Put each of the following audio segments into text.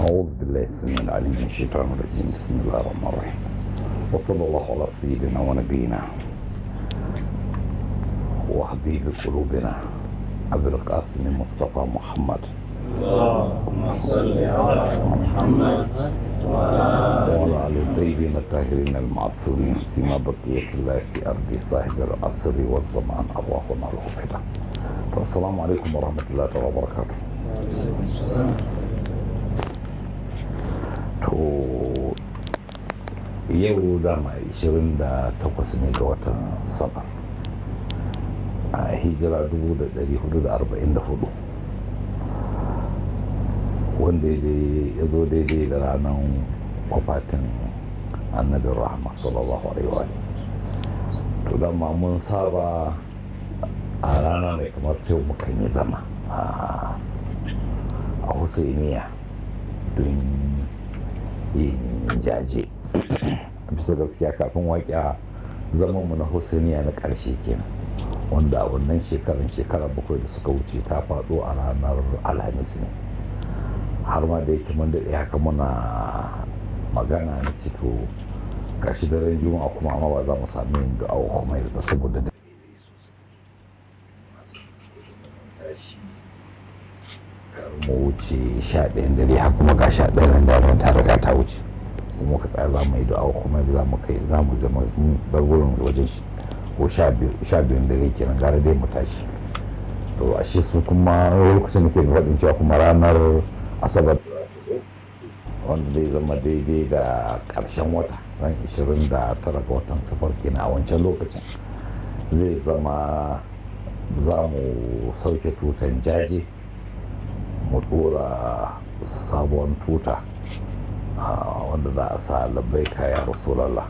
أعوذ بالله السميع العليم من الشيطان الرجيم بسم الله الرحمن الرحيم وصلى الله على سيدنا ونبينا وحبيب قلوبنا عبد القاسم مصطفى محمد اللهم صل على محمد وعلى آل الطيبين الطاهرين المعصومين سيما بقية الله في أرض صاحب العصر والزمان أرواحنا الخفتة السلام عليكم ورحمة الله وبركاته to yau dama 28 ne ga watan saba, a hijira 1444 wanda ya zo daidai da ranar kwafatin annabin rahama sallallahu alaihi wa to dama mun saba a rana mai kamar ta mukan yi zama a ah. wasu imiya don yin jaje bisa gaskiya kafin zaman mu na husaniya na ƙarshe kenan wanda a wannan shekarun shekara bakwai da suka wuce ta faɗo a ranar alhamis ne har ma da yake mun daɗe haka muna magana na cito gashi daren juma'a kuma amma ba za mu sami yin da'awa kuma ba saboda mu wuce sha ɗayan dare har kuma ga sha ɗayan ta riga ta wuce kuma muka tsaya za mu yi du'a kuma za mu kai za mu zama bar wurin wajen shi ko sha biyun dare kenan gara dai mu tashi to ashe su kuma lokacin da ke faɗin cewa kuma ranar asabar wanda zai zama daidai da ƙarshen wata ran 29 ga watan safar kenan a wancan lokacin zai zama za mu sauke tutan jaje mu uh, sabon tuta uh, wanda za a sa labbai kaya rasulallah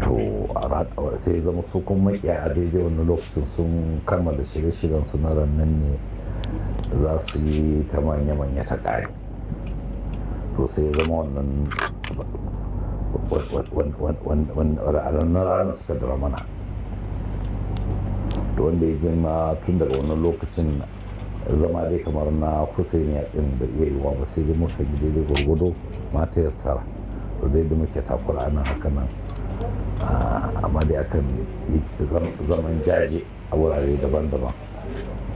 to a sai zama su kuma makiya a daidai wani lokacin sun kammala shirye-shiryen su na rannan ne za su yi ta manya-manya ta ƙari to sai zama wannan ranar ranar suka dara mana wanda ya zama tun daga wannan lokacin zama dai kamar na husainiya din da iya yiwa ba sai dai muka ji da gurgudu mata ya tsara to dai da muke takura nan haka nan ah, amma dai akan zaman jaje a wurare daban-daban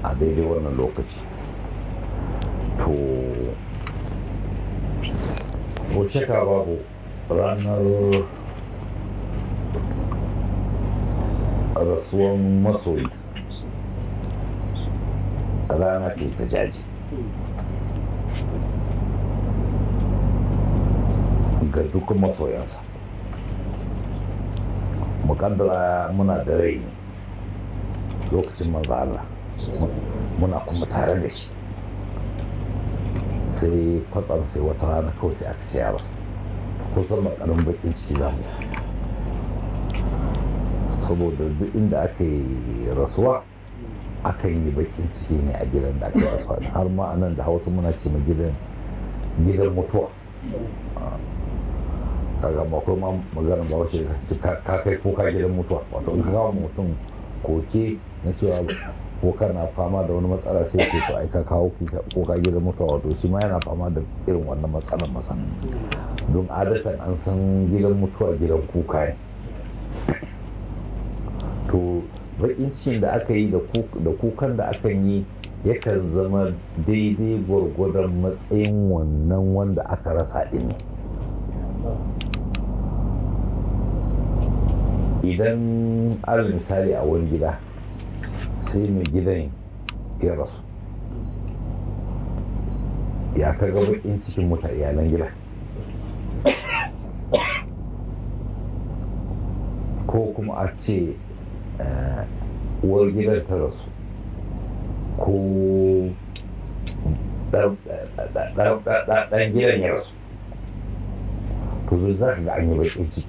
a daidai wannan lokaci to wuce ka babu ranar rasuwan masoyi Kazana ce ta jaji ga dukkan masoyansa mukaddara muna da rai lokacin manzo Allah muna kuma tare da shi sai kwatsam sai wata rana kawai sai aka ce ya rasu kusan makarin bakin ciki zamu saboda duk inda aka yi rasuwa akan yi bakin ci ne a gidan da aka rasa har ma anan da hausa muna ce ma gidan gidan mutuwa kaga ma kuma ma maganar ba wace ka kai kuka gidan mutuwa wato in kawo mutum koke na cewa kuka na fama da wani matsala sai ce to ai ka kawo kuka gidan mutuwa wato shi ma yana fama da irin wannan matsalar masa don adatan an san gidan mutuwa gidan kuka ne to baƙin cin da aka yi da kukan da akan yi yakan zama daidai gwargwadon matsayin wannan wanda aka rasa ɗin idan ala misali a wani gida sai mai gidan ya rasu ya ka ga baƙin cikin muta iyalan gida ko kuma a ce uwar gidan ta rasu ko ɗan gidan ya rasu to zai za ka ga an baƙin ciki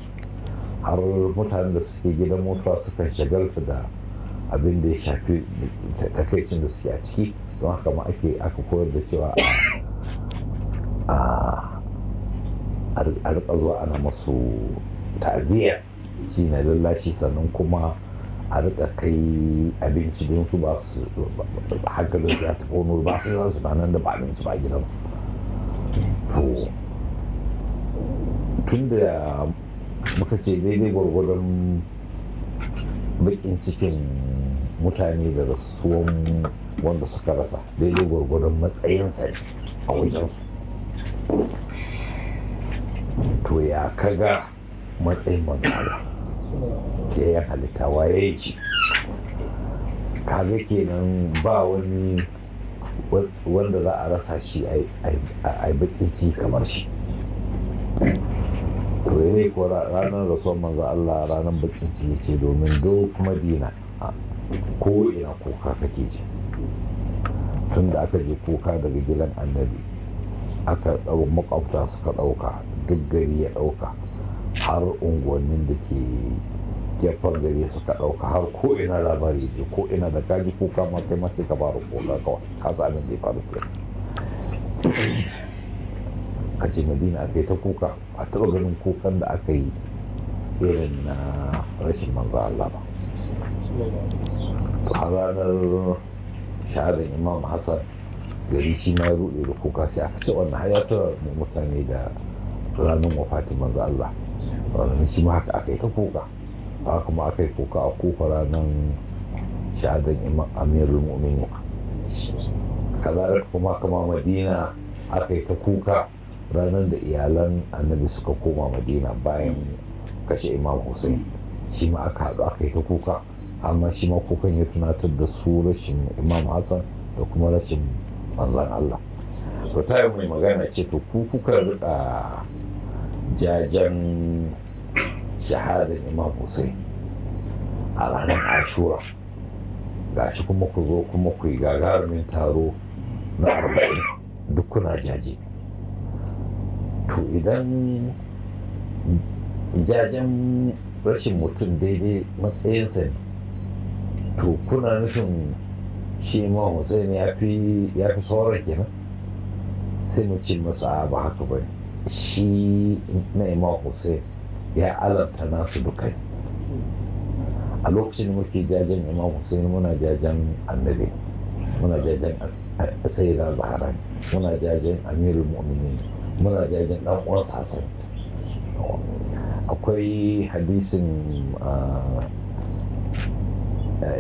har mutanen da suke gidan mota sukan shagalta da abin da ya shafi takaicin da suke a ciki don haka ma ake aka koyar da cewa a rika ana masu ta'aziyya shi na lallashi sannan kuma a rika kai abinci don su ba su hankalin su ya tafi wani ba su yanzu nan da ba abinci ba gidansu to tun da muka ce daidai gwargwadon bakin cikin mutane da rasuwan wanda suka rasa daidai gwargwadon matsayin matsayinsa a wajensu to ya kaga matsayin manzara ke ya halitta waye ya ci kaga kenan ba wani wanda za a rasa shi a ci kamar shi to ya ko ranar rasuwar manzo Allah ranar baƙici ya ce domin duk madina ko ina kuka kake ji tun da aka je kuka daga gidan annabi aka ɗau makwabta suka ɗauka duk gari ya ɗauka har unguwannin da ke gefen gari suka ɗauka har ko ina labari ne ko ina da kaji kuka ma kai masu ka fara kuka kawai ka abin da ya faru ke ka ce madina aka yi ta kuka a taɓa ganin kukan da aka yi irin na rashin manzo Allah ba a ranar shaharar imam hassan gari shi na rude da kuka sai aka ce wannan hayatar mutane da ranar wafatin manzo Allah shi ma haka aka yi ta kuka haka kuma aka yi kuka a kuka ranar shahadar iman amirul mu'minin kaza kuma kama madina aka yi ta kuka ranar da iyalan annabi suka koma madina bayan kashe imam hussein shi ma aka haɗu aka yi ta kuka amma shi ma kukan ya tunatar da su rashin imam hassan da kuma rashin manzan allah to ta yi mai magana ce to kukukar? rika jajen shaharar imam hussein a ranar ashura shi kuma ku zo kuma ku yi gagarumin taro na arba'in duk kuna jaje to idan jajen rashin mutum daidai matsayinsa ne to kuna nufin shi imam hussein ya fi sauran kenan sai mu ci masa ba haka bane shi na imam hussein ya alamta nasu dukai a lokacin muke jajen imam hussein muna jajen annabi muna jajen da zahara muna jajen amirul mu'minin muna jajen dan uwan sasan akwai hadisin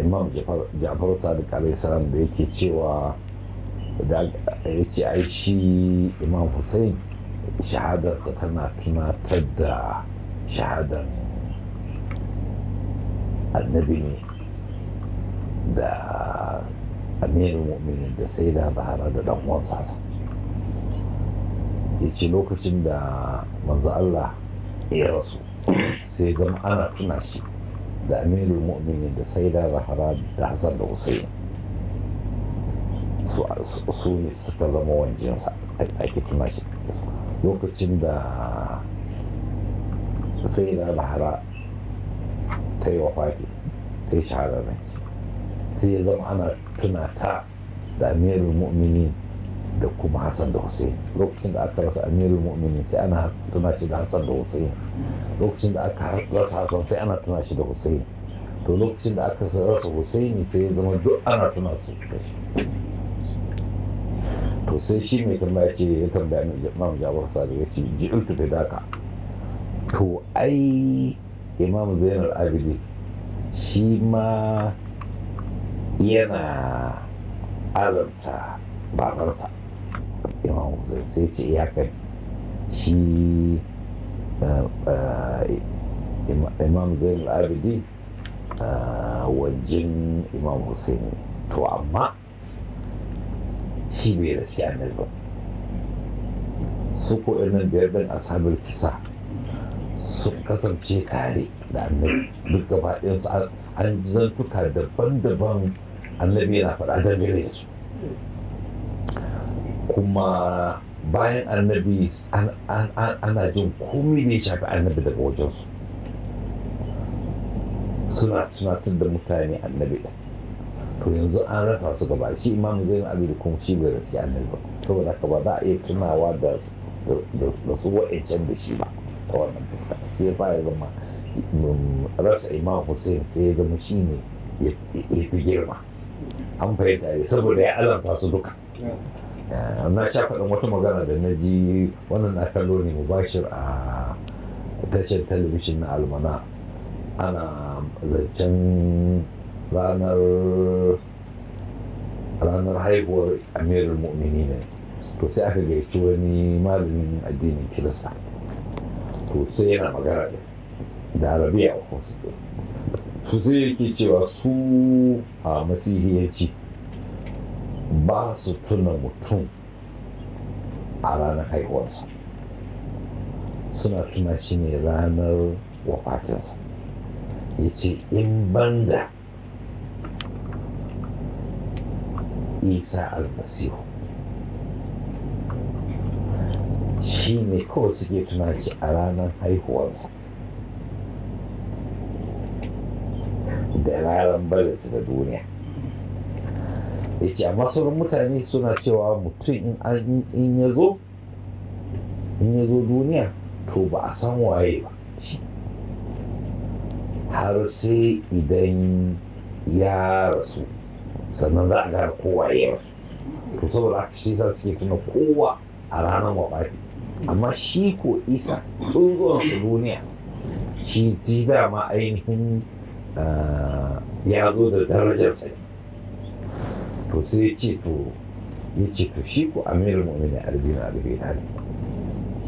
imam jafar sadiq alaihi salam da yake cewa da ya ce ai shi imam hussein shahadarsa tana tunatar da shahadan annabi ne da amirin mu'minin da sai da zahara da dan uwansa ya ce lokacin da manzo Allah ya rasu sai zama ana tuna shi da amirin mu'minin da sai da zahara da hasan da husaini su ne suka zama wanjinsa ake tuna shi lokacin da sai na lahara ta yi wafati ta yi shahararren sai ya zama ana tuna ta da amirul mu'mini da kuma hassan da hussein lokacin da aka rasa amirul mu'mini sai ana tuna shi da hassan da hussein lokacin da aka rasa hassan sai ana tuna shi da hussein to lokacin da aka rasa hussein sai ya zama duk ana tuna su da shi to sai shi mai kalma ya ce ya tambaya imam jafar da ya ce ji'iltu bi daka to ai imam zainal abidi shi ma yana alamta babansa imam hussein sai ce ya kai shi imam zainal abidi wajen imam hussein to amma shi bai rasu yanar ba su ko nan biyar ɗin asabar kisa su kasance tare da annabi duk gaba su an zantuka daban-daban annabi yana faɗa da da su kuma bayan annabi ana jin komai da ya shafi annabi daga wajensu suna tunatar da mutane annabi ɗin to yanzu an rasa su gaba shi imam zai abi da kuma shi bai rasu annabi ba saboda haka ba za a iya tunawa da su wa'ancan da shi ba ta wannan fuska shi ya sa zama rasa imam hussein sai ya zama shi ne ya fi girma an fahimta ya saboda ya alamta su duka na sha faɗin wata magana da na ji wannan na kallo ne mubashir a tashar talabijin na almana ana zancen ranar ranar haihuwar amirul mu'mini ne to sai aka gaici wani malamin addinin kirista to sai yana magana da arabiya a wasu su sai yake cewa su a masihiyaci ba su tuna mutum a ranar haihuwarsa suna tuna shi ne ranar wafatinsa ya ce in banda isa almasihu shi ne kawai suke tuna shi a ranar haihuwarsa da ranar barinsa da duniya ya ce amma sauran mutane suna cewa mutum in ya zo in ya zo duniya to ba a san waye ba har sai idan ya rasu sannan za a gane kowa ya rasu to saboda haka shi sa suke tuna kowa a ranar wafafi amma shi ko isa tun zuwan su duniya shi ji dama ainihin eh, ya zo da darajar ne to sai ce to ya ce to shi ko amir mu'mini albina albina albina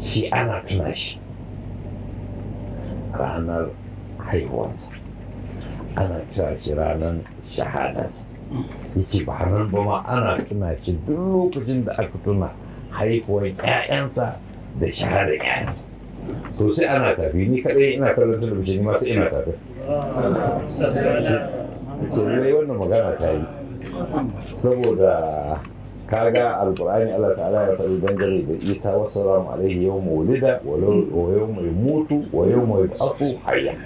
shi ana tuna shi ranar haihuwarsa ana tuna shi ranar shahadarsa ya ce ba nan ba ma ana tuna shi duk lokacin da aka tuna haihuwar 'ya'yansa da shahadar 'ya'yansa to sai ana tafi ni kaɗai ina kallon talabijin ma sai ina tafi ce wannan magana ta yi saboda kaga alkur'ani Allah ta'ala ya faɗi dangane da Isa wa salamu alaihi yau maulida wa yau mai mutu wa yau mai tsafu hayya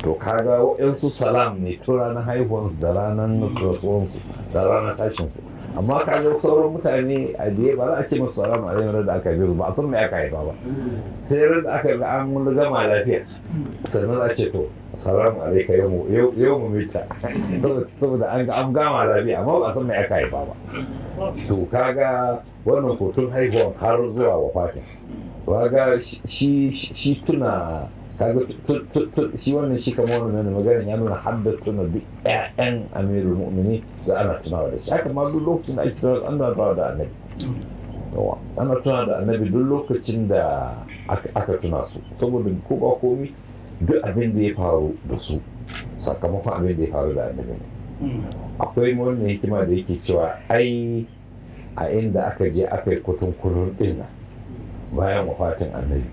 to kaga waɗansu salam ne tura ranar haihuwansu da ranar rasuwansu da ranar tashinsu amma ka ga sauran mutane a biye ba za a ce masu salamu alaikum da aka yi ba a san me aka haifa ba sai ran da aka ga an mun gama lafiya sannan za a ce to salamu alaikum yau yau mu mita saboda an ga an gama lafiya amma ba a san me aka haifa ba to kaga wannan hoton haihuwan har zuwa wafatin ba ga shi tuna kaga shi wannan shi kamar wannan magana ya nuna haddar tuna duk ƴaƴan amirul mu'mini da ana tunawa da shi haka ma duk lokacin da ake tunawa ana tunawa da annabi ana tuna da annabi duk lokacin da aka tuna su saboda ko ba komi duk abin da ya faru da su sakamakon abin da ya faru da annabi ne akwai wannan hikima da yake cewa ai a inda aka je aka yi kutun kurur din bayan wafatin annabi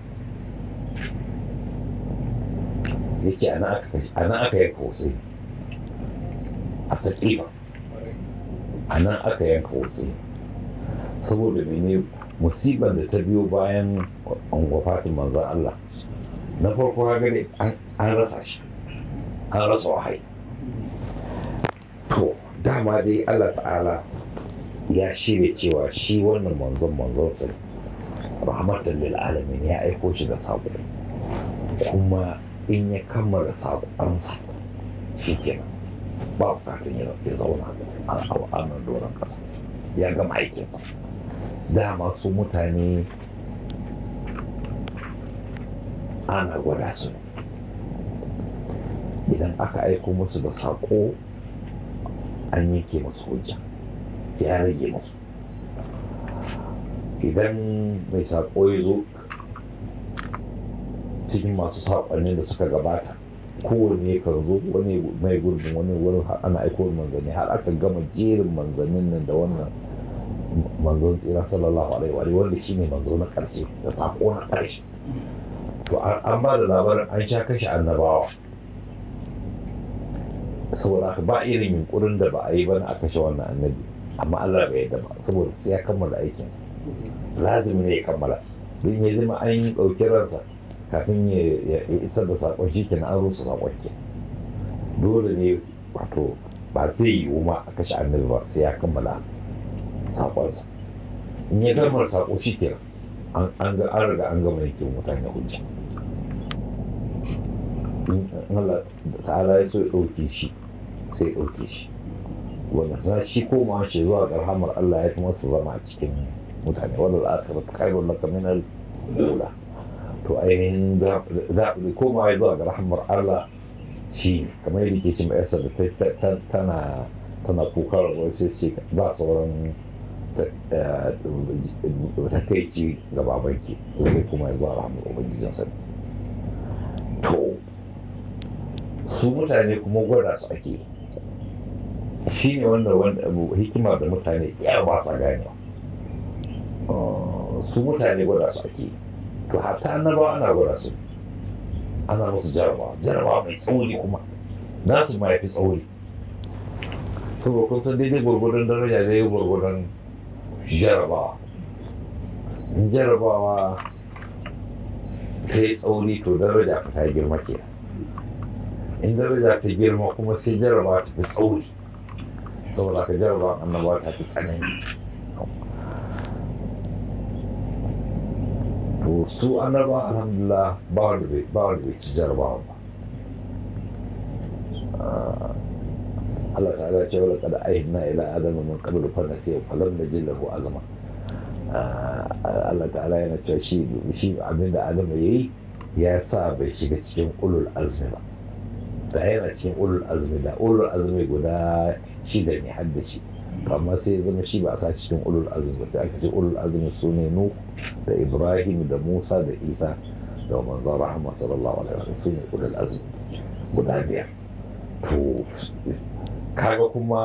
ya ce a nan aka yi wasai a sakifa a nan aka yi wasai saboda mene musibar da ta biyo bayan fatin manzan Allah na farko haka ne an rasa shi an rasa wahai to dama dai Allah ta'ala ya shirya cewa shi wannan manzon manzon sai rahmatan lil ya aiko shi da sabo kuma in ya kammala saƙonsa shi kenan ba bukatun ya zauna a al'amuran doron ƙasa ya gama aikinsa dama su mutane ana gwada su idan aka aiko musu da saƙo an yake musu hujja ya rage musu idan mai saƙo ya zo cikin masu saƙonnin da suka gabata kowanne kan zo wani mai gurbin wani wurin ana aiko manzanni har aka gama jerin manzannin nan da wannan manzon tsira sallallahu alaihi wa wanda shine manzo na ƙarshe da saƙo na ƙarshe to an ba da labarin an sha kashe annabawa saboda haka ba irin yunkurin da ba a yi ba na aka kashe wannan annabi amma Allah bai yadda ba saboda sai ya kammala aikinsa lazimi ne ya kammala don ya zama an yi ɗauki ransa kafin ya isar da sakon shi na an rusa sakon ke dole ne wato ba zai yiwu ma a kashe annabi ba sai ya kammala sakonsa in ya kammala sakon shi ke an an riga an gama yake mutane hujja in Allah ta'ala ya so ya ɗauke shi sai ya ɗauke shi wannan na shi ma shi zuwa ga rahamar Allah ya kuma su zama a cikin mutane wadda a karfi laka min al-ula wato ainihin zaɓi ya zuwa ga rahamar Allah shi kamar yadda ke ce ma yarsa da tana tana kokar wasu ce ba sauran eh, ci ga babanki zai kuma ya zuwa rahamar ubangijin sa to su mutane kuma gwada su ake shi ne wanda hikima da mutane ya ba sa ganewa ah, su mutane gwada su ake to na annaba ana gwada su ana musu jarabawa jarabawa mai tsauri kuma nasu ma ya fi tsauri saboda kun san daidai gwargwadon daraja da yi gwargwadon jarabawa jarabawa ta yi tsauri to daraja ta girma ke in daraja ta girma kuma sai jarabawa ta fi tsauri saboda ka jarabawa annabawa ta fi tsanani su anaba alhamdulillah ba wanda bai ba wanda bai ci jarabawa ba Allah ta ala cewa kada ila adam min qabl fa nasiya falam najid lahu azma Allah ta'ala yana cewa shi shi abinda adam yayi ya sa bai shiga cikin ulul azmi ba da yana cikin ulul azmi da ulul azmi guda shida ni haddace amma sai ya zama shi ba a sa cikin ulul azumi sai aka ce ulul azumi su ne nu da ibrahim da musa da isa da manzon rahama sallallahu alaihi wasallam su ne ulul azumi guda biyar to kaga kuma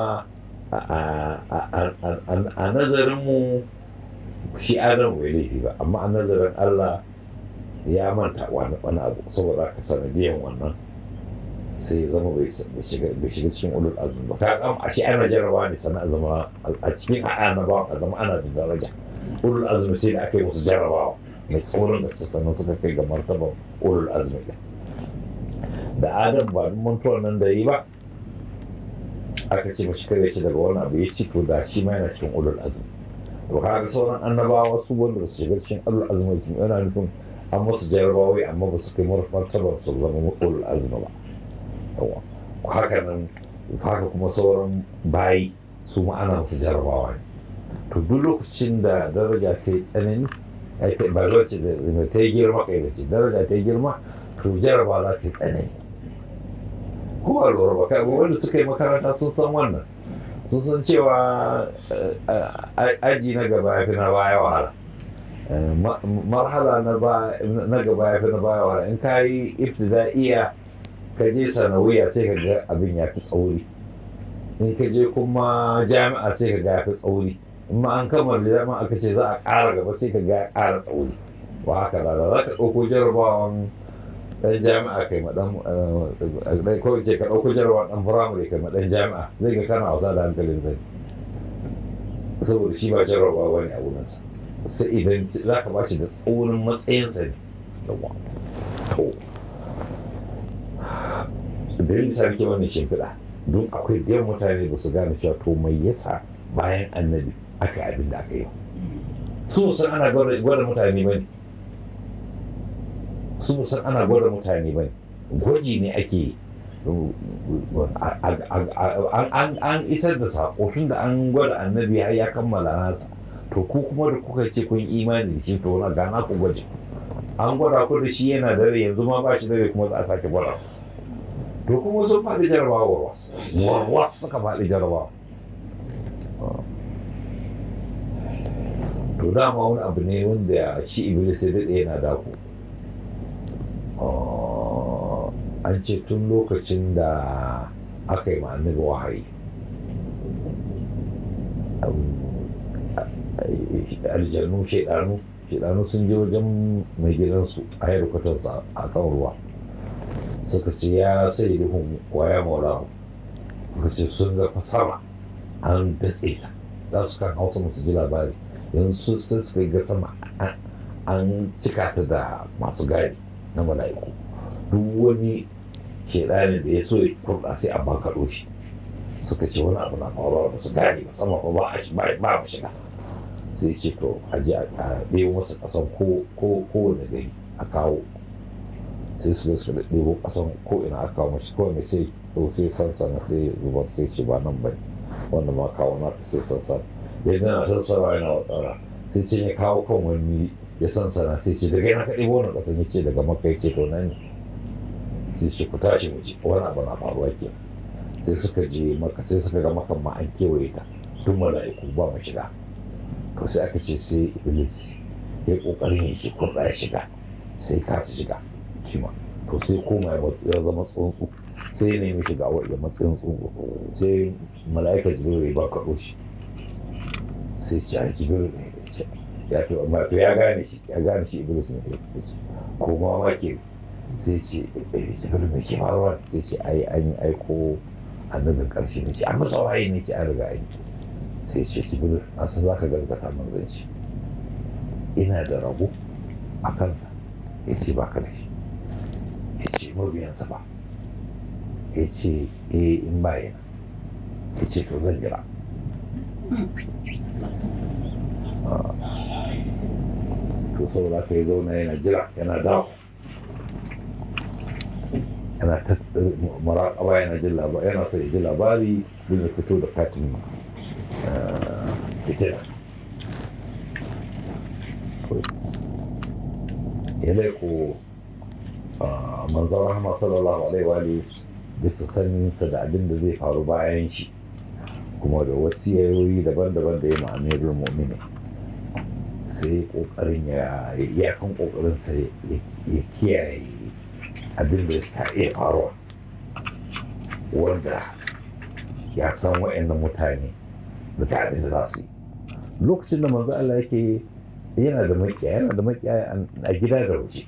a nazarinmu shi adam bai laifi ba amma a nazarin allah ya manta wani abu saboda ka sanadiyan wannan sai ya zama bai shiga cikin ulul azumi ba ta a ce ana jarabawa ne sannan a zama a cikin ba a zama ana da daraja ulul azumi sai da aka yi musu jarabawa mai tsoron da sannan suka kai ga martaban ulul azumi da adam ba mantuwa nan da yi ba aka ce mashi kare shi daga wani abu ya ci to da shi ma yana cikin ulul azumi to kaga sauran annabawa su wanda ba su shiga cikin ulul azumi yana nufin an masu jarabawai amma ba su kai martaban su zama ulul azumi ba haka nan haka kuma sauran bayi su ma'ana ana jarabawa ne to duk lokacin da daraja ta yi tsanani ba zuwa ce da ta yi girma kai da ce daraja ta yi girma to jarabawa za ta yi tsanani kuma lura ba kai wanda suka yi makaranta sun san wannan sun san cewa eh, aji na gaba ya fi na baya wahala eh, marhala na gaba ya fi na baya wahala in ka yi iya. ka je sanawiya sai ka ga abin ya fi tsauri in ka je kuma jami'a sai ka ga ya fi tsauri in ma an kammala jami'a aka ce za a ƙara gaba sai ka ga ya ƙara tsauri ba haka ba za ka ɗauko jarabawan ɗan jami'a kai ma ɗan eh, ko ce ka ɗauko jarabawan ɗan firamare kai ma ɗan jami'a zai ga kana wasa da hankalin zai saboda shi ba jarabawa ba ne a sa sai idan za ka ba shi da tsaurin matsayinsa ne misali sarki wannan shimfiɗa don akwai da mutane ba su gane cewa to mai yasa bayan annabi aka abin da aka yi su musan ana gwada mutane ba ne su san ana gwada mutane ba ne gwaji ne ake yi an isar da saƙo tun da an gwada annabi ya kammala nasa to ku kuma da kuka ce kun imani da shi to na gana ku gwaji an gwada ku da shi yana dare yanzu ma ba shi dare kuma za a sake gwada ku to kuma sun faɗi jarabawar wasu wasu suka faɗi jarabawa to oh. dama wani abu ne wanda shi iblis ya daɗe yana dako oh, an ce tun lokacin da aka yi ma'anin wahayi eh, aljannu shaidanu shaidanu sun je wajen mai gidansu a yarkutarsa a kan ruwa suka ce ya sai duhun waya maulamu suka ce sun ga sama an datse ta za su kan hausa musu ji labari yanzu sun suka ga sama an cika ta da masu gadi na mala'iku duk wani shaidani da ya so ya kurɗa sai a bankaɗo shi suka ce wani abu na faruwa ba su gane ba sama ba ba ba ba shiga sai ce to a je a ɗebo masa ƙasan ko ko gari a kawo sai su su ɗebo ƙasan ko ina aka kawo mashi kawai mai sai to sai sansan na sai zubar sai ce ba nan bai wanda ma kawo na sai da yanzu na sansan ba yana watsara sai ce ne kawo kan wani ya sansa na sai ce daga yana ka ɗebo wannan ƙasan ya ce daga maka ya ce to nan ne sai ce ku tashi mu ce wani abu na faruwa ke sai suka je maka sai suka ga makan ma an kewaye ta tun mala'iku ba mu shiga to sai aka ce sai iblis ya ƙoƙarin ya ke kurɗa ya shiga sai kasa shiga shi ma to sai koma ya zama tsuntsu sai ya nemi shiga wa ya matsayin tsuntsu sai mala'ika ya ba ka shi sai ci a jibril ne ya to amma to ya gane shi ya gane shi iblis ne ya ce ko ma ma ke sai ce eh, jibiru ne ke faruwa sai ce ai an aiko annabin karshe ne ce an masa waye ne ke an riga an sai ce jibril an san zaka gazgata manzanci ina da rabo a kansa ya ce baka da shi mabiyansa ba ya ce eh in ba yana ya ce to zan jira to saboda ka yi zauna yana jira yana dawo yana ta maraƙaba yana jin labari yana sai ji labari don ya fito da katin fitina ya laiko manzon rahama sallallahu alaihi wa bisa saninsa da abin da zai faru bayan shi kuma da wasu yayoyi daban-daban da ya ma amirul mu'mini sai kokarin ya kan kokarin sa ya kiyaye abin da ta iya faruwa wanda ya san wa'annan mutane da ta abin da za su yi lokacin da manzo Allah yake yana da makiya yana da makiya a gida da waje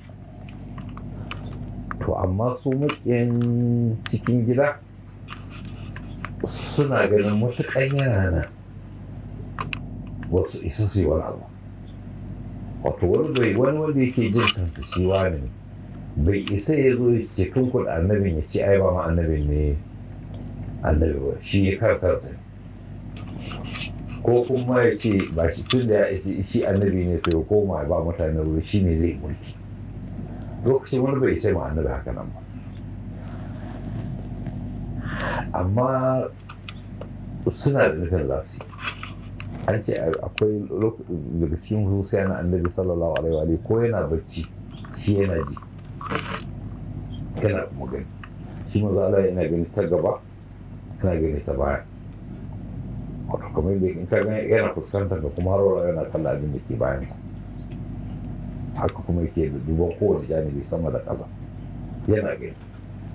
to amma su maƙiyan cikin gida suna ganin matuƙan yana nan wasu isa su yi wani abu wato wani bai wani wanda yake jin kansa shi wani bai isa ya zo ya ce tun kuɗa annabin ya ce ai ba ma annabin ne annabi ba shi ya kar kansa ko kuma ya ce ba shi tun da ya isa shi annabi ne to ya koma ba mutane wuri shi ne zai mulki lokacin wani bai sai ma annabi haka nan ba amma suna da nufin za su an ce akwai daga cikin hususiya na annabi sallallahu alaihi wa ko yana bacci shi yana ji kana kuma gani shi maza Allah yana gani ta gaba kana gani ta baya wato kamar yadda in ka gani yana fuskantar da kuma har yana kallon abin da ke bayansa haka kuma yake duban kowane janibi sama da ƙasa yana gani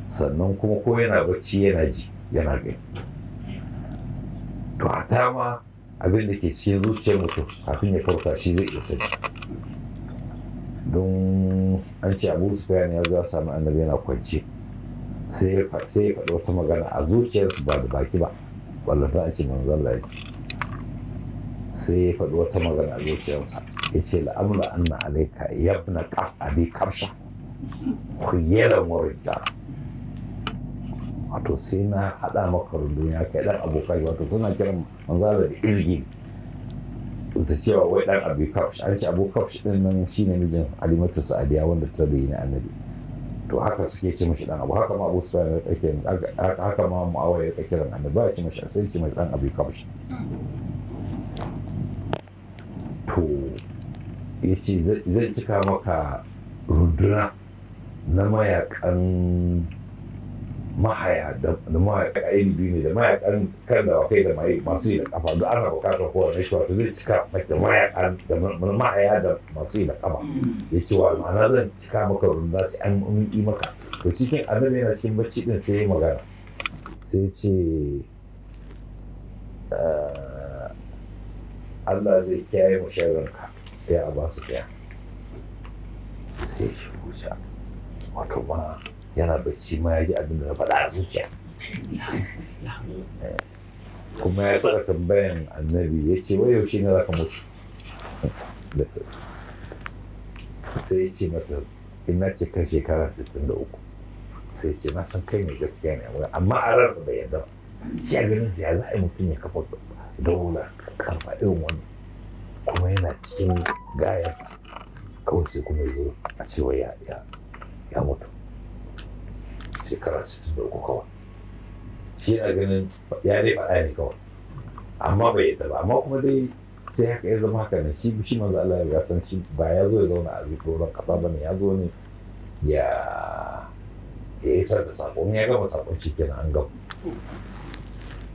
sannan kuma ko yana bacci yana ji yana gani to a tama abin da ke cikin zuciyar mutum kafin ya farka shi zai iya sani don an ce abu su ya zo ya sami annabi yana kwance sai ya faɗi wata magana a zuciyarsu ba da baki ba wallata a ce manzon lafi sai ya faɗi wata magana a zuciyarsa ya ce la'amla an na alaika yabna kaf abi kamsa warin jara wato sai na haɗa maka ya kai ɗan abokai wato suna kiran manzara da izgi da cewa wai ɗan abu kafsh an ce abu kafsh din nan shi ne mijin alimatu sa'adiya wanda ta da yi na annabi to haka suke ce mashi ɗan abu haka ma abu sa'ad ya kake haka ma mu'awiya ya kake ran annabi ba ya ce mashi sai ce mashi ɗan abu kafsh to ya ce zai cika maka runduna na mayakan mahaya da mayakan ainihi ne da mayakan kan da kai da mai masu yi da kafa da ana bukatar kowane shi wato zai cika maka da mayakan da mahaya da masu yi da kafa hmm. ya ce wa ma'ana zan cika maka runduna sai an yi maka to cikin annabi yana cikin bacci din sai ya magana sai ce ah, Allah zai kiyaye mu ka. sai a ba su ɗaya sai ya shigo ma yana bacci ma yaji ji abin da na faɗa a zuciya eh. kuma ya taɓa tambayan annabi ya ce wai yaushe ne za ka mutu sai ya ce masa ina ce shekara 63 sai ya ce na san kai ne gaskiya ne amma a ransa bai yadda ba shi a ganin sai za a yi mutum ya kafa daula karfa irin wani. kuma yana cikin gayas kawai sai kuma zo a cewa ya ya mutu shekara 63 kawai shi a ganin ya dai faɗa ne kawai amma bai yadda ba amma kuma dai sai haka ya zama haka ne shi shi manzo Allah ya san shi ba ya zo ya zauna a zuwa kasa bane ya zo ne ya ya isar da sakon ya gama sakon shi kenan an gama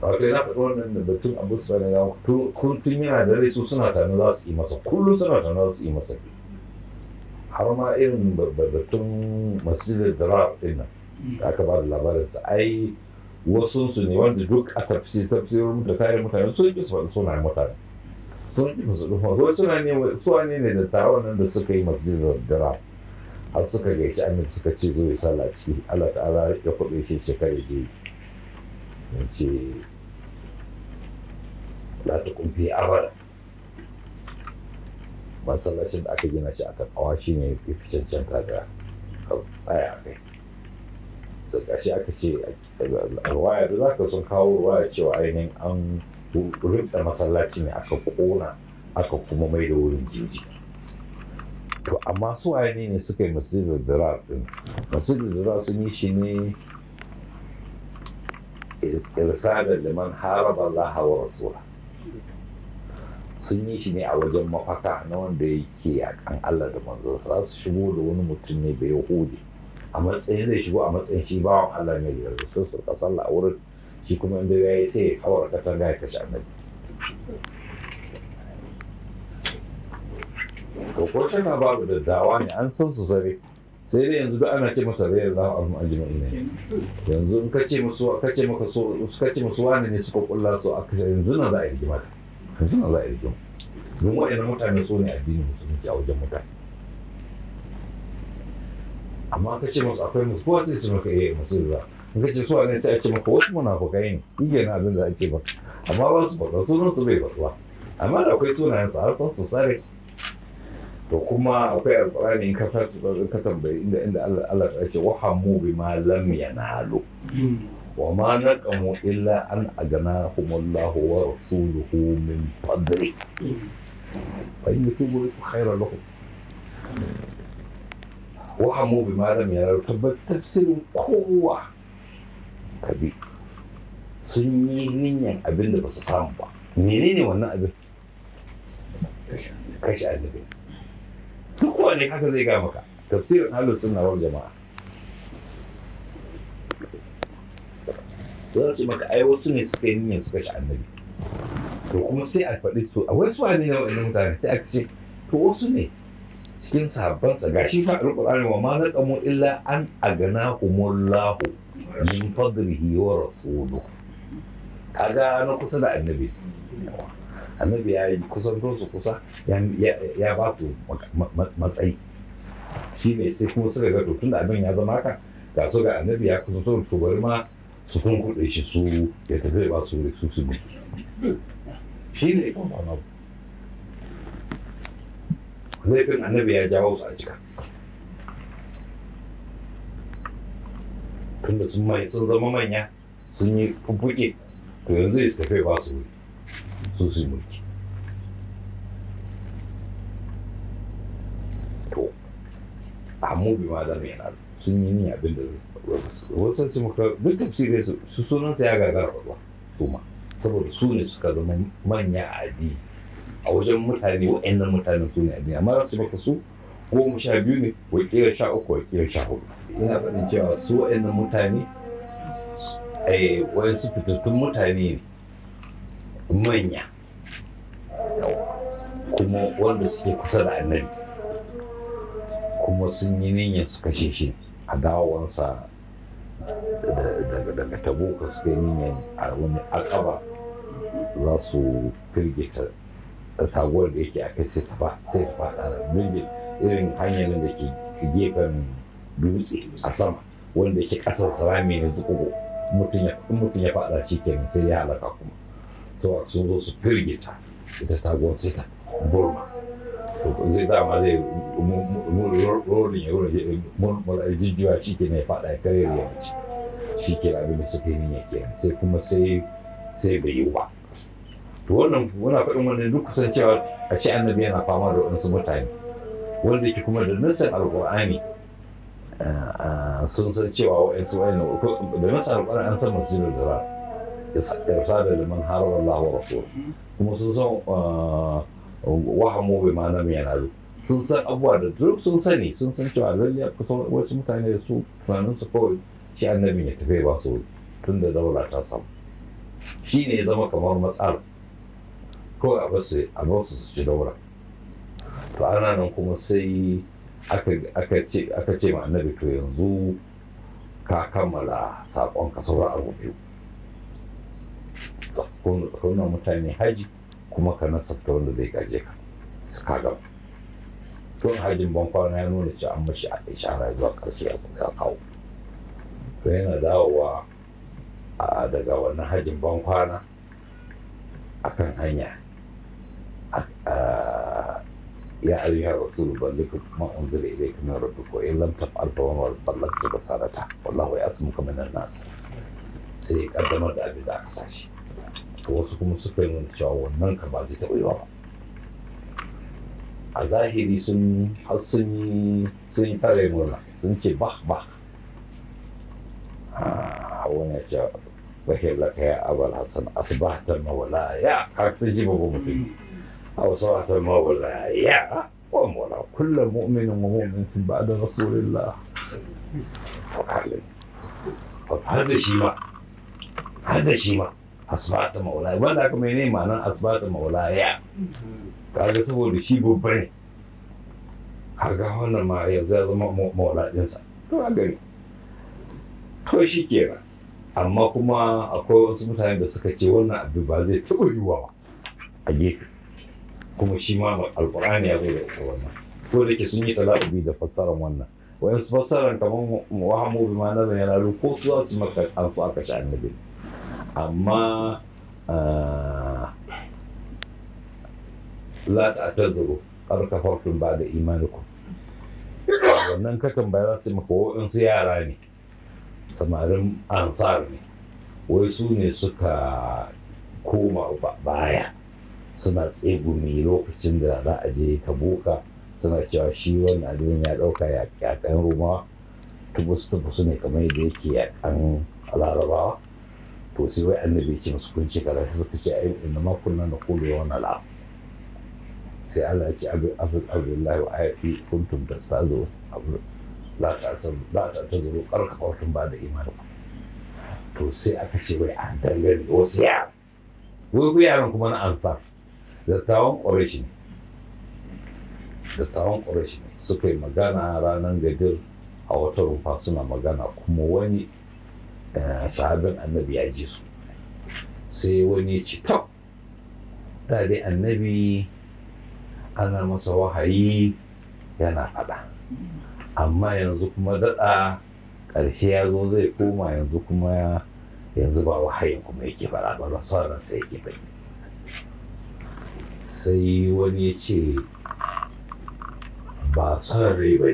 wato yana faɗi wannan da batun a su ne na tun yana da rai su suna tana za su yi masa kullum suna tana za su yi masa har ma irin batun masjidar da ɗin nan da aka ba da labarinsa ai wasu su ne wanda duk a tafsir tafsirin da kare mutane sun ki su faɗi sunayen mutane sun ki su ɗufa ko suna ne ne da taron nan da suka yi masjidar darar har suka gaishe annabi suka ce zo ya sallah ciki Allah ta'ala ya kuɗe shi shekara jiya ya ce la ta kumfi abada masallacin da aka gina shi a takawa shi ne ya fi cancanta da tsaya a kai sai ƙashi aka ce a ruwaya da za ka sun kawo ruwaya cewa ainihin an rubda masallaci ne aka kona aka kuma mai da wurin jiji to amma su ainihin ne suka yi masjidul zira? din masjidul dirar sun yi shi ne da liman haraba Allah wa rasuwa. sun yi shi ne a wajen mafaka na wanda yake yakan Allah da manzon za su shigo da wani mutum ne bai yahudi a matsayin zai shigo a matsayin shi bawan Allah ne yarda rasul su ka sallah a wurin shi kuma inda ya yi sai ya kawar katanga ya kashe annabi to ko tana babu daddawa ne an san su zare sai dai yanzu duk ana ce masa rayar za a rumu ne yanzu in ka musu ka maka so musu wani ne suka kulla su a kashe yanzu na za a yi rigima yanzu na za a yi rigima don waɗannan mutane so ne addinin musulunci a wajen mutane amma ka ce musu akwai musu kowa sai ce maka eh musu za in ka su wani sai a ce maka wasu munafukai ne yige na abin da ake ba amma ba su faɗa sunan su bai faɗuwa amma da akwai sunayen su har san to kuma akwai alƙur'ani in ka ka tambayi inda inda Allah ya ce wahammu bima lam yanalu hmm. wa ma naqamu illa an Allah wa rasuluhu min fadli hmm. fa in tubu khairan Wa wahammu bima lam yanalu tafsirin kowa kabi sun yi ninyan abin da ba su samu ba menene wannan abin kashi annabi duk wani haka zai ga maka tafsirin ahlus sunna wal jama'a za su maka ai wasu ne suka yi niyyar suka shi annabi to kuma sai a faɗi to a wasu wani na wannan mutane sai a ce to wasu ne cikin sa ga shi fa alqur'ani wa ma naqamu illa an aganahumullahu min fadlihi wa rasuluhu kaga na kusa da annabi annabi ya yi kusan su kusa ya ba su matsayi shi ne sai kuma suka ga tun da abin ya zama haka ga su ga annabi ya kusa su bari ma su kun kuɗe shi su ya tafi ba su su su bi shi ne laifin annabi ya jawo su a cika tunda sun mai sun zama manya sun yi fuffuke to yanzu su tafi ba su wuri su su mulki amma bi ma zan yana sun yi ni abin da wasu su muka duk tafsirai su sunansa ya gagara ba su ma saboda su ne suka zama manya a addini a wajen mutane wa'annan mutanen su ne addini amma za su maka su goma sha biyu ne kira sha uku kira sha hudu ina faɗin cewa su wa'annan mutane eh, su fitattun mutane ne manya kuma wanda suke kusa da annabi kuma sun yi niyyar su kashe shi a dawowansa eh, daga ka suka yi niyyar a wani alkaba za su firgita taguwar da yake a kai sai ta fada da birgit irin hanyar da ke gefen dutse a sama wanda ke ƙasar sarami ne zukugo mutum ya fada shi kenan sai ya halaka kuma to sun zo su firgita ita taguwar sai ta burma to zai dama zai rolin ya rolin mulmula jijjiwa shi ke ne faɗa ya karya ya mace shi ke abin da suka yi ne ke sai kuma sai sai bai yi ba to wannan muna faɗin wannan duk kusan cewa a ce annabi yana fama da waɗansu mutane wanda ke kuma da nasar alƙur'ani eh, eh, sun san cewa wa'ansu wa'annan da nasar alƙur'ani an san masu da zara ya sa da liman harar Allah wa rasul mm-hmm. kuma sun san eh, wahamu bai ma'ana yana zo sun san abubuwa da duk sun sani sun san cewa lalle kusan wasu mutane da su tunanin su kawai shi annabi ya tafi ba su tun da daula ta samu shi ne ya zama kamar matsar kawai a basu a basu su ci daura to ana nan kuma sai aka ce ma annabi to yanzu ka kammala saƙon ka saura a rubutu kuna mutane haji kuma ka nasabta wanda zai gaje ka su kaga tun hajjin bankwana ya nuna cewa an mashi a ishara zuwa ƙarshe ya kuma kawo to yana dawowa daga wannan hajjin bankwana akan hanya ya ayyuhar rasulu kuma an zira ilayka kuma rabbika ko in lam taf'al wa ma ballagta basalata wallahu ya'sumuka minan nasu sai ya kaddamar da abin da aka sashi wasu kuma suka yi cewa wannan ka ba zai taɓa yi ba a zahiri sun har sun yi sun yi tare murna sun ce bah bah a wani ce bahe laka ya abal hassan asbahtar mawala ya har sun ji babu mutum a wasu wata mawala ya wa mawala kullum mu'minin wa mu'minin ba da rasulillah har da shi ma har da shi ma asbata maula wanda aka mai ne ma'anar asbata maula ya kaga saboda shi babba ne kaga wannan ma ya zama maula ɗinsa to a gani to shi kenan amma kuma akwai wasu mutane da suka ce wannan abu ba zai taɓa yiwuwa ba a gefe kuma shi ma alƙur'ani ya zo da wannan ko da ke sun yi tala'ubi da fassarar wannan wayansu fassarar kamar wahamu bi ma nazarin yana ko su za su maka an aka sha annabi amma ah, la ta zuru arka farkun ba da imanikum wannan ka ba za su maka waɗansu yara ne samarin ansar ne wai su ne suka koma baya suna tsegumi lokacin da za a je boka suna cewa shi wannan abin ya ɗauka yaƙen rumawa tubus tubus ne kamar yadda yake kan larabawa to sai wai annabi ce musu kun ce kaza suka ce a yi ma kunna na kulu ya wani la sai Allah ya ce abu abdullahi wa ayati kuntum tastazu abu la ta san la ta tazuru qarqa wa ba da imani to sai aka ce wai an dalil wasiya wai ku yaran kuma na ansa. dattawan quraish ne dattawan quraish ne suka yi magana ranar gajir a wata rumfa suna magana kuma wani Eh, sahabin annabi ya ji su sai wani ya ce ta da dai annabi ana masa wahayi yana faɗa amma yanzu kuma daɗa ƙarshe ya zo zai koma yanzu kuma yanzu ba wahayi kuma yake faɗa ba rasarar sai yake faɗi sai wani ya ce ba son rai bai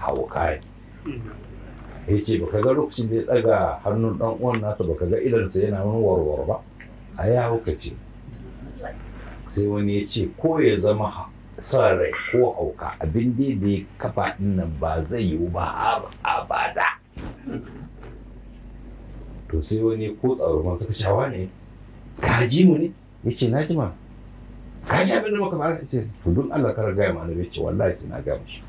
hauka ne ya ce baka ga lokacin da ya daga hannun dan uwan nasa baka ga idansa yana wani warwar ba a ya hauka ce sai wani ya ce ko ya zama sa rai ko hauka abin da ya kafa nan ba zai yiwu ba abada to sai wani ko tsaruman suka shawa ne ka ji mu ne ya ce na ji ma ka ji abin da muka ba ce to don Allah kar gaya ma na ya ce wallahi sai na gaya shi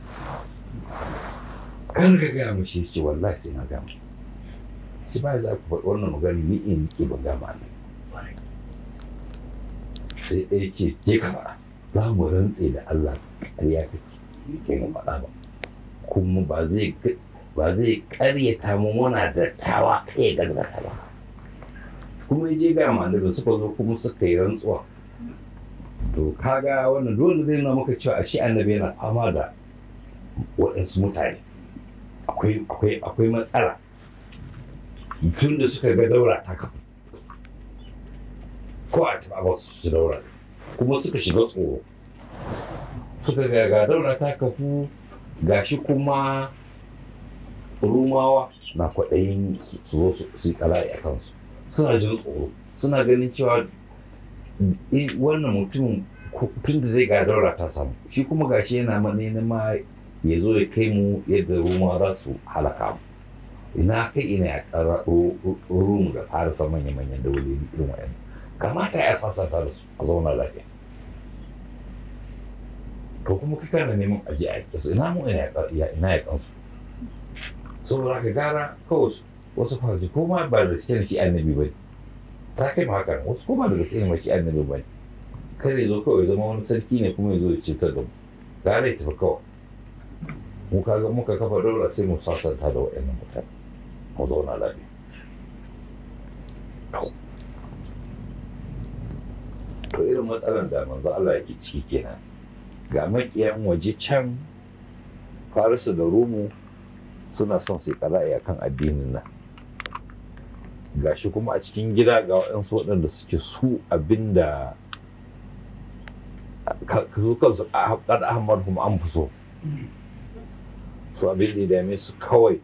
kar ka gaya mashi shi ce wallahi sai na gama shi ba za ku faɗi wannan magana ni in ke ba gama ne sai ɗaya ce je ka za mu rantse da Allah ya ka ke mu faɗa ba kuma ba zai ba zai ƙaryata mu muna da tawa ya eh, gazgata ba kuma ya je ga malamin suka zo kuma suka yi rantsuwa to kaga wannan dole zai na maka cewa shi annabi yana fama da waɗansu mutane akwai matsala tun da suka ga daura ta kafa ko a taɓa ba su daura kuma suka shiga tsoro suka ga ga daura ta kafu shi kuma rumawa na kwaɗayin su zo su yi ƙala'i a kansu suna jin tsoro suna ganin cewa eh, wannan mutum tun da zai ga daura ta samu shi kuma ga shi yana neman ya zo ya kai mu yadda roma za su halaka mu ina kai ina ya kara rumu da sa manya-manyan dawoli irin wa'yan kamata ya sasanta da su a zauna lafiya Ka kuma kai kana neman aji a yake su ina mu ina ya So saboda ka gara kawai wasu fahimci ko ma ba da cikin shi annabi ba ne? ta kai ma hakan wasu ko ba da cikin ma shi annabi ba kada ya zo kawai zama wani sarki ne kuma ya zo ya cutar da mu gara ya tafi kawai mu ga muka kafa daura sai mu sasanta da waɗannan mutane mu zauna lafiya to irin matsalar da manzo Allah yake ciki kenan ga makiyan waje can farisu da rumu suna son su yi kala'i a kan addinin nan shi kuma a cikin gida ga waɗansu waɗanda suke su abinda su kansu a ahmad kuma an fi so su abin da ya dame su kawai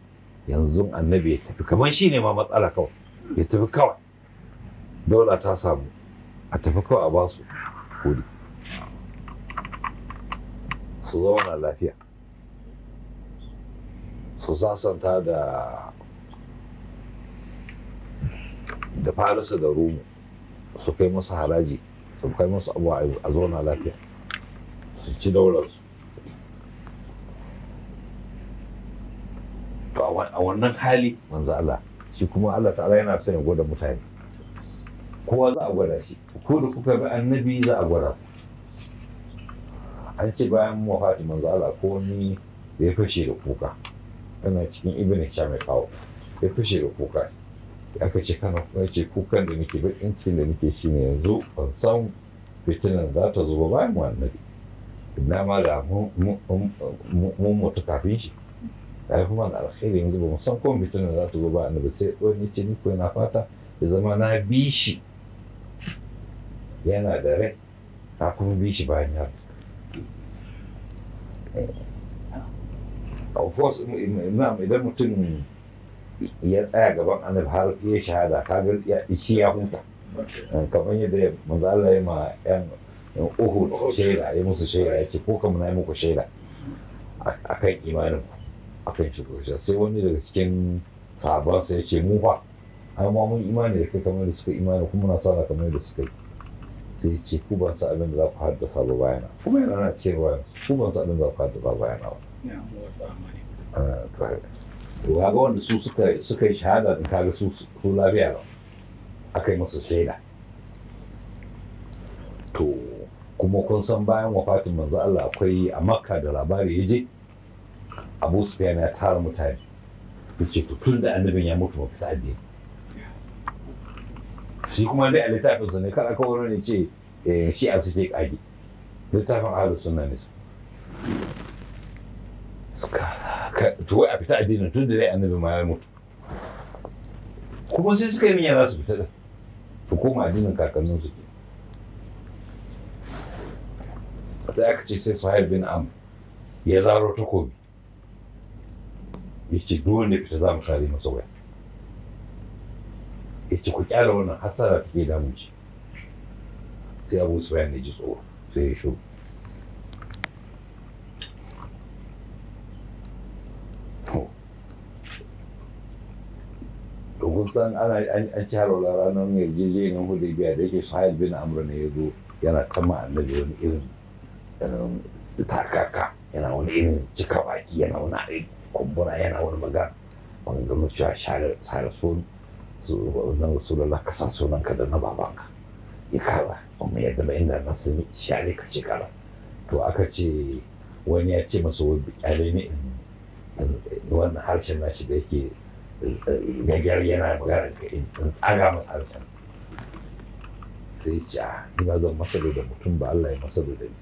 yanzu annabi ya tafi kamar shi ne ma matsala kawai ya tafi kawai dola ta samu a tafi kawai a ba su kudi su zauna lafiya su sasanta da da farisa da rumu su kai musu haraji su kai musu abuwa a zauna lafiya su ci daularsu to a wannan hali manzo Allah shi kuma Allah ta'ala yana son ya gwada mutane kowa za a gwada shi ko da kuka bi annabi za a gwada an ce bayan wafati manzo Allah ko ni da ya fashe da kuka kana cikin ibn mai kawo ya fashe da kuka aka ce kana kuma ce kukan da nake bakin cikin da nake shine yanzu ban san fitinan za ta zo ba bayan annabi ina ma da mun mutu kafin shi kafin wani alkhairi yanzu ba san ko mutum da za ta goba annabi sai wani ce ni ko na fata ya zama na bi shi yana da rai kuma bi shi bayan ya of course idan mutum ya tsaya gaban annabi har ya shahada kaga shi ya huta kamar yadda manzo Allah ya ma yan Uhud shaida ya musu shaida ya ce ko kamar na yi muku shaida akan imanin ku akan shi kawai sai wani daga cikin sahaba sai ya ce mu fa ai ma mun imani da kai kamar da suka imani kuma na sana kamar da suka yi sai ce ku ban sa abin da za ku haddasa ba bayana kuma yana na cewa ku ban sa abin da za ku haddasa ba bayana ba to ga wanda su suka suka yi shahada da kaga su su lafiya ba aka yi masa shaida to kuma kun san bayan wafatin manzo Allah akwai a Makka da labari ya je abu sufiyan e, ya tara mutane yace to tun da annabin ya mutu mafita addini shi kuma dai a littafin sa ne kar aka wani ne ce shi a suke kage littafin ahalus sunna ne to tuwai a fita addinin tun da dai annabin ma ya mutu kuma sai suka yi min za su fita da su koma addinin kakannin su ke sai aka ce sai suhail bin am ya zaro takobi yace duk wanda fita za mu kare masa waya yace ku kyale wannan hasara take damun shi sai abu suwayan ne ji tsoro sai ya shiru kun san ana an ci harola ranar yarjejeniyar hudaybiya da yake sahil bin Amru ne yazo yana kama annabi wani irin takaka yana wani irin cika baki yana wani aiki kumbura yana wani maga maganganu cewa share sun nan su da ka san sunan ka da na babanka ya kara kuma ya inda na sun share ka ce shekara to aka ce wani ya ce masa wani kyale ne wannan harshen nashi da yake eh, eh, gagar yana magana in tsaga masa harshen sai ce ah, a ina zan masalo da mutum ba Allah ya masalo da ni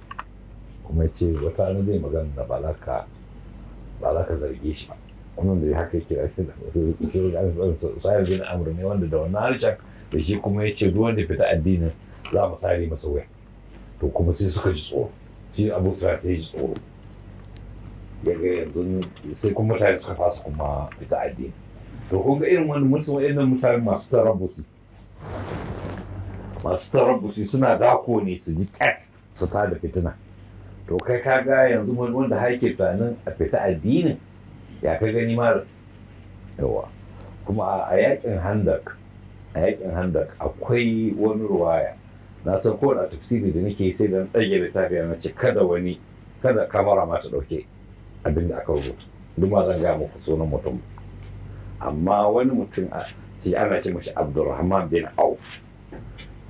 kuma ya ce wata zai magana da balaka ba za ka zarge shi wannan da ya haka yake rafi da sayar bin amur ne wanda da wannan harshen da shi kuma ya ce ruwan da fita addinin za mu sare masa wai to kuma sai suka ji tsoro shi abu sai ya ji tsoro daga yanzu sai kuma mutane suka fasa kuma fita addini to kun ga irin wani musu wa'annan mutane masu tarabusi masu tarabusi suna dako ne su ji kat su tada fitina to kai ka ga yanzu wani wanda haike tunanin a fita addinin ya ka gani mara yawa kuma a yakin handak a yakin handak akwai wani ruwaya na san ko da tafsiri da nake sai dan tsage tafi na ce kada wani kada kamara ma ta dauke abin da aka rubuta duk ma zan ga muku sunan mutum amma wani mutum a ce ana ce mashi Abdulrahman bin Auf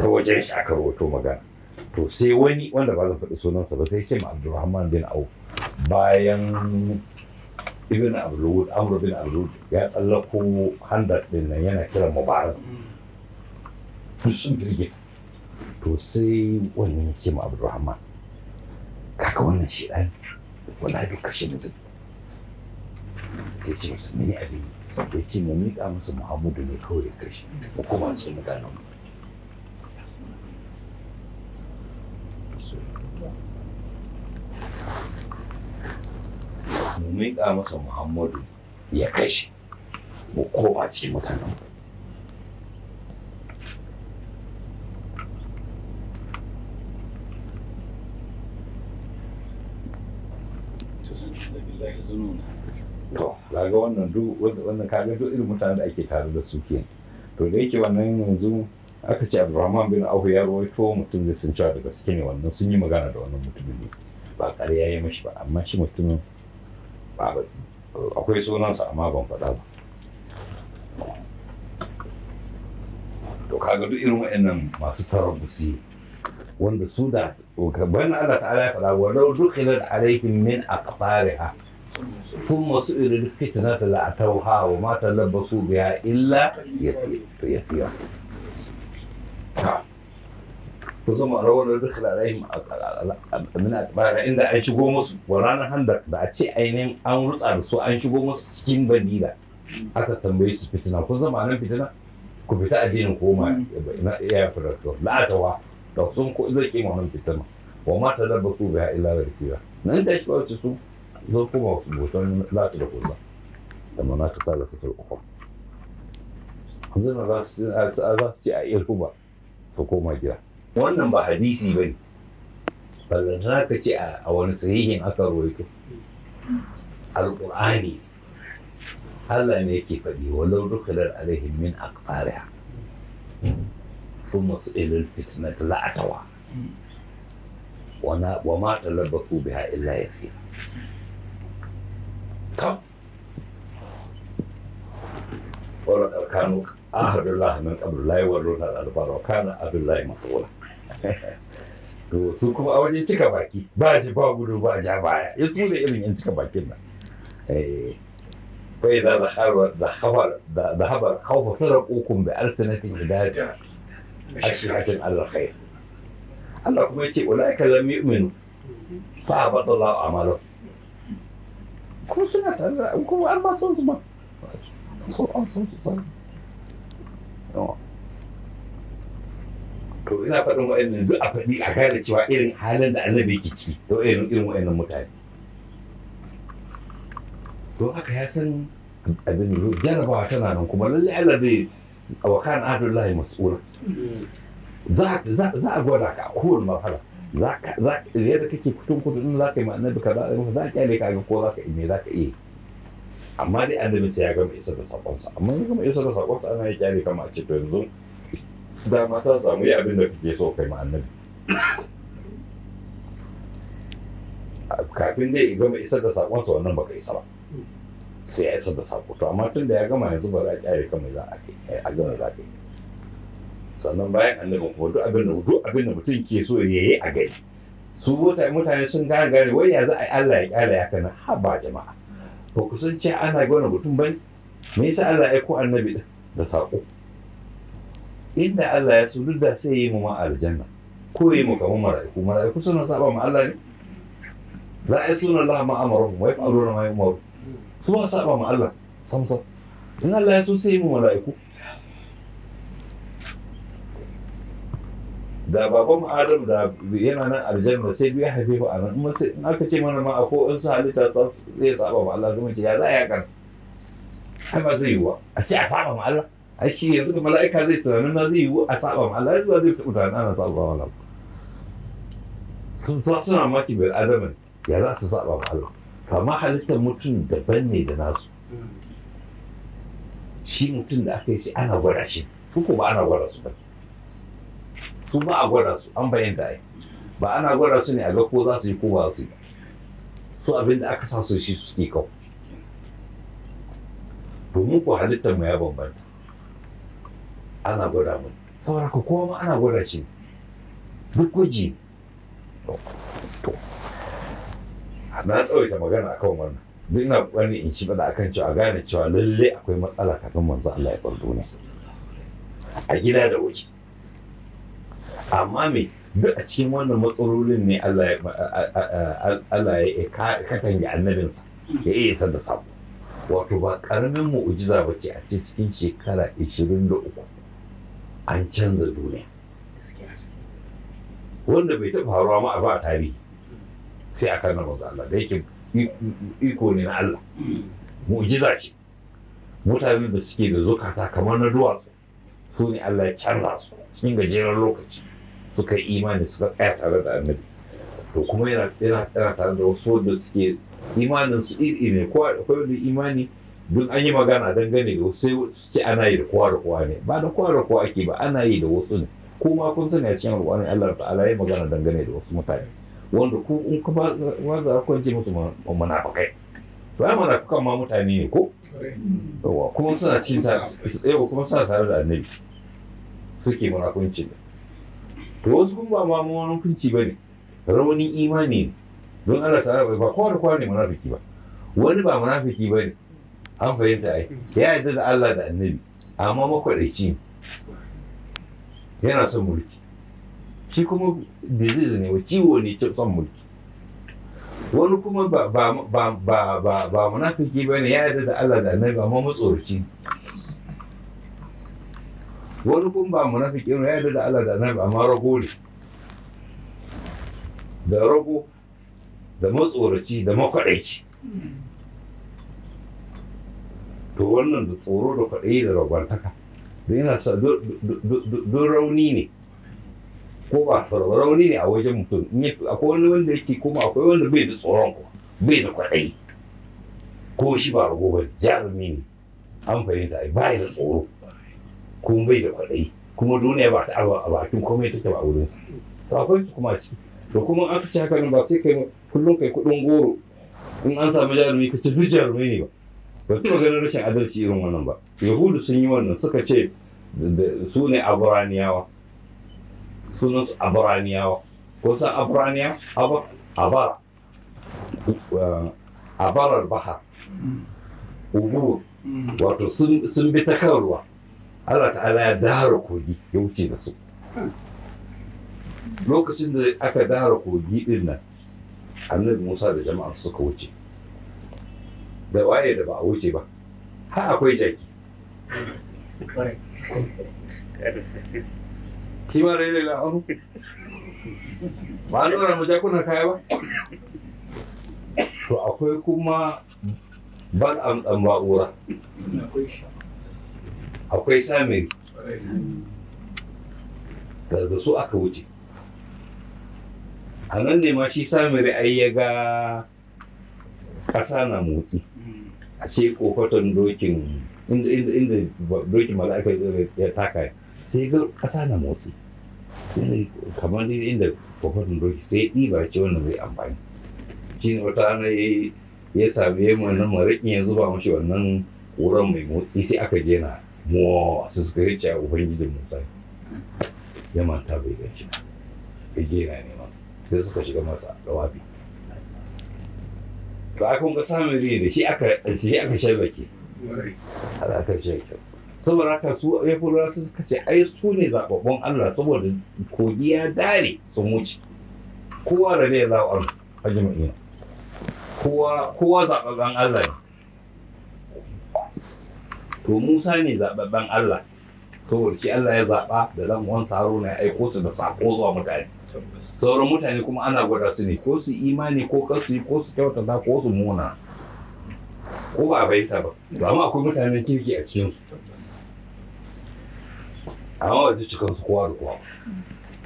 ta wajen shi aka rubuto magana to sai wani wanda ba za faɗi sunansa ba sai ce ma abdulrahman bin au bayan ibn abdulwud amr bin abdulwud ya tsallako handar din nan yana kiran mubarak duk sun birge to sai wannan ya ce ma abdulrahman kaka wannan shi ɗan wala duk kashe mutum sai ce musu mini abin ya ce mu miƙa musu muhammadu ne kawai kashe mu kuma su mutanen mu miƙa masa muhammadu ya kai shi mu koma cikin mutanen to ga wannan duk wannan kaga duk irin mutanen da ake tare da su kenan to da yake wannan yanzu aka ce Abdulrahman bin Auf ya rawaito mutum zai sun cewa da gaske ne wannan sun yi magana da wannan mutumin ne ba ƙarya ya mashi ba amma shi mutumin ba akwai sunansa amma ban faɗa ba to kaga duk irin waɗannan masu tarabusi wanda su da ban Allah ta'ala ya faɗa walau da alaihim min aqfariha thumma fitina fitnata la atawha wa ma talabbasu biha illa ya to kusan a rawar da kala rahim abin a inda an shigo musu wa ranar handa da a ce ainihin an rutsa da su an shigo musu cikin bandida aka tambaye su fitina kun zama nan fitina ku fita a addinin koma ya fi rasuwa la'atawa da sun ko zai kima nan fitina wa mata da ba su ga illa da sira nan da shi wasu su zo kuma su boton lati da kuma da mana ta sa da su turkuwa hamzana za su ce a irkuba su koma gida wannan ba hadisi ba ne ballantana ka ce a wani sahihin aka roito alƙur'ani Allah ne yake faɗi walau dukkanar alaihim min aqtariha thumma su'ilul fitnat la'atawa wa ma talabbathu biha illa yasir to ورد الكانوك أهد الله من قبل لا يورون الأدبار وكان أبي الله مسؤولا to su kuma aure cika baki ba ji ba gudu ba ja baya ya su da irin yan cika bakin nan kai eh, da da habar khawfa sarakukun bi alsanatin hidaja ashihatin alkhair Allah kuma yace ulaika lam yu'minu fa Allah amalu ko suna tare ko an ba son su ba an son su to ina faɗin wa'annan duk a faɗi a gane cewa irin halin da annabi ke ciki to irin irin wa'annan mutane to haka ya san abin jarabawa tana nan kuma lallai Allah zai wa kan adullahi mas'ula za a gwada ka a za mafara yadda kake kutun kudu in za ka yi ma annabi ka za a za ka ga ko za ka me za ka iya amma dai annabi sai ya gama isa da sakonsa amma ya gama isa da sakonsa ana ya kyale kama a ce to yanzu dama ta samu yi abin da kake so kai annabi kafin dai ya gama isar da saƙonsa, sa wannan baka isa ba sai ya isar da saƙo. to amma tun da ya gama yanzu ba za a kyare kan mai za a kai a gama za a kai sannan bayan annabi kuma duk abin da duk abin da mutum ke so ya yi a gari su mutane sun gane gane wai ya za a yi Allah ya kyale ya kana haba jama'a ba ku san ce ana gona mutum bane me yasa Allah ya ko annabi da saƙo? inda Allah ya so duk da sai yi mu ma aljanna ko yi mu kamar mara'iku mara'iku suna saba ma Allah ne la suna Allah ma amaruhum wa yaf'aluna ma yu'maru su ba saba ma Allah sam sam in Allah ya so sai yi mu mara'iku. da baban Adam da yana nan aljanna sai biya haife ba nan in sai in aka ce mana ma ko in su halitta zai saba ma Allah zai ce ya za a yakan ai ba zai yi wa a ce a saba ma Allah aishi shi yanzu da mala'ika zai tunanin na zai yi a saba ma Allah zuwa zai tabbata na ana saba wa Allah sun sa suna maki bil adamin ya za su saba ma Allah amma halittar mutum daban ne da nasu shi mutum da aka yi shi ana gwada shi su ko ba ana gwada su ba su ba a gwada su an bayan da ba ana gwada su ne a ga ko za su yi ko ba su yi su abin da aka sa su shi ke kawo domin ko halittar mu ya bambanta ana gwada mu saboda ka kowa ma ana gwada shi duk gwaji to na tsawaita magana akan wannan duk ina kokarin in ci bada akan cewa gane cewa lalle akwai matsala kafin manzo Allah ya bar duniya a gida da waje amma me duk a cikin wannan matsalolin ne Allah ya Allah ya katange annabinsa ya iya sanda da sabo wato ba karamin mu'ujiza bace a cikin shekara 23 an canza duniya wanda bai taɓa faruwa ma a ba a tarihi sai a kan manzo Allah da yake iko ne na Allah mu'jiza ce mutane da suke da zukata kamar na duwatsu su ne Allah ya canza su cikin gajeren lokaci suka yi imani suka tsaya tare da annabi to kuma yana tare da wasu wanda suke imanin su iri ne ko akwai wanda imani duk an yi magana dangane da sai ce ana yi da kowa da kowa ne ba da kowa da kowa ake ba ana yi da wasu ne ko ma kun sani a cikin alƙur'ani Allah ta'ala ya magana dangane da wasu mutane wanda ku in ka ba za ku ji musu munafikai to ai munafikan ma mutane ne ko yawa kuma suna cin ta yawa kuma suna tare da annabi suke munafunci ne to wasu kuma ba ma munafunci ba ne raunin imani ne don Allah ta'ala ba kowa da kowa ne munafiki ba wani ba munafiki ba ne an fahimta ai ya yarda da Allah da annabi amma makwaɗaici yana son mulki shi kuma disease ne ciwo ne son mulki wani kuma ba munafiki ba ne ya yarda da Allah da annabi amma matsoraci wani kuma ba munafiki ne ya yarda da Allah da annabi amma rago ne da rago da matsoraci da makwaɗaici to wannan da tsoro da kwaɗayi da rabantaka don yana sa don rauni ne ko ba rauni ne a wajen mutum akwai wani wanda yake kuma akwai wanda bai da tsoron ko bai da kwaɗayi ko shi ba rago ba jarumi ne an fahimta ai bai da tsoro kuma bai da kwaɗayi kuma duniya ba ta a bakin komai take a wurin sa to akwai su kuma ci to kuma aka ci haka ba sai kai kullum kai kuɗin goro in an samu jarumi ka ci duk jarumi ne ba ba taɓa ganin rashin adalci irin wannan ba yahudu sun yi wannan suka ce su ne aburaniyawa sunan su aburaniyawa ko san aburaniya abara eh, abarar bahar ubur wato sun bi ta kan ruwa Allah ta'ala ya dara kogi ya wuce da su lokacin da aka dara kogi din nan annabi musa da jama'a suka wuce da waye da ba a wuce ba har akwai jaki shi ma rai lela anu ba an mu jakuna kaya ba to akwai kuma bal am amtsan ba'ura akwai samiri daga su aka wuce a nan ne ma shi samiri ai ya ga ƙasa na motsi shi kofaton dokin inda dokin mala'ika ya taka sai ga ƙasa na motsi kamar inda kofaton doki sai ɗiba ce wannan zai amfani shi ne wata ana ya sami ya mana maraƙin ya zuba mashi wannan wurin mai motsi sai aka je na muwa su suka yi ubangijin musa ya manta bai gan shi ba ya je na neman sai suka shiga masa rawabi to a kun kasa mai riya da shi aka shi aka shaibake aka shaibake saboda haka su ya fura su suka ce ai su ne zababbun Allah saboda kogi ya dare sun wuce kowa da zai zaɓa Allah ajma'ina kowa kowa zababban Allah ne to Musa ne zababban Allah saboda shi Allah ya zaɓa da zan wansa Haruna ya aiko su da sako zuwa mutane sauran mutane kuma ana gwada su ne ko su imani ko kasu yi ko su kyauta ba ko su muna ko ba a bayyanta ba to amma akwai mutanen kirki a cikin su amma ba ta cikin su kowa da kowa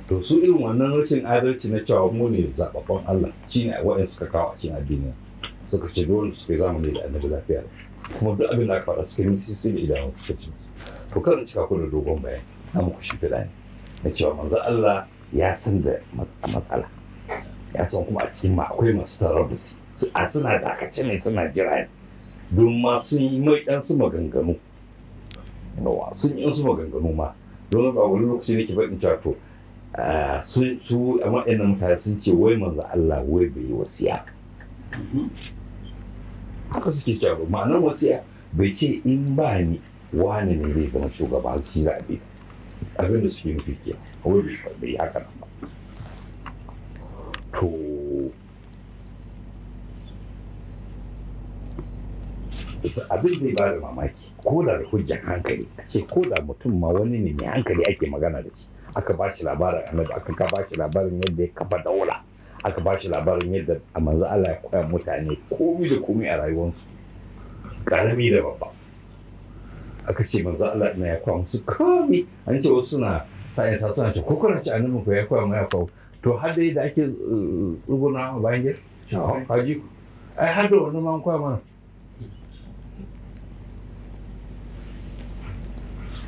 to su irin wannan rashin adalci na cewa mu ne zababban Allah Shi ne waɗanda suka kawo a cikin addini suka ce dole su yi zamani da annabi lafiya kuma duk abin da aka faɗa suka yi sisi da idanu suka to kan cika ku da dogon bayani na ku shi fiɗa ne na cewa manzo Allah ya san da matsala ya san kuma a cikin ma akwai masu tarabus a suna dakace ne suna jira don ma sun yi mai dan su maganganu sun yi su maganganu ma don ba wani lokaci nake faɗin cewa to su a waɗannan mutane sun ce wai manzo Allah wai bai yi wasiya haka suke cewa ma'anar wasiya bai ce in ba ni wani ne zai zama shugaba shi zabe abin da suke nufi ke wai bai yi haka nan ba to abin zai ba da mamaki ko da da hujjan hankali a ce ko da mutum ma wani ne mai hankali ake magana da shi aka ba shi labarin annabi aka ka ba shi labarin yadda ya kafa daula aka ba shi labarin yadda a manzo Allah ya koya mutane komai da komai a rayuwarsu karami da babba aka ce manzo Allah na ya kwa musu komi an ce wasu na yin sa suna ce ko kuna ci annabi ko ya kwa mu ya kwa to har dai da ake tsuguna uh, bayan gida haji ai har da wani man kwa mana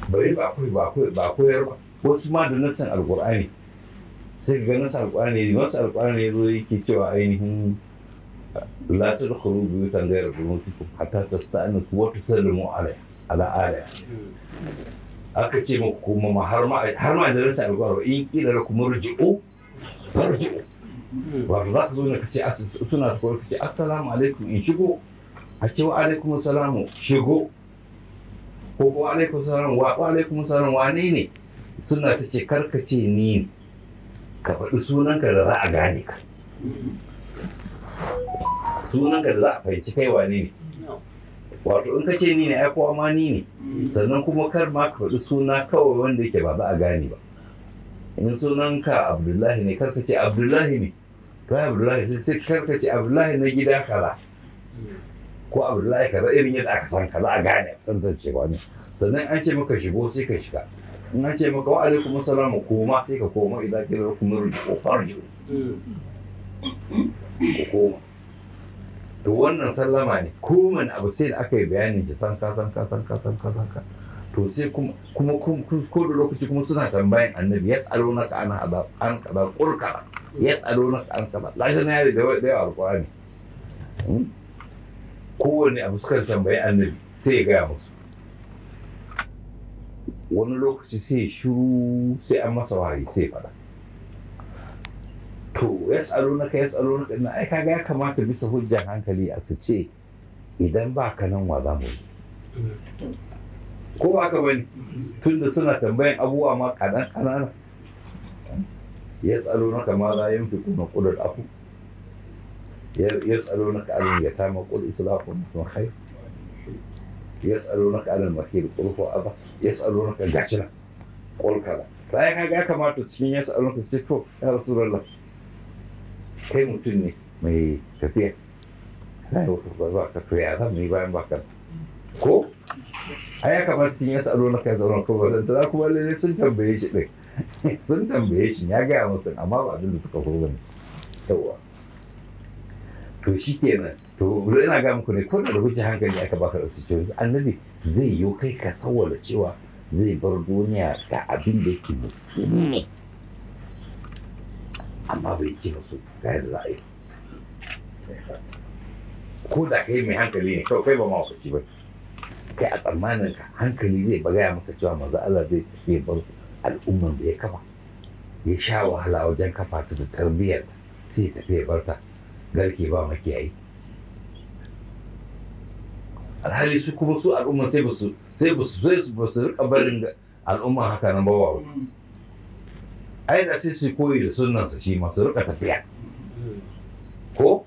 bai ba yi ba akwai ba koyar ba wasu ma da nasan alqur'ani sai ga nassan alqur'ani nassan alqur'ani yazo yake cewa ainihin la tadkhulu buyutan ghayra buyutikum hatta tasta'nisu wa tusallimu alayha al'ada aka ce muku kuma har ma har ma zarar ta ba in kila la kuma ruji'u farji'u wato za ka zo ne ka ce suna da kawai ka ce assalamu alaikum in shigo a ce wa alaikum salamu shigo ko ko alaikum salamu wa wa alaikum salamu wane ne suna ta ce karka ce ni ka faɗi sunanka da za a gane ka sunanka da za a fahimci kai wane ne wato in ka ce ni ne ai ko amma ni ne mm. sannan kuma kar ma ka faɗi suna kawai wanda yake ba za a gane ba in sunan ka abdullahi ne kar ka ce abdullahi ne to abdullahi sai kar ka ce abdullahi na gida kaza ko abdullahi kaza irin yadda aka san kaza a gane tantance ba ne sannan an ce maka shigo sai ka shiga in an ce maka wa alaikum assalam koma sai ka koma idan kira kuma ko farji ko koma to wannan sallama ne kowane abu sai da aka yi bayanin shi san ka san ka san ka san ka san ka to sai kuma ko da lokaci kuma suna tambayan annabi tsaro na ka ana azab an kaza ya tsaro na ka an ba lashi na yari da yawa alqur'ani hmm? kowane abu suka tambayi annabi sai ya gaya musu wani lokaci sai shiru sai an masa wahayi sai faɗa to ya tsaro na ka ya tsaro na ka na ai kaga ya kamata bisa hujjan hankali a su ce idan ba ka nan wa za mu yi ko ba ka bane tunda suna tambayan abubuwa ma kanan kanana ya tsaro na ka ma za yin fi kuma kudar afu ya tsaro na ka alin ya tama kudur islafun na kai ya tsaro na ka alin makil kurko aba ya tsaro na ka gashira kulkala bayan kaga ya kamata cikin ya tsaro na ka sai to ya rasu lallai. kai mutum ne mai tafiya ba za ka tuya za mu yi bayan baka ko a ya kamata sun yi tsaro na kai zauren da kuma lalle sun tambaye shi ɗin sun tambaye shi ya gaya musu amma ba abin da suka so ba ne yawa to shi to ina ga muku ne ko da rubuce hankali aka baka da su annabi zai yi kai ka sawwala cewa zai bar duniya da abin da yake amma bai ci musu ga yadda za a yi ko da kai mai hankali ne kawai kai ba ma wasu ba kai a tsammanin ka hankali zai bagaya maka cewa maza Allah zai tafi bar al'umman da ya kafa ya sha wahala wajen kafa ta da tarbiyyar sai ya tafi ya bar ta garke ba makiyayi alhali su kuma su al'umma sai ba su sai ba su sai ba su rika barin al'umma haka nan ba wa ai da sai su koyi da sunansa shi ma su rika ko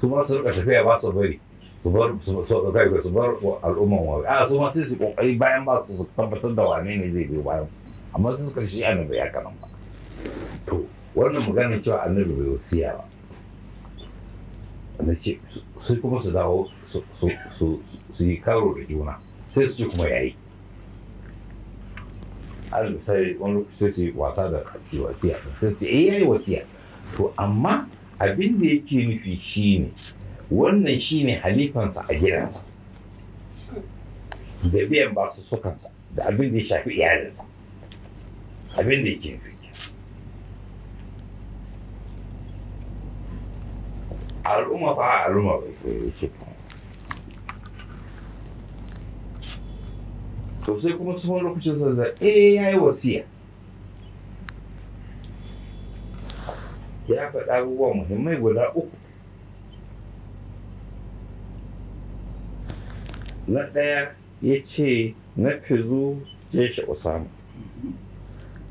su ma su tafiya ba su bar al'umman wawe su ma su kokari bayan ba su tabbatar da wane ne zai biyo bayan amma su ya to wannan cewa annabi bai ba siya ce su kuma su dawo su yi karo da juna sai su kuma yayi har sai wani su yi wasa da ake wasiya sai su yi yayi wasiya to amma abin da yake nufi shine wannan shine halifansa a gidansa da biyan su sukansa da abin da ya shafi iyalinsa abin da yake nufi al'umma ba al'umma ba ce to sai kuma su wani lokacin sun zai eh ya yi wasiya ya faɗa abubuwa muhimmai guda uku na ɗaya ya ce na fizo ya ce usama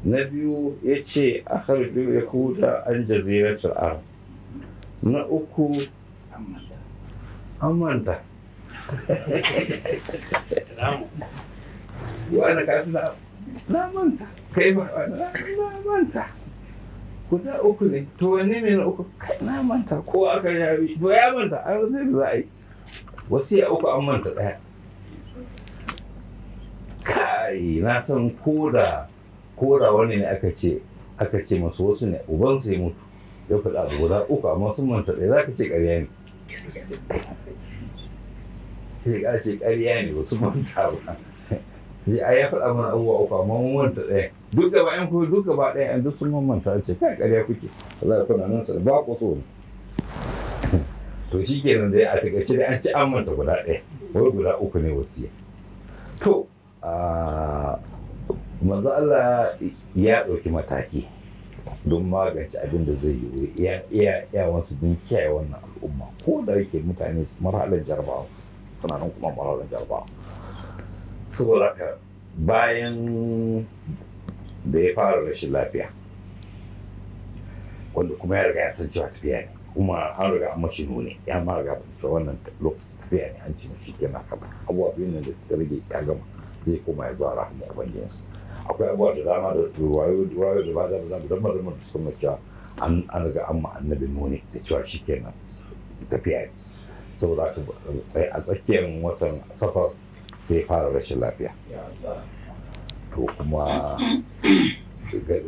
na biyu ya ce a harbi ya kuda an jaziratul arab na uku an manta wani karfi na manta kai ba na manta guda uku ne to wani ne na uku kai na manta ko aka yabi to ya manta an zai da za a yi wasiya uku an manta ɗaya kai na san koda koda wani ne aka ce aka ce masu wasu ne uban sai mutu ya faɗa abu guda uku amma sun manta ɗaya za ka ce ƙarya ne sai ka ce ƙarya ne wasu manta ba sai ai ya faɗa mana abubuwa uku amma mun manta ɗaya duk gaba ɗayan kuma duk gaba ɗayan an duk sun manta ce kai ƙarya kuke za na kuna nan sa ba ku so to shi kenan da ya a takaice da an ci an manta guda ɗaya wai guda uku ne wasiya to manzo Allah ya ɗauki mataki don magance abin da zai yi iya iya wasu don kiyaye wannan al'umma ko da yake mutane marhalar jarabawa suna nan kuma marhalar jarabawa saboda haka bayan da ya fara rashin lafiya wanda kuma ya riga ya san cewa tafiya ne kuma an riga an mashi nune ya ma riga ba cewa wannan lokacin tafiya ne an ce mashi kenan kaba abubuwa biyu ne da suka rage ya gama zai koma ya zuwa rahama ubangijinsa akwai abubuwa da dama da wayo da ba da ba da dama da suka cewa an riga an ma annabi nune da cewa shi kenan tafiya ne saboda haka a tsakiyar watan safar sai fara rashin lafiya to kuma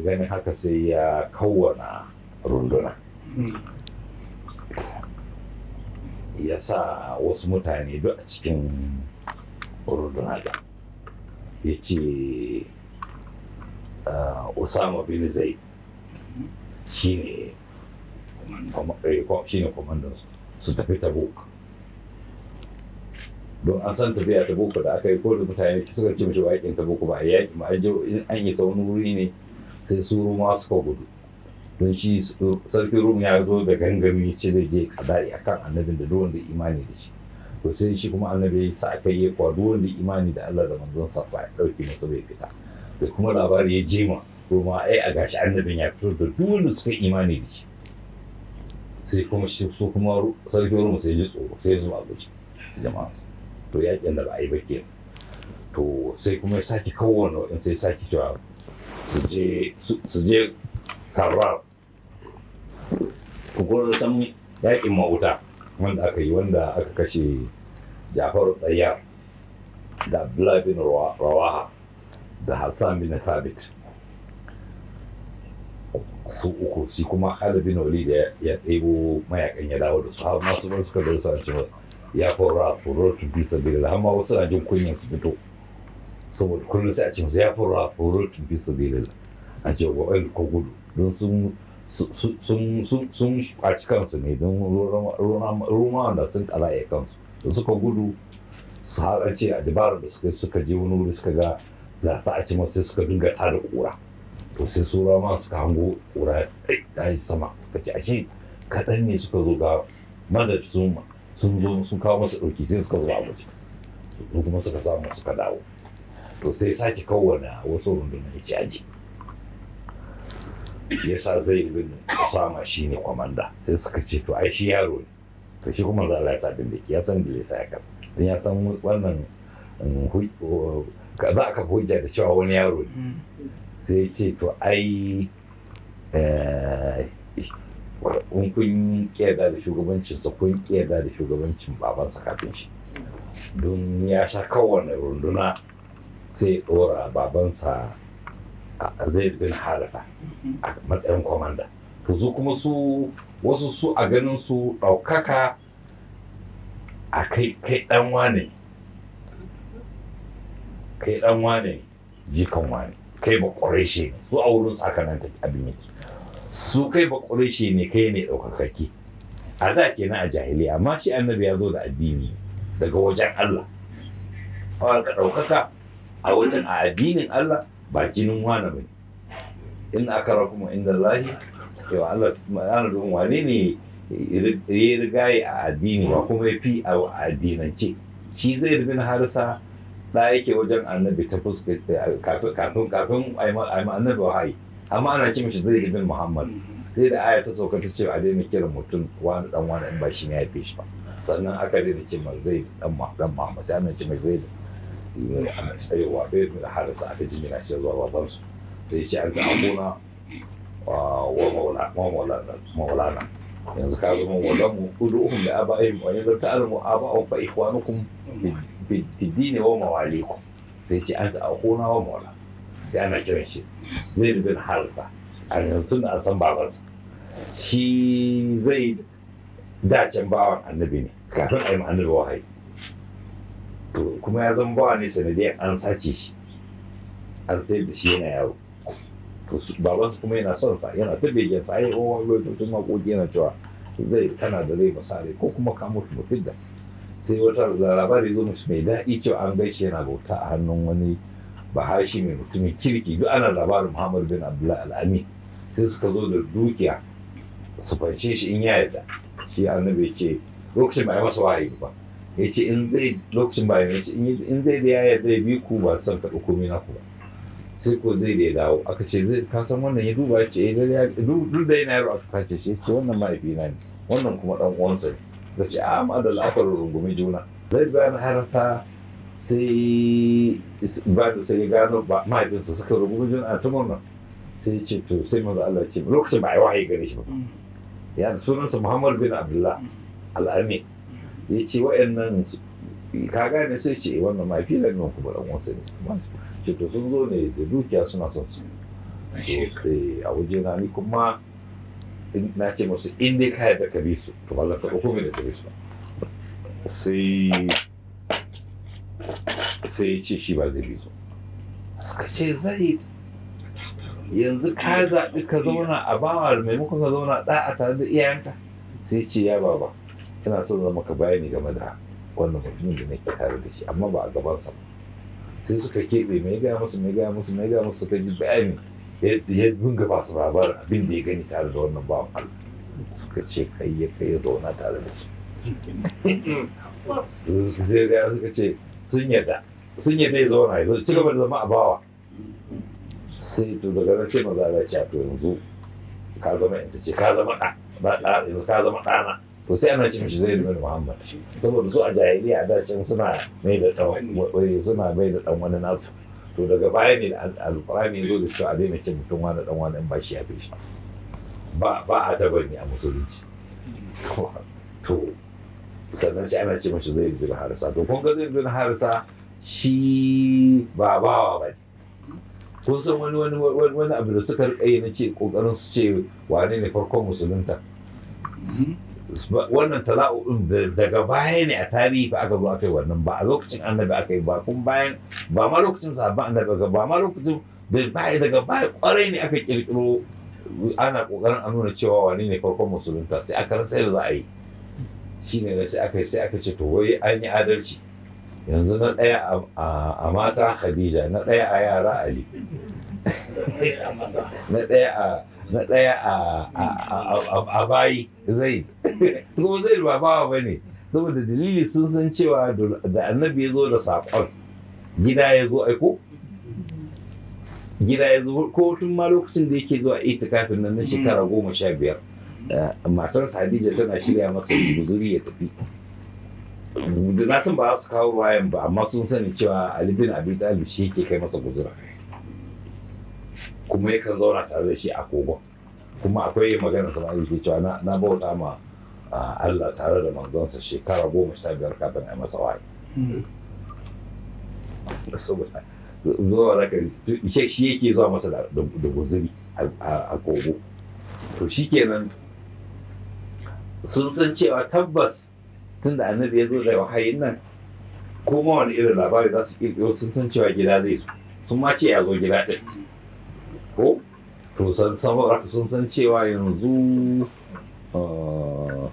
ganin haka sai ya kawana runduna ya sa wasu mutane duk a cikin runduna da ya ce usama ah, bin zai shi ne kwamandansu eh, su tafi tabuk don an san tafiya ta boko da aka yi ko da mutane suka ce mishi waƙin ta boko ba yaƙi ma an yi wani wuri ne sai su ruma suka gudu don shi sarki rum ya zo da gangami ce zai je kadari kan annabin da duwanda imani da shi to sai shi kuma annabi sa aka yi kwa duwanda imani da Allah da manzon safa ya ɗauki masa bai fita da kuma labari ya jema ruma ai a gashi annabin ya fito da duwanda suka imani da shi sai kuma shi su kuma sarki rum sai ji tsoro sai zuwa guji jama'a to yakin da ba to sai kuma ya kawo no, waɗin sai sake cewa su je karra kukurar san yakin uta. wanda aka yi wanda aka kashe jafaru tsayar da abdullahi rawaha da hassan bin thabit su uku shi kuma Khalid bin Walid ya ɗebo mayakan ya dawo da su har masu bar suka zo su an ya faru a furor to bisa sabila amma wasu na jin kunya su fito saboda kullum sai a ce ya faru a furor to bisa sabila a ce wa oil ko gudu don sun sun kwaci kansu ne don roma da sun kala ya kansu da suka gudu su har ce a dabarar da suka suka je wani wuri suka ga za su a ci masu suka dinga ta da kura to sai su ma suka hango kura ta yi sama suka ce ashe kaɗan ne suka zo ga madar su sun zo sun kawo masa ɗauki sai suka zuwa waje su kuma suka samu suka dawo to sai ya kawo kowane wasu na ya ci aji ya sa zai yi bin usama shi ne kwamanda sai suka ce to ai shi yaro ne to shi kuma za a ya sa bindiki ya san da ya sa ya kafa don ya san wannan za kafa hujja da cewa wani yaro ne sai ce to ai in kun kiyarda da shugabancinsa kun kiyarda da shugabancin babansa kafin shi don ya sha kowane runduna sai ɗora babansa zai bin harafa a matsayin kwamanda to su kuma su wasu su a ganin su ɗaukaka a kai kai ɗan wane kai wane jikan wane kai ba ƙwarai shi su a wurin sakanan abin yake su kai ba ƙurushi ne kai ne ɗaukakaki a da ke na a jahiliya amma shi annabi ya zo da addini daga wajen Allah a ka ɗaukaka a wajen a addinin Allah ba jinin wani bane in aka rakuma inda lahi yawa Allah ana domin wane ne ya yi a addini ba kuma ya fi a addinance shi zai na harsa da yake wajen annabi ta fuska kafin kafin a yi annabi wahayi amma ana ce mishi zai bin muhammad sai mm-hmm. da aya ta sauka ta ce a daina kiran mutum wani dan wani in ba shi ne ya fi shi ba sannan aka daina ce mai zai dan muhammad sai ana ce mai zai eh, aiwa bai da harasa aka ji mina ce zuwa babansu sai ce an ta abuna ah, wa maulana yanzu ka zama walan mu kudu uhum da aba'in wa yanzu ta alamu aba'u fa ikwanukum bidini mm-hmm. wa mawalikum sai ce an ta akuna wa maulana sai ana kiran shi zaid bin harifa a yanzu da an san babansa shi zai dacen bawan annabi ne kafin a yi annabi wahayi to kuma ya zan bawa ne sanadiyar an sace shi an sai da shi yana yawo to babansa kuma yana son sa yana ta begen sa ai oh lokacin makoki yana cewa zai kana da zai masare ko kuma ka mutu mutum da sai wata labari zo mai daɗi cewa an gaishe yana bauta a hannun wani bahashi mai mutumin kirki duk ana labarin muhammad bin abdullahi al'ami sai suka zo da dukiya su fance shi in ya yarda shi annabi ya ce lokacin ba ya masa wahayi ba ya ce in zai lokacin ba ya ce in zai da ya yarda ya bi ku ba san ka dauko mina ku ba sai ko zai da ya dawo aka ce zai ka san wannan ya duba ya ce eh, duk da yana yaro aka sace shi ya ce wannan mahaifi na ne wannan kuma ɗan uwansa ne ya ce a ah, ma da la'akar rungumi juna zai bayan harata sai ba sai gano ba mahaifinsa suka rubu wajen a ta murna sai ce to sai maza Allah ce lokacin ba a yi wahayi gare shi ba mm. ya sunansa Muhammad bin Abdullah mm. Amin ya ce wa'annan ka gane sai ce eh, wannan mahaifi da nan kuma dan wasu ne ce to sun zo ne da dukiya suna son su a waje na ni kuma na ce musu inda ka yadda ka bi su to ba za ka ɗauko mai da ka bi su sai sai ya ce shi ba zai bi suka ce zai yanzu ka zaɓi ka zauna a bawa maimakon ka zauna a tare da iyayenka sai ce ya baba ina son zama ka bayani game da wannan mutumin da nake tare da shi amma ba a gabansa ba sai suka keɓe mai gaya musu mai gaya musu mai gaya musu suka ji bayani ya dinga ba su labar abin da ya gani tare da wannan bawan Allah suka ce kai ya kai ya zauna tare da shi zai gaya suka ce sun yarda sun yi zai zauna ya ci gaba da zama a bawa sai to daga nan sai maza da ce to yanzu ka zama ita ce ka zama ɗa yanzu ka zama ɗana to sai ana ce mishi zai bin muhammad saboda su a jahiliya da can suna mai da suna mai da ɗan wani nasu to daga baya ne alƙur'ani zo da cewa a daina ce mutum wani ɗan wani in ba shi ya fi shi ba a tabarni a musulunci to sannan sai ana ce mishi zai bin harisa to kun ga zai bin harisa shi ba bawa ba ne kun san wani wani wani abu da suka rika yi na ce kokarin su ce wane ne farkon musulunta wannan tala'u daga baya ne a tarihi ba aka zo aka yi wannan ba a lokacin annabi aka yi ba kun bayan ba ma lokacin sahabban annabi ba ba ma lokacin da baya daga baya kwarai ne aka kirkiro ana kokarin a nuna cewa wane ne farkon musulunta sai aka rasa yadda za a yi shine sai aka sai aka ce to wai an yi adalci yanzu na ɗaya a matsa khadija na ɗaya a yara ali na ɗaya a na ɗaya a bayi zai kuma zai ba bawa ba ne saboda dalili sun san cewa da annabi ya zo da saƙon gida ya zo aiko gida ya zo ko tun ma lokacin da yake zuwa kafin nan na shekara goma sha biyar matarsa hadija tana shirya masa guzuri ya tafi na san ba su kawo ruwa ba amma sun sani cewa Ali bin Abi Talib shi ke kai masa guzura kuma yakan zauna tare da shi a kogon kuma akwai magana sama yake cewa na bauta ma Allah tare da manzonsa shekara goma sha biyar kafin a masa wahayi hmm. zuwa da ka shi yake zuwa masa da guzuri a kogo to kenan sun san cewa tabbas Tunda annabi ya zo da wahayin nan ko ma wani irin labari za su kirkiro sun san cewa gida zai su sun ma ce ya zo gida ɗin ko to san saboda sun san cewa yanzu ah,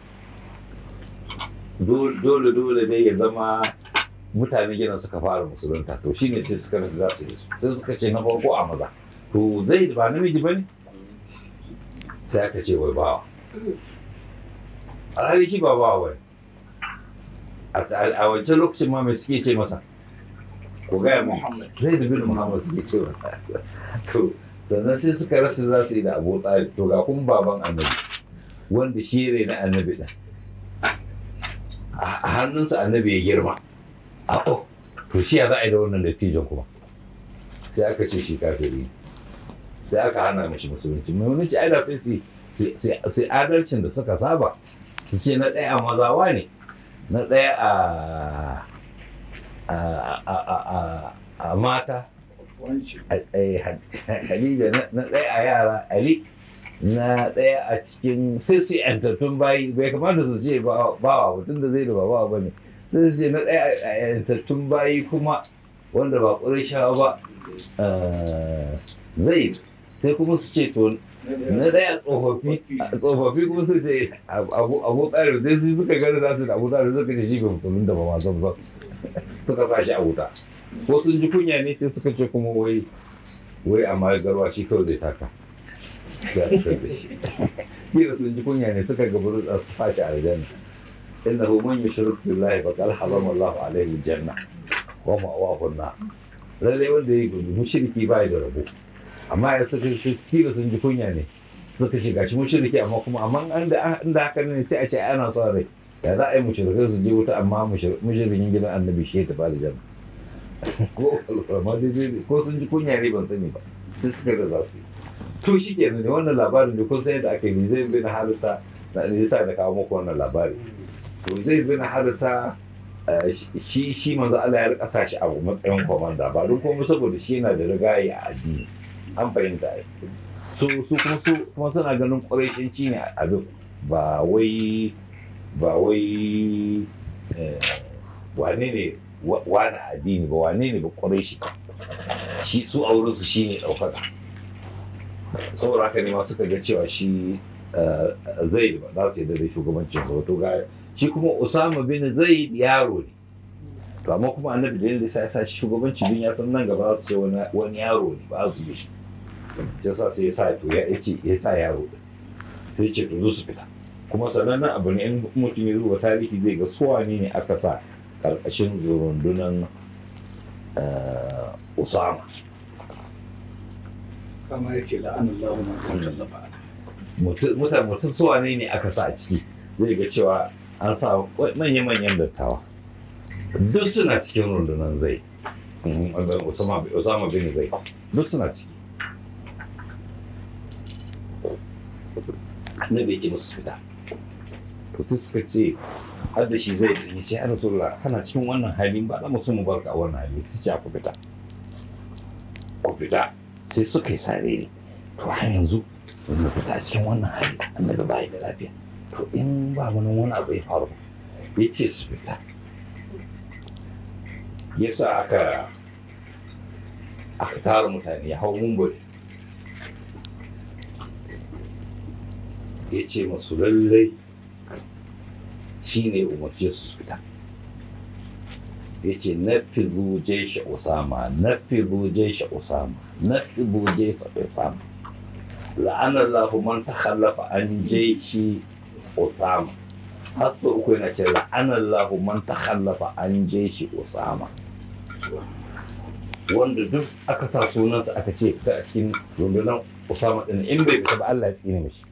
dole dole dai ya zama mutane gidan suka fara musulunta to shine sai suka rasa za su yi su sai suka ce na farko a maza to zai ba namiji ba ne sai aka ce wai bawa alhali shi ba bawa ba ne a wancan lokacin ma mai suke ce masa ko gaya muhammad zai da bin muhammad suke ce masa to sannan sai suka rasa za su yi da abu tsari to ga kun baban annabi wanda shi ne na annabi ɗin a hannunsa annabi ya girma a ko oh, to shi ya za a yi da wannan dattijan kuma sai aka ce shi kafiri sai aka hana mashi musulunci mai wani ci ai da sai adalcin da suka saba su ce na ɗaya mazawa ne na ɗaya a mata Khadija na ɗaya a yara Ali na ɗaya a cikin sai su yantattun bayi bai kamata su ce bawa mutum da zai da bawa ba ne sai su ce na ɗaya a yantattun bayi kuma wanda ba ƙurashawa ba zai sai kuma su ce to na daya tsofaffi kuma su ce abu tsari sai su suka gani za su da abu tsari suka ce shi bai musulmin da ba ma zan suka sa shi a wuta ko sun ji kunya ne sai suka ce kuma wai wai amma garwa shi kawai zai taka kira sun ji kunya ne suka gabaru da su sace shi a aljanna inna hu man yushrik billahi faqad harama Allahu alaihi aljanna wa ma'wahu an-nar lalle wanda yayi ba ya da rabo amma ya suka kila sun ji kunya ne suka ce gashi mushriki amma kuma amma inda haka ne sai a ce ana son rai ya za a yi mushrikai su je wuta amma mushrikin gidan annabi shi ya tafi aljanna ko ko sun ji kunya ne ban sani ba sai suka za su to shi ke ne wannan labarin da kun san yadda aka yi zai bin harisa na ne yasa da kawo muku wannan labari to zai bin harisa eh, shi shi manzo Allah ya rika sa shi a matsayin komanda ba don komai saboda shi yana da rigayi a addini an fahimta ai so su kuma su kuma suna ganin ƙwarai ne abin ba wai ba wai eh, wane ne wani addini ba wane ne ba ƙwarai shi shi su a wurinsu shi ne ɗaukaka saboda haka ne ma suka ga cewa shi eh, zai ba za su yadda da shugabancin ba to ga shi kuma usama bin zaid yaro ne to amma kuma annabi da yadda ya sa shugabancin bin ya san nan gaba za su ce wani yaro ne ba su yi shi ya sa sai ya sa to ya ce ya sa yaro sai ce to su fita kuma sanannen abu ne in mutum ya zuba tarihi zai ga suwa ne ne aka sa karkashin zurundunan eh, usama kama ya ce la'anin lahu mutum suwa ne ne aka sa a ciki zai ga cewa an sa manya-manyan dattawa duk suna cikin rundunan zai mm-hmm, Usama bin zai duk suna ciki annabi ya ce musu fita to sun suka ce har shi zai ɗanyi ce ya rasulullah kana cikin wannan halin ba za mu so mu barka a wannan hali sai ce ku fita ku fita sai suka yi sare ne to har yanzu mun fita cikin wannan hali annabi baya da lafiya to in ba wani wani abu ya faru ya ce su fita ya sa aka aka tara mutane ya hau mun da ya ce masu lallai shi ne umarce su fita ya ce na fi zuje shi usama na fi zuje shi usama na fi zuje shi usama la'anar lafuman ta hallafa an je shi usama har sau uku yana ce la'anar lafuman ta hallafa an je shi usama wanda duk aka sa sunansa aka ce fita a cikin rundunar usama ɗin in bai fita ba allah ya tsine mashi.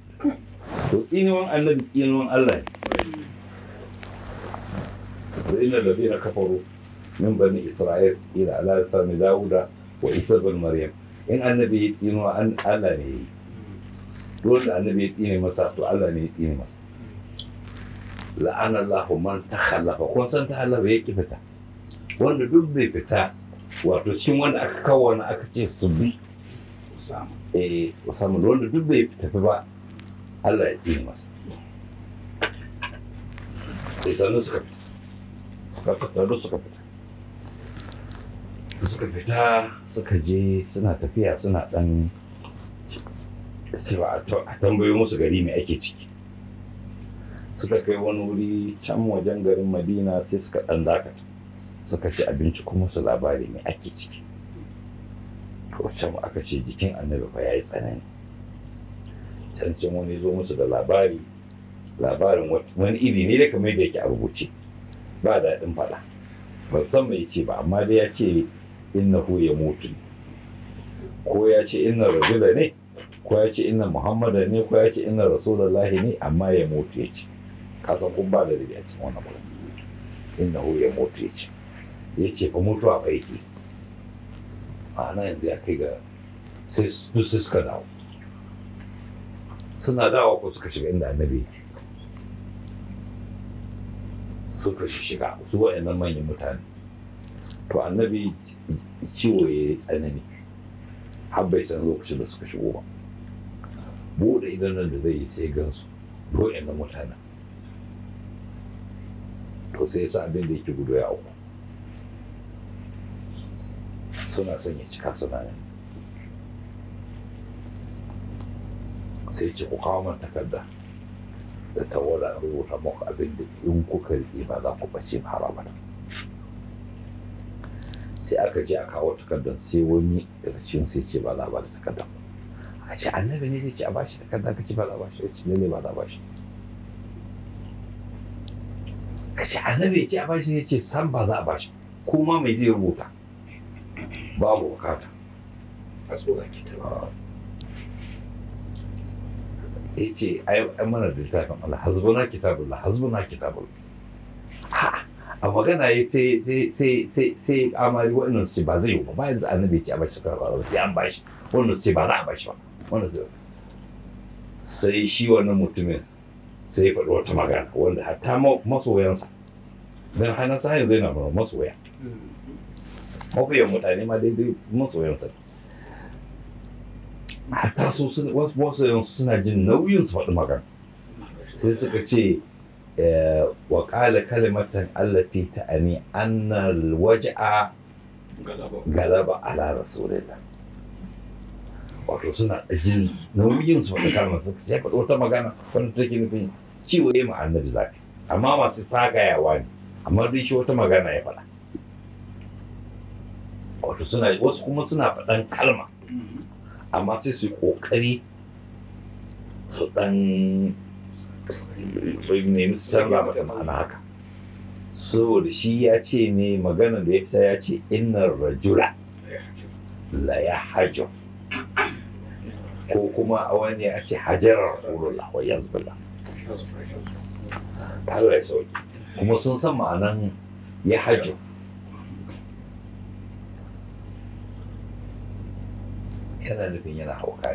to tsinuwan annabi inuwan Allah ne Ina da alladhina kafaru min bani isra'il ila alafa lisani dawuda wa isa bin maryam in annabi ya an Allah ne yi dole da annabi ya tsine masa to Allah ne ya tsine masa la'ana Allahu man takhallafa kun san ta takhallafa yake fita wanda duk bai fita wato cikin wanda aka kawo aka ce su bi eh wanda duk bai tafi ba Allah ya tsine masa da sannan suka fita suka tattaru suka fita suka fita suka je suna tafiya suna dan cewa a tambayi musu gari mai ake ciki suka kai wani wuri can wajen garin madina sai suka ɗan dakata suka ci abinci kuma su labari mai ake ciki to can aka ce jikin annabi ya yi tsanani cancin wani zo musu da labari labarin wani iri ne da kamar da yake a rubuce ba daɗin faɗa ban san mai ce ba amma dai ya ce innahu ya mutu ko ya ce inna rajula ne ko ya ce inna muhammada ne ko ya ce inna rasulullahi ne amma ya mutu ya ce kasan kun ba da dabi a cikin wannan magana innahu ya mutu ya ce ya ce fa mutuwa ba yake ma'ana yanzu ya kai ga sai su suka dawo suna dawa ko suka shiga inda annabi yake suka shiga su waɗannan manyan mutane to annabi ciwo ya yi tsanani har bai san lokacin da suka shigo ba buɗe idanun da zai yi sai gansu to waɗannan mutane. to sai sa abin da yake gudu ya uku. suna son ya cika suna sai ce ku kawo man takarda da ta wala rubuta muku abin da in kuka riƙe ba za ku bace har abada sai aka je a kawo takardar sai wani daga cikin sai ce ba za a ba da takardar a ce annabi ne zai ce a bashi takardar ka ce ba za a bashi ya ce ne ba za a bashi ka ce annabi ya ce a bashi ya ce san ba za a bashi kuma mai zai rubuta babu bukata a tsoron kitabun yace ce ai mana da littafin Allah hazbuna kitabullah hazbuna kitabullah ha a magana ya sai sai sai sai amari wannan sai ba zai yi ba yanzu annabi ce a bashi karba ba sai an bashi wannan sai ba za a bashi ba wannan sai sai shi wannan mutumin sai ya faɗi wata magana wanda hatta masoyansa don hannun sa yanzu yana masoya mm. mafiyan mutane ma daidai masoyansa ne hatta su suna wasu suna jin nauyin su faɗi magana sai suka ce eh, wa ƙala kalimatan allati ta ani annal waja'a galaba ala rasulillah wato suna jin nauyin su faɗi kalma suka ce faɗi wata magana wanda take nufin ciwo ya ma'an nabi zafi amma masu sagayawa ne amma duk shi wata magana ya faɗa wato suna wasu kuma suna faɗan kalma amma sai su kokari su dan nemi su canza mata ma'ana haka saboda shi ya ce ne magana da ya fita ya ce innar rajula la ya hajo ko kuma a wani ya ce hajarar rasulullah wa yazbala Allah ya sauki kuma sun san ma'anan ya hajo yana nufin yana hauka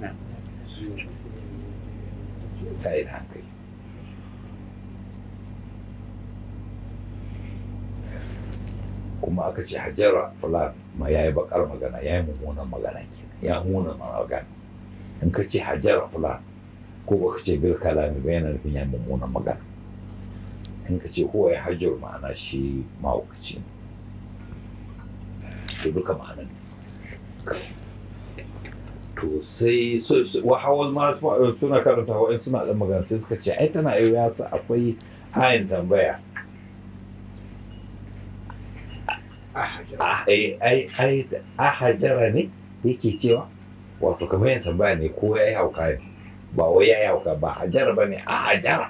ne ta yi hankali kuma aka ce hajara fulan ma ya yi bakar magana ya yi mummunan magana ke ya muna magana in ka ce hajara fulan ko ba ka ce bil kalami ba yana nufin ya yi mummunan magana in ka ce huwa ya hajjar ma'ana shi mahaukaci ne. Ke duka ne to sai wa hawan ma eh, suna karanta in suna dan magana sai suka ce ai tana ya yasa akwai hayan tambaya eh, a hajara ne yake cewa wato kamar yin tambaya ne ko ya yi hauka ne ba wai ya yi hauka ba hajara ba ne a hajara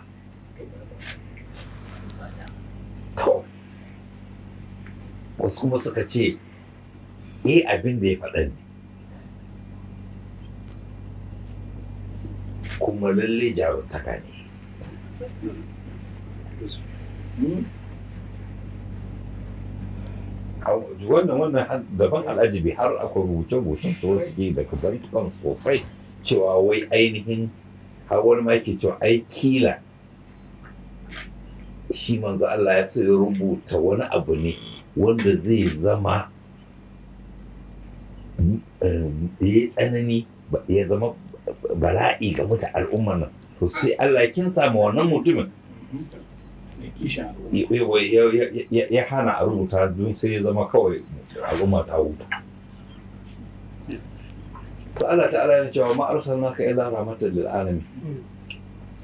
wasu kuma suka ce eh abin da ya faɗa ne kuma lalle jaruntaka ne hmm? wannan wannan daban al'ajibi har akwai rubuce-rubucen wasu ke da kudantukan sosai cewa wai ainihin hawar wani ma yake cewa ai kila shi manzo Allah ya so ya rubuta wani abu ne wanda zai zama hmm, eh, ya tsanani ya zama bala'i ga wata al'ummar nan to sai Allah kin samu wannan mutumin ya hana a rubuta don sai ya zama kawai al'umma ta wuta. to Allah ta'ala ya cewa ma ka ila rahmatan lil alamin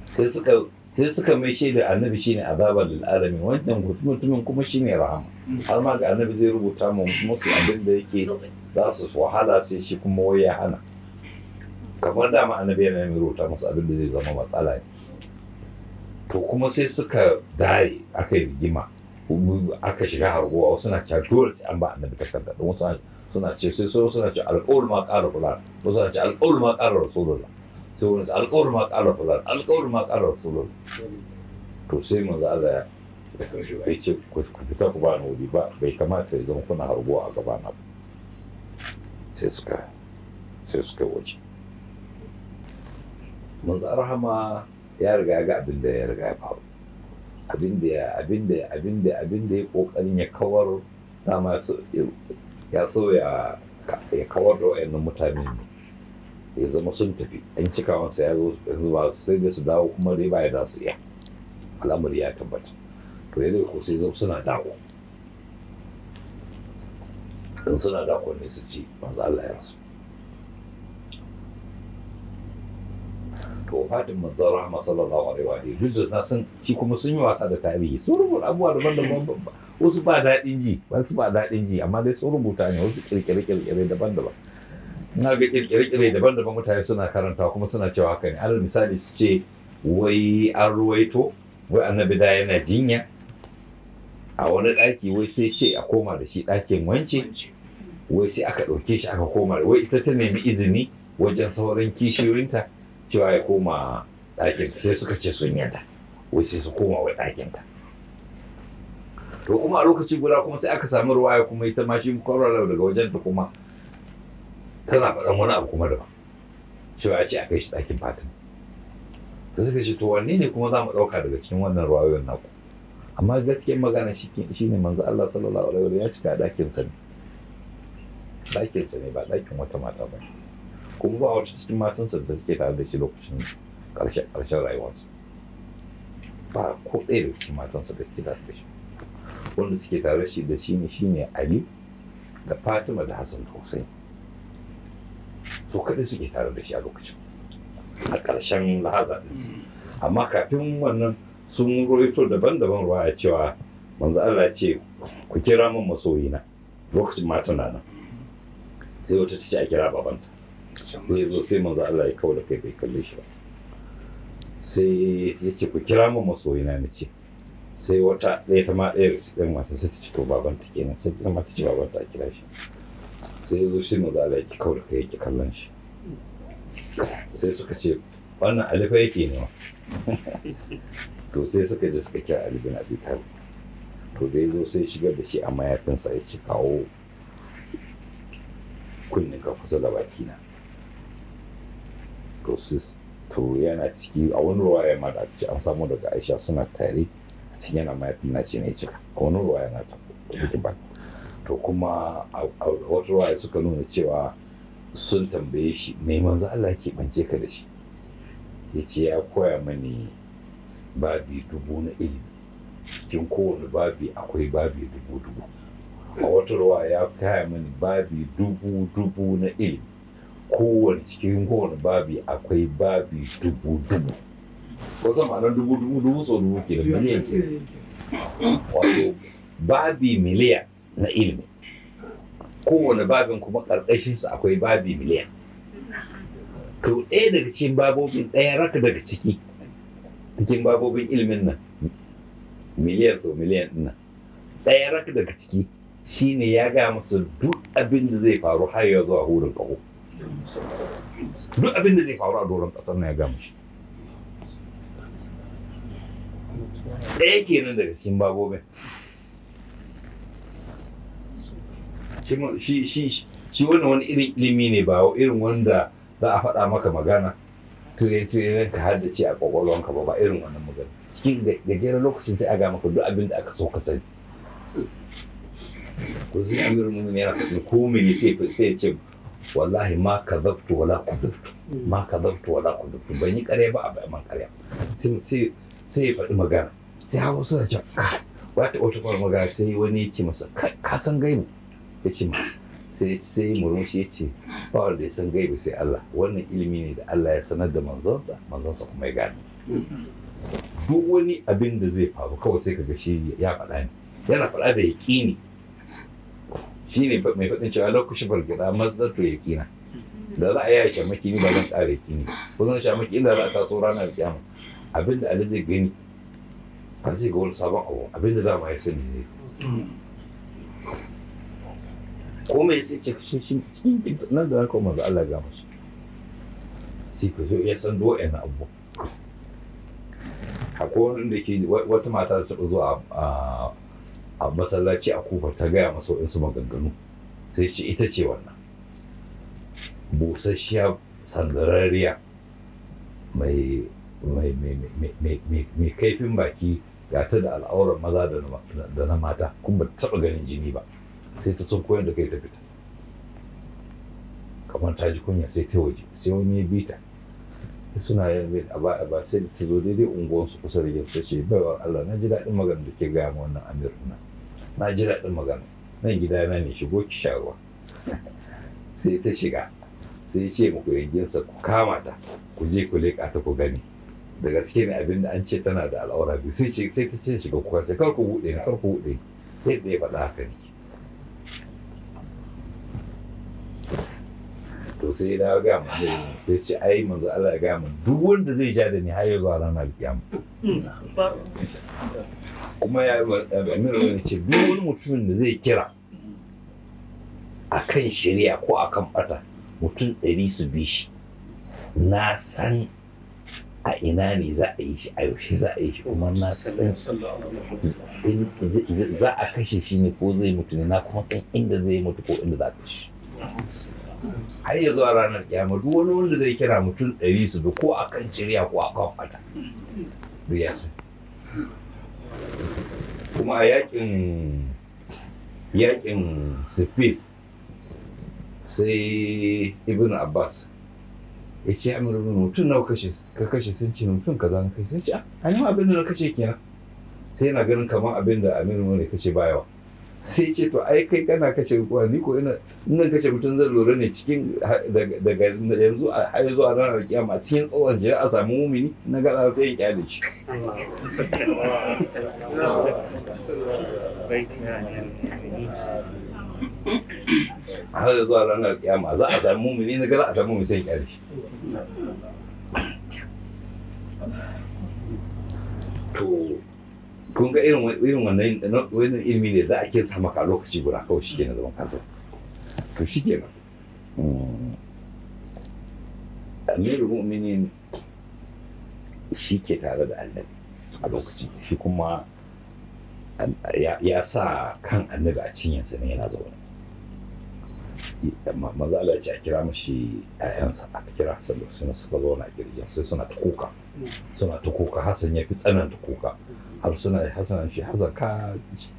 sai suka sai suka mai shi da annabi shine azaba lil alamin wannan mutumin kuma shine rahama har ma ga annabi zai rubuta mu musu abin da yake za su wahala sai shi kuma waya hana kamar dama annabi yana yin rubuta masu abin da zai zama matsala ne to kuma sai suka dare aka yi rigima aka shiga harguwa wasu na cewa dole sai an ba annabi takarda don wasu suna ce sai so suna ce alƙawar ma ƙara kula wasu suna ce alƙawar ma ƙara rasulullah sai wani alƙawar ma ƙara kula alƙawar ma ƙara rasulullah to sai manzo Allah ya ya ce ku fita ku ba ni wuri ba bai kamata ya zama kuna harguwa a gaba na ba sai suka sai suka waje manzo rahama ya riga ya ga abin da ya riga ya faru abin da ya abin da abin da abin da ya kokarin ya kawar dama ya so ya ya kawar da wayannan mutane ne ya zama sun tafi an cika wansa ya zo yanzu ba sai da su dawo kuma dai ba ya da su iya al'amari ya tabbata to ya ko sai zo suna dawo in suna dawo ne su ci manzo Allah ya rasu to fatin manzon rahama sallallahu alaihi wa alihi duk da san shi kuma sun yi wasa da tarihi sun rubuta abubuwa daban-daban wasu ba daɗin ji wasu ba daɗin ji amma dai sun rubuta ne wasu kirkire-kirkire daban-daban na ga kirkire-kirkire daban-daban mutane suna karanta kuma suna cewa haka ne alal misali su ce wai an ruwaito wai annabi da yana jinya a wani ɗaki wai sai ce a koma da shi ɗakin wance wai sai aka ɗauke shi aka koma wai ita ta nemi izini wajen sauran kishiyoyinta cewa ya koma ɗakin sai suka ce sun yi yadda wai sai su koma wai ɗakin ta to kuma a lokaci guda kuma sai aka samu ruwaya kuma ita ta shi kwararar daga wajen ta kuma tana faɗan wani abu kuma daban cewa ya ce aka yi shi ɗakin fatima da suka ce to wanne ne kuma za mu ɗauka daga cikin wannan ruwayoyin naku amma gaskiyar magana shi ne manzo Allah sallallahu alaihi wasallam ya cika ɗakin sa ne ɗakin sa ne ba ɗakin wata mata ba kuma ba wata cikin matansa da take tare da shi lokacin ƙarshen rayuwarsa ba ko ɗaya da cikin matansa da take tare da shi wanda suke tare shi da shi ne shine ali da fatima da hassan da hussein su kaɗai suke tare da shi a lokacin a ƙarshen lahaza ɗin amma kafin wannan sun roito daban-daban ruwa cewa manzo Allah ce ku kira min masoyina lokacin mata na nan sai wata ta ce a kira babanta sai zo sai manzo Allah ya kawo da kai bai kalle shi sai ya ce ku kira min masoyina na ce sai wata ɗaya ta ma ɗaya su ɗan mata sai ta ci to baban ta kenan sai ta ma ta ci baban ta kira shi sai ya zo shi manzo Allah ya ki kawo da kai ya kallon shi sai suka ce wannan alifa yake ne ma to sai suka je suka kira alibin bin to da ya zo sai shigar da shi a mayafinsa ya ce kawo kunnin ka kusa da bakina process to yana ciki a wani ruwaya ya mada aka an samu daga aisha suna tare a cikin yana mahaifin na ce ne cika a wani ruwaya yana ta ba to kuma a wata ruwaya suka nuna cewa sun tambaye shi mai manzo Allah ke bance ka da shi ya ce ya koya mani babi dubu na ilimi cikin kowane babi akwai babi dubu dubu a wata ruwa ya kaya mani babi dubu dubu na ilimi kowane cikin kowane babi akwai babi dubu dubu Wasu ma'anar dubu dubu dubu so dubu ke miliyan ke wato babi miliyan na ilimi kowane babin kuma ƙarƙashinsa akwai babi miliyan to ɗaya daga cikin babobin ɗaya raka daga ciki cikin babobin ilimin nan miliyan so miliyan ɗin nan ɗaya raka daga ciki shine ya gaya masa duk abin da zai faru har ya zuwa hurin ƙaho duk abin da zai faru a doron ƙasar na ya gama shi ɗaya kenan daga cikin babobin shi wannan wani irin ilimi ne ba irin wanda za a faɗa maka magana ture-ture ka haddace a ƙwaƙwalwanka ba ba irin wannan magana cikin gajeren lokacin sai a ga maka duk abin da aka so ka sani ko zai amirul mummuni yana faɗin ko mene sai sai ce wallahi ma ka zabtu wala ku zabtu ma ka zabtu wala ku zabtu ban yi kare ba a man kare sai sai ya faɗi magana sai hawa suna can wata wata kwar magana sai wani ya ce masa ka san gaibu ya ce ma sai sai murmushi ya ce ba wanda ya san gaibu sai Allah wannan ilimi ne da Allah ya sanar da manzonsa, manzonsa kuma ya gane duk wani abin da zai faru kawai sai ka ga shi ya faɗa ne yana faɗa da yaƙini shi ne mai faɗin cewa lokacin balgida mazdar to na da za a yi a shamaki ni ba zan ƙara ne ko zan shamaki inda za a taso ranar kyamu abinda ali zai gani a zai ga wani sabon abu abinda mu ya sani ne ko mai sai ce shi shi nan da haka manzo Allah ya mashi sai ku ya san do'en abu akwai wanda ke wata mata da taɓa zuwa a ah, a masallaci a kufa ta gaya masa waɗansu maganganu sai ce ita ce wannan busasshiya sandarariya mai mai kaifin baki ga ta da al'aurar maza da na mata kuma ta taɓa ganin jini ba sai ta sun koyar da kai ta fita kamar ta ji kunya sai ta waje sai wani ya bi ta suna yin a baya ba sai da ta zo daidai unguwarsu kusa da yau sai ce wa Allah na ji daɗin magana da ke gaya ma wannan amir na ji daɗin magana nan gida na ne shigo ki sha ruwa sai ta shiga sai ce muku yangensa ku kama ta ku je ku leƙa ta ku gani da gaske ne abin da an ce tana da al'aura biyu sai ce sai ta ce shiga ku kwace kar ku buɗe ni kar ku buɗe ni yadda ya faɗa haka ne to sai na ga mu sai ce ai manzo Allah ya ga mu duk wanda zai ja da ni har yanzu a ranar kiyama hmm, hmm, kuma ya yi ce duk wani mutumin da zai kira a kan shari'a ko a kan bata mutum ɗari su bi shi na san a ina ne za a yi shi a yaushe za a yi shi kuma na san za a kashe shi ne ko zai mutu ne na kuma san inda zai mutu ko inda za a kashe har ya zuwa ranar kyamar duk wani wanda zai kira mutum ɗari su bi ko a kan shari'a ko a kan fata duk ya san kuma a yakin yakin sifid sai ibn abbas ya ce amir ibn mutum nawa kashe ka kashe sun ce mutum ka zan kashe sun ce ah, a yi abin da na kashe kiya sai yana ganin kamar abin da amir ibn ya kashe bayawa sai ce to ai kai kana kace kuwa ni ko ina ina kace mutum zai lura ne cikin daga yanzu a har zuwa ranar kiyama cikin tsawon jira a samu mumini na ga sai ya kyale shi a har zuwa ranar kiyama za a samu mumini na ga za a samu mumini sai ya kyale shi to kun ga irin irin wannan wannan ilimi ne za a ke sa maka lokaci guda kawai shi kenan zaman kansa to shi kenan hmm. amiru mu'minin shi ke tare da annabi a lokaci shi kuma ya sa kan annabi a cinyansa ne yana zaune manzo Allah ce a kira mashi ƴaƴansa aka kira saboda suna suka zo na kirjin sai suna ta kuka suna ta kuka Hassan ya fi tsananta kuka har suna Hassan shi Hassan ka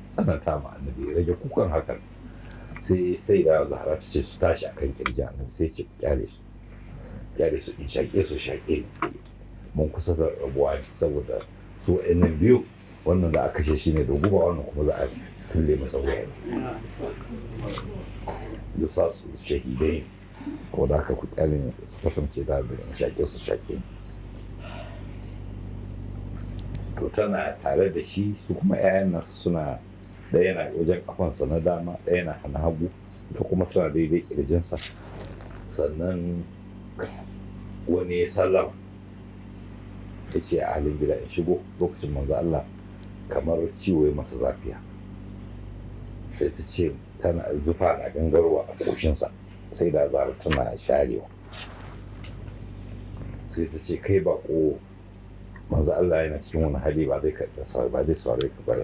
tsananta ma annabi rage kukan hakan sai sai da Zahra ta ce su tashi akan kirjin annabi sai ce kyale su kyale su in shaƙe su shaƙe mun kusa da rabuwa saboda su wa'annan biyu wannan da aka kashe shi ne da guba wannan kuma za a kulle masa wuya ya sa su shahidai ko da haka ku kyale su kasance da in shaƙe su shaƙe to tana tare da shi su kuma 'ya'yan nasu suna ɗaya na wajen kafansa na dama ɗaya na hana hagu ta kuma tana daidai ƙirjinsa sannan wani ya sallama ya ce a halin gida in shigo lokacin manzo Allah kamar ciwo ya masa zafiya sai ta ce tana zufa na gangarwa a ƙoshinsa sai da zara tana sharewa sai ta ce kai bako manzo Allah yana cikin wani hali ba zai ba zai ka bari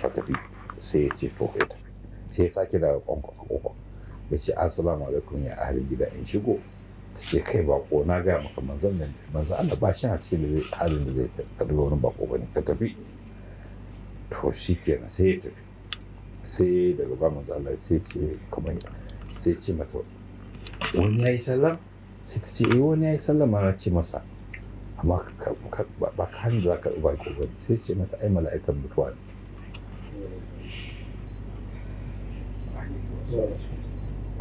ka tafi sai ya ce to ya tafi sai ya sake daga kwanko a ƙofa ya ce assalamu alaikum ya ahli gida in shigo ta ce kai bako na gaya maka manzon nan manzo Allah ba shi a cikin halin da zai tafi wani bako bane ka tafi to shikenan sai ya tafi sai daga ba manzo Allah sai ce kuma sai ce mata wani ya sallah sai ta ce eh wani yayi sallah ma ci masa amma ba ka hannu za ka ba ko ba sai ce mata ai mala'ikan mutuwa ne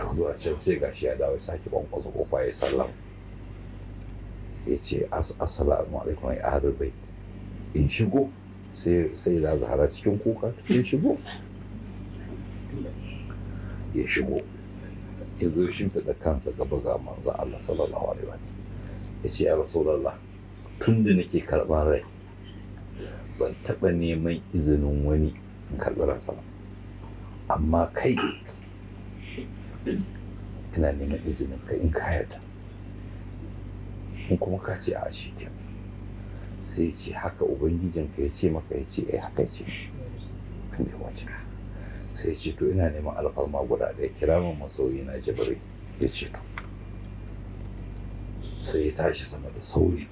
to a can sai gashi ya dawo sake kwankwasa kofa ya sallam ya ce assalamu alaikum ya ahlul bait in shigo sai sai da zahara cikin kuka in shigo ya shigo ya zo shi da kansa gaba ga manzo Allah sallallahu alaihi wa ya ce ya rasulullah tun da nake karban rai ban taɓa neman izinin wani in karɓi ransa ba amma kai ina neman izinin ka in ka yarda in kuma ka ce a shi sai ce haka ubangijinka ya ce maka ya ce ai eh, haka ce kan bai wace sai ce to ina neman alfarma guda ɗaya kira min masoyi na jibiri ya ce to sai ya tashi sama da sauri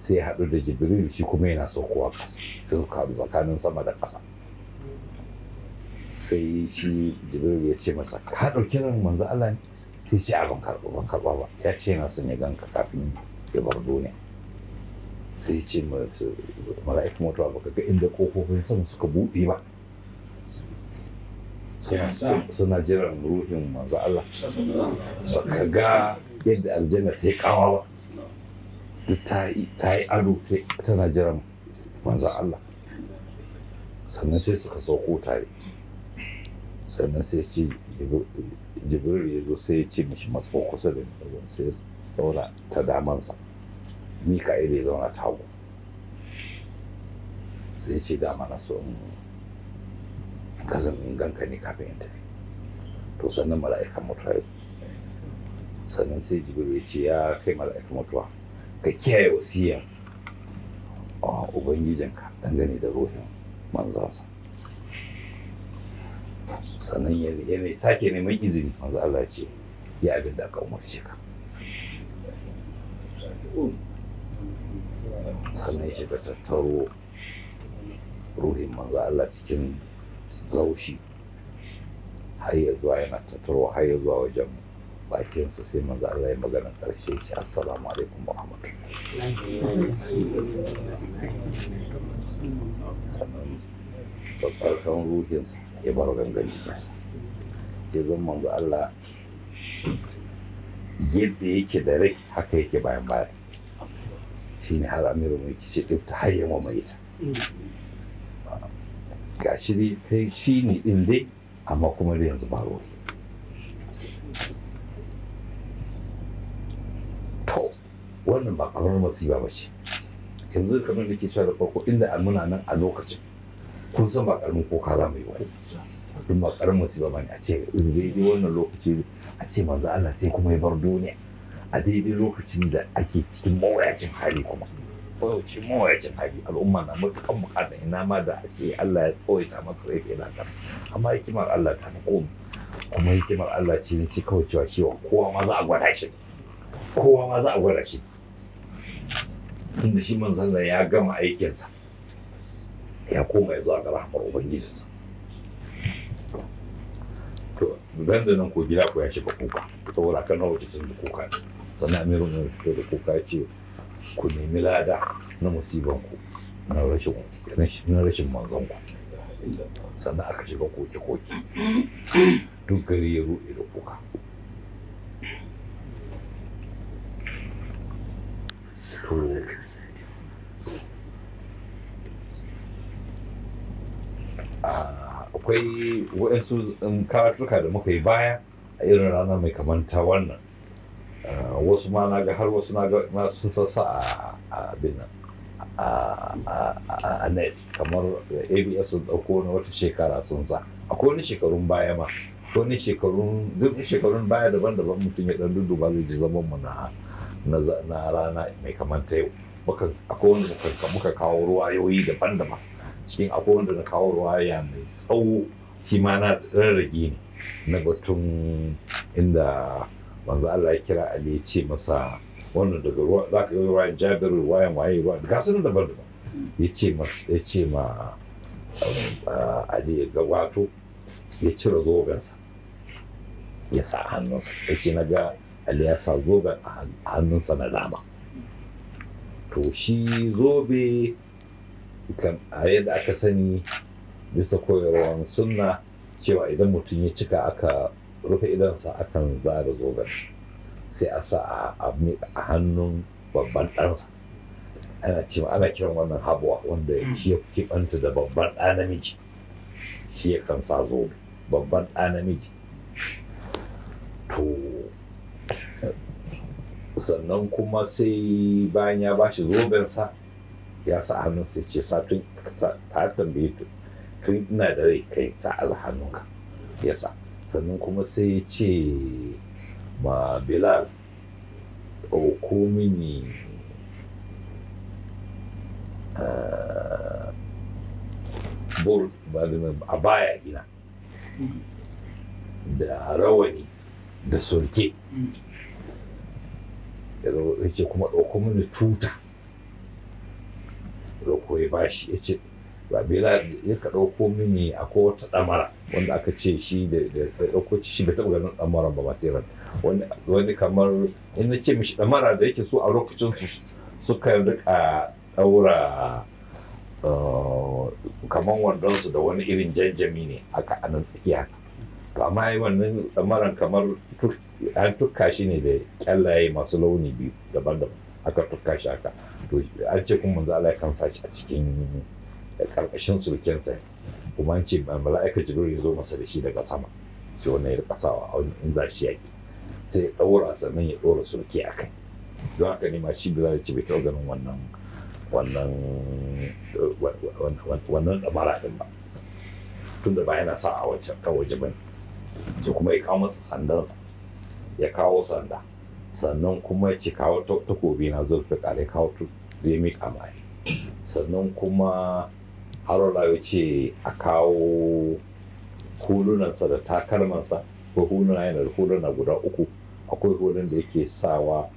sai ya haɗu da jibril shi kuma yana saukowa ƙasa sai suka haɗu tsakanin sama da ƙasa sai shi jibiri ya ce masa ka ɗauki nan manzo Allah ne sai ce a ban karɓa ban karɓa ba ya ce yana son ya ganka kafin ya bar duniya sai ce mala'ikun mutuwa baka ga inda ƙofofin sama suka buɗe ba suna jiran ruhin manzo Allah Ba ka ga yadda aljanna ta yi kawa ba ta yi ado tana jiran manzo Allah sannan sai suka sauko tare sannan sai ce jibril ya zo sai ya ce mishi masu kusa da ni. sai ya zauna ta damansa mika'il ya zauna ta hagu sai ya ce dama na so kazan in ganka ah, ne kafin in to sannan mala'ikan mutuwa ya sannan sai jibril ya ce ya kai mala'ikan mutuwa ka kiyaye wasiyan ubangijinka dangane da ruhin manzansa sannan ya ne sake neman izini manzo Allah ce ya abin da aka umarce ka sannan ya shiga tattaro ruhin manzo Allah cikin laushi har ya zuwa yana tattarwa har ya zuwa wajen bakinsa sai manzo Allah ya magana karshe ce assalamu alaikum Muhammad sannan tsarkan ruhinsa ya bar gangan ya zan manzo Allah yadda yake da rai haka yake bayan bayan shine har amiru mai kice duk ta hayyama mai ita ga shi dai kai shi ne ɗin dai amma kuma da yanzu ba ruwa to wannan ba kamar masiba ba ce yanzu kamar da ke cewa da farko inda muna nan a lokacin kun san ba ƙaramin ko za mu yi wani don ba ƙaramin masiba ba ne a ce in daidai wannan lokaci a ce manzo Allah sai kuma ya bar duniya a daidai lokacin da ake cikin mawuyacin hali kuma koyaushe mawayacin hali al'umma na matukan bukata ina ma da ake Allah ya tsawaita masa rai ina ta amma hikimar Allah ta komi kuma hikimar Allah ce ne ci kawai cewa cewa kowa ma za a gwada shi kowa ma za a gwada shi tunda shi manzon ya gama aikinsa ya koma ya zuwa ga rahmar ubangijinsa to da nan ko gida ko ya ce ba kuka saboda kan nawa sun ji kuka sannan amirin ya fito da kuka ya ce ku nemi lada na musibanku na rashin ku. sannan aka shiga koke-koke duk gari ya ruɗe da kuka ah, akwai waɗansu um, karatuka da muka yi baya a irin rana mai kamanta wannan Ah, wasu ma na ga har wasu na ga sun sassa a abin nan a net kamar abs sun dauko na wata shekara sun sa akwai wani shekarun baya ma ko shekarun duk shekarun baya daban-daban mutum ya dan duba zai ji zaman mu na na rana mai kamar ta yau akwai wanda muka muka kawo ruwayoyi daban-daban cikin akwai wanda na kawo ya mai tsawo shi ma na rarrage ne na batun inda manzo Allah ya kira Ali ya ce masa wannan daga ruwa za ka yi ruwayan jabir ruwayan waye ruwa ga su daban daban ya ce ya ce ma um, Ali ya gabato ya cire zobensa ya sa hannunsa ya ce na ga Ali ya sa zoben a hannunsa na dama to shi zobe a yadda aka sani bisa koyarwar sunna cewa idan mutum ya cika aka rufe idonsa akan zara zoben sai a sa a hannun babban ɗansa ana cewa ana kiran wannan habuwa wanda hmm. shi ya keɓanta da babban ɗa namiji shi ya kan sa zobe babban ɗa namiji to sannan kuma sai bayan ya ba shi zobensa ya sa hannun sai ce satun ta tambaye tun ina da rai kai sa hannunka ya sa sannan kuma sai ya ce ma bilal ɗauko mini eh, a baya gina mm-hmm. da rawani da surke mm-hmm. ya ce kuma ɗauko mini tuta ɗauko ya bashi ya ce ba bilal ya ka ɗauko mini akwai wata ɗamara wanda aka ce shi da ɗauko shi bai taɓa ganin ɗamara ba masu iran wani kamar in na ce mishi ɗamara da yake so a lokacin su suka rika ɗaura eh, kamar wandonsu da wani irin janjami ne aka anan tsakiya to amma yi wannan ɗamaran kamar an tukka shi ne da kyallaye masu launi biyu daban-daban aka tukka shi aka to an ce kuma manzo Allah ya kansa shi a cikin karkashin sulkensa kuma an mala'ika jibril ya zo masa da shi daga sama sai wannan ya rika sawa a wani inza shi yaki sai ya ɗaura sannan ya ɗora sulki a kai don haka ne ma shi da za ci bai taɓa ganin wannan wannan wannan ɗamara ɗin ba tun da ba yana sa a wancan kan waje ba ne kuma ya kawo masa sandansa ya kawo sanda sannan kuma ya ce kawo takobi na zurfi ƙare kawo ya miƙa mai sannan kuma haruna ya ce a kawo hulunansa da takalmansa ko huluna yana da huluna guda uku akwai hulun da yake sawa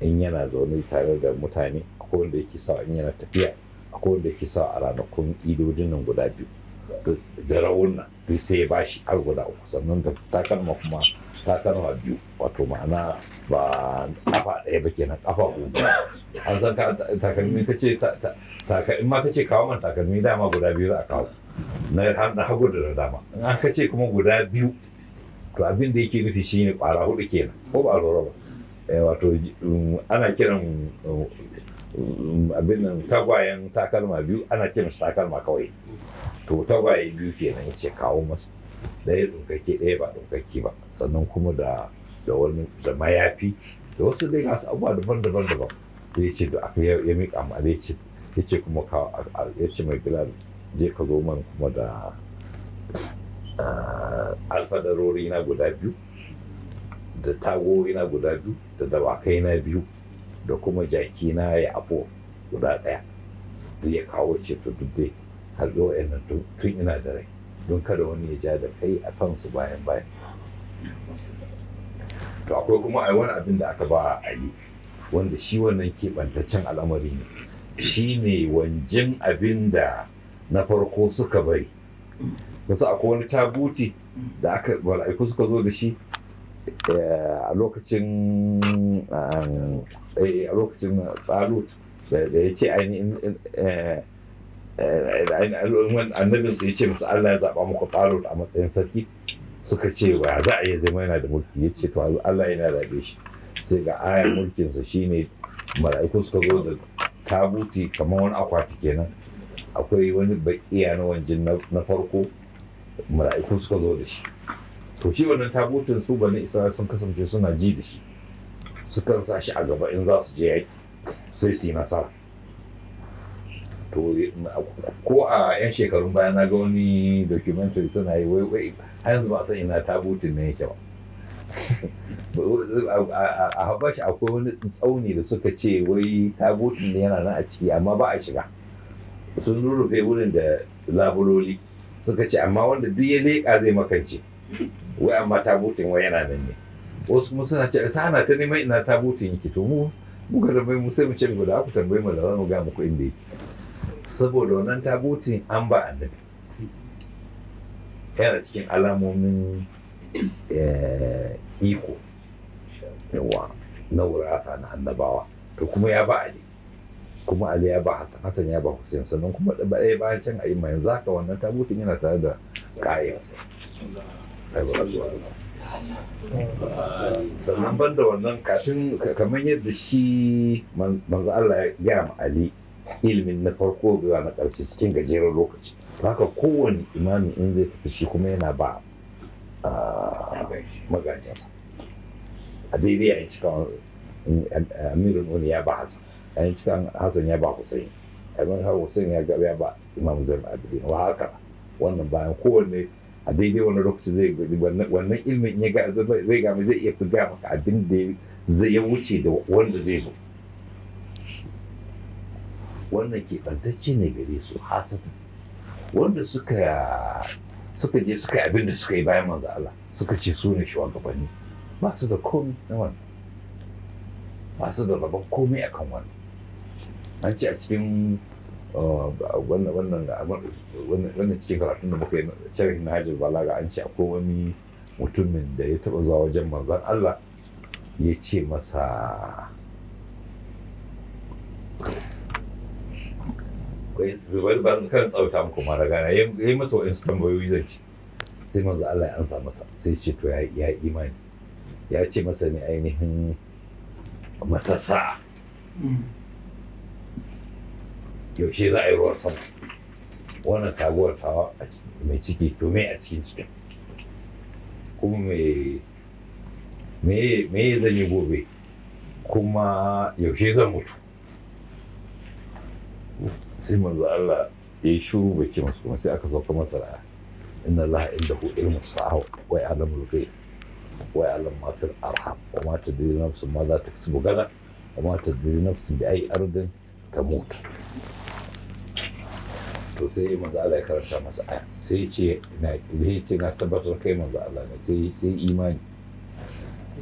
in yana zaune tare da mutane akwai wanda yake sawa in yana tafiya akwai wanda yake sawa a ranakun idodin nan guda biyu da rawun duk sai ya bashi har guda uku sannan da takalma kuma takalma biyu wato ma'ana ba kafa ɗaya ba kenan kafa goma an san takalmi ka ce in ma ka ce kawo man takalmi dama guda biyu za a kawo na hagu da dama in an ka ce kuma guda biyu to abin da yake nufi shine ƙwara hudu kenan ko ba lura ba eh, wato um, ana kiran um, um, abin nan tagwayen takalma biyu ana kiran takalma kawai to tagwaye biyu kenan ya ce kawo masa ɗaya ɗaukake ɗaya ba ɗaukake ba sannan kuma da da wani da mayafi da wasu dai gasu abubuwa daban-daban daban ya ce da aka ya miƙa ma da ya ce kuma ka ya ce mai gila je ka zo man kuma da alfadarori na guda biyu da tagori na guda biyu da dawakai na biyu da kuma jaki na ya abu guda ɗaya da ya kawo ce to duk dai har tun ina da rai don kada wani ya ja da kai a kansu bayan bayan to akwai kuma ai wani abin da aka ba a ali wanda shi wannan keɓantaccen al'amari ne shi ne wanjin abin da na farko suka bari wasu akwai wani tabuti da aka mala'iku suka zo da shi eh, a lokacin um, eh, a lokacin tsalut da ya ce ainihin eh, annabin su ya ce musu Allah ya zaɓa muku Farut a matsayin sarki suka ce wa za a iya zama yana da mulki ya ce to Allah yana zaɓe shi sai ga ayan mulkinsa shine mala'iku suka zo da tabuti kamar wani akwati kenan akwai wani bakiya na wanjin na farko mala'iku suka zo da shi to shi wannan tabutin su bane isra'il sun kasance suna ji da shi sukan sa shi a gaba in za su je yaki sai su yi nasara to ko a yan shekarun baya na ga wani documentary suna yi wai wai yanzu ba san ina tabutin ne yake ba a habashi akwai wani tsauni da suka ce wai tabutin ne yana nan a ciki amma ba a shiga sun rurrufe wurin da labuloli suka ce amma wanda duk ya leƙa zai makance wai amma tabutin wai yana nan ne wasu kuma suna ce ta ana ta neman ina tabutin yake to mu muka tambayi mu sai mu ce mu da ku tambayi mu da za mu ga muku inda yake saboda wannan taguti an ba annabi yana cikin alamomin eh, iko yawa na wurata na annabawa to kuma ya ba ali kuma ali ya ba hassan hassan ya ba hussein sannan kuma da ba ɗaya eh, bayan can a yi mai yanzu haka wannan tabutin yana tare da ƙa'ayarsa sannan ban da wannan kafin kamar yadda shi manzo Allah ya gaya ma ali ilimin na farko zuwa na ƙarshe cikin gajeren lokaci haka kowane imami in zai tafi shi kuma yana ba magajinsa a daidai yayin cikin amirin wani ya ba hasan yayin cikin hasan ya ba hussein abin har hussein ya gaba ya ba imam zain abidin wa haka wannan bayan kowanne a daidai wani lokaci zai wannan ilimin ya ga zai ga zai iya fi gaya maka abin da zai ya wuce da wanda zai zo wannan keɓantacce ne gare su hasatan wanda suka suka je suka yi abin da suka yi bayan manzo Allah suka ce su ne shugabanni ba su da komi na wannan ba su da rabon komai akan wannan an ce a cikin uh, wannan wannan wannan cikin karatun da muka yi sharhin na hajjar balaga an ce akwai wani mutumin da ya taɓa zuwa wajen manzon Allah ya ce masa wai ban kan tsauta muku ma daga na yi masa wa'insu tambayoyi zan ci sai manzo Allah ya ansa masa sai ce to ya imani ya ce masa ne ainihin matasa hmm. yaushe za a yi ruwan sama wannan taguwar tawa mai ciki to me a cikin cikin kuma me zan yi gobe kuma yaushe zan mutu sai manzo Allah ya yi shuru bai ce masu kuma sai aka sauka masa da inna Allah inda ku ilmu sa'a wa al ghaib wa ya'lamu ma fil arham wa ma tadri nafsun ma za ta kasbu gada wa ma tadri nafsun bi ayi ardin tamut to sai manzo Allah ya karanta masa aya sai ya ce ina ya ce na tabbatar kai manzo Allah ne sai sai imani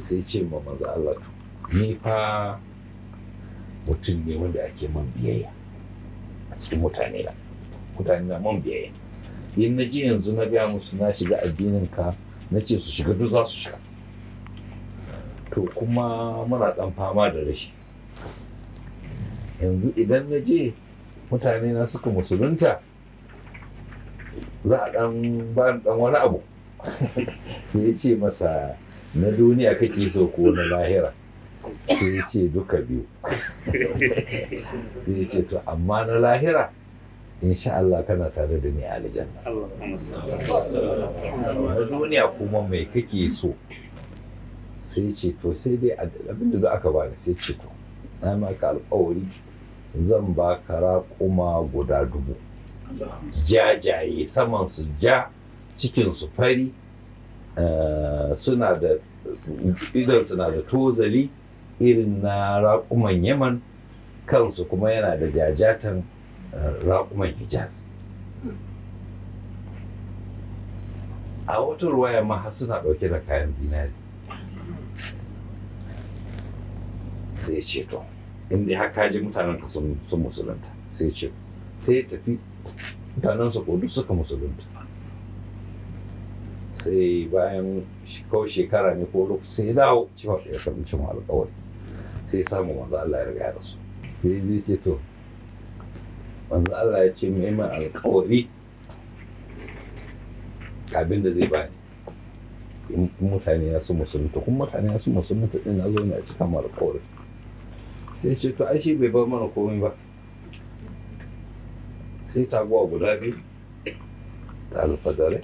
sai ce ma manzo Allah ni fa mutum ne wanda ake man biyayya a cikin mutane na mutane na man in na je yanzu na gaya musu na shiga addinin ka na ce su shiga duk za su shiga to kuma muna dan fama da rashi yanzu idan na je mutane na suka musulunta za a dan ba dan wani abu sai ya ce masa na duniya kake so ko na lahira sai ya ce duka biyu sai ya ce to amma na lahira insha Allah kana tare da ni a aljanna na duniya kuma mai kake so sai ce to sai dai abin da aka bani sai ce to na maka alkawari zan ba ka kuma guda dubu jajaye saman su ja cikin su fari eh, suna da idan suna da tozali irin na raƙuman yaman kansu kuma yana da jajatan eh, raƙuman hijaz a wata ruwaya ma har suna ɗauke da kayan zinari sai ce to inda haka ji mutanen ka sun musulunta sai ce sai tafi mutanen su kudu suka musulunta sai bayan kawai shekara ne ko lokaci sai dawo cewa ya karbi cin alƙawari sai samu manzo Allah ya riga ya rasu sai zai ce to manzo Allah ya ce mai man alƙawari abin da zai bani in mutane ya su musulunta kuma mutane ya su musulunta din na zo ne a cika mara alƙawari sai ce to ai shi bai bar mana komai ba sai taguwa guda biyu da alfadare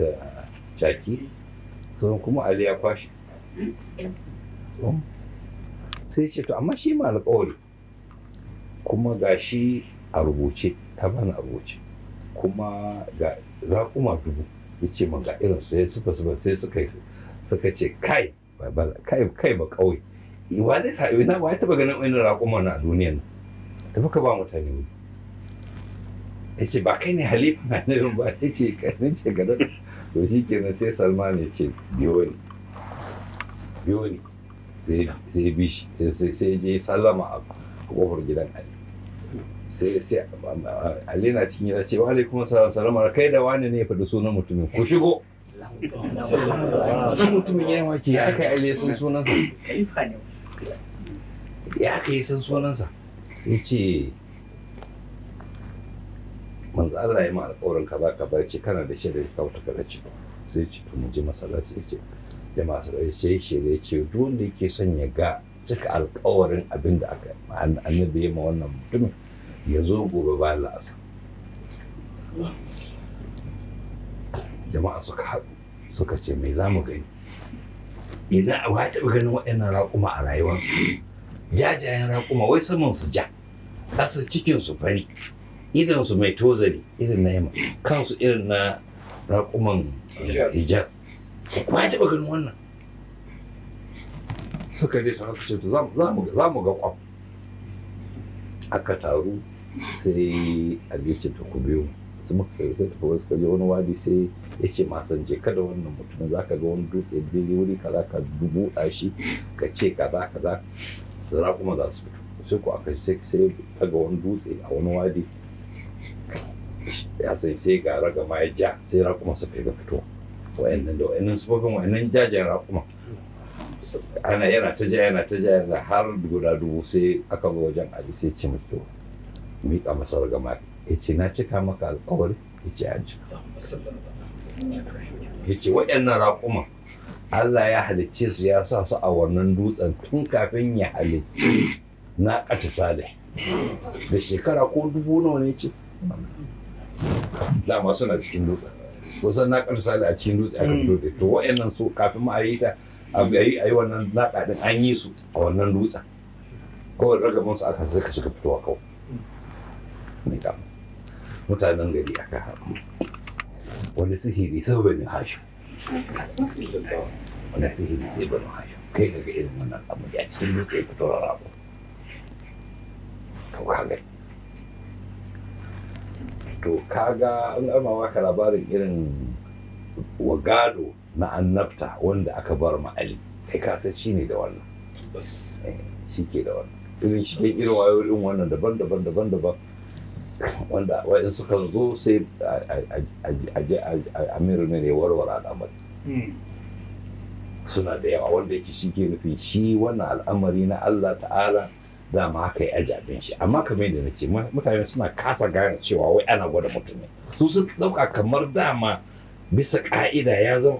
da caki sun kuma ali ya kwashe hmm? sai ce to amma shi ma alƙawari kuma ga shi a rubuce ta bani a rubuce kuma ga raƙuma dubu ya ce ma ga irin su sai suka suka sai suka suka ce kai kai kai ba kawai eh, wa zai sa ina ba ya taɓa ganin wani raƙuma na a na nan da baka ba mutane ne ya ce ba kai ne halifa na nan ba ya ce kai ne ce gada to shi kenan sai salman ya ce biyo ne biyo ne sai bi shi sai sai je sallama a kofar gidan ali sai sai ali na cikin gida ce wa alaikum salam salama kai da wani ne ya faɗi sunan mutumin ku shigo sunan mutumin yayin wake ya kai ali sun sunansa ya kai sun sunansa sai ce manzo Allah ya ma alƙawarin kaza ka bar ci kana da shi da kauta kana ci sai ci to mu je masallaci ce da masu sai shirye ce duk da yake son ya ga cika alkawarin abin da aka annabi ya ma wannan mutumin ya zo gobe ba la'asa jama'a suka haɗu suka ce mai zamu gani ina wa taɓa ganin waɗannan raƙuma a rayuwarsu jajayen raƙuma wai saman su ja ƙasa cikin su fari idan su mai tozari irin na yamma kansu irin na raƙuman hijaz ce ba ya taɓa ganin wannan suka je tare ce to za mu ga kwam aka taru sai aliyu ta ku biyu su muka sai ta tafi wasu kaje wani wadi sai ya ce ma san je kada wannan mutumin za ka ga wani dutse je wuri kaza ka dubu shi ka ce kaza kaza za kuma za su fito sai ku aka sai sai ga wani dutse a wani wadi ya sai sai ga raga ma ya ja sai ra kuma su fito wa'annan da wa'annan sufofin wa'annan jajayen rakuma ana yana ta ja yana ta ja yana har guda dubu sai aka zo wajen ali sai ce mu to miƙa masa gama ya ce na cika maka alƙawari ya ce an cika ya ce wa'annan rakuma Allah ya halicce su ya sa su a wannan dutsen tun kafin ya halicce na ƙata salih da shekara ko dubu nawa ne ce dama suna cikin dutsen kusan na karsa a cikin dutse aka fito da to wayannan su kafin ma a yi ta a yi a yi wannan naɗa din an yi su a wannan dutsen kawai su aka zaka ka shiga fitowa kawai ne kama mutanen gari aka haɗu wani sihiri sai bani hashu wani sihiri sai bani hashu kai ka ga irin wannan abu a cikin dutse ya fito to ka to kaga an amawa ka labarin irin wagado na annabta wanda aka bar ma ali kai ka san shine da wannan eh, shi ke da wannan irin shi ne irin wayoyin wannan daban-daban daban-daban wanda wa'in suka zo sai a je miru ne ne warware al'amari hmm. suna da yawa wanda yake shi ke nufin. shi wannan al'amari na Allah ta'ala za mu haka yi ajabin shi amma kamar yadda na ce mutane suna kasa gane cewa wai ana gwada mutum ne su sun ɗauka kamar dama bisa ka'ida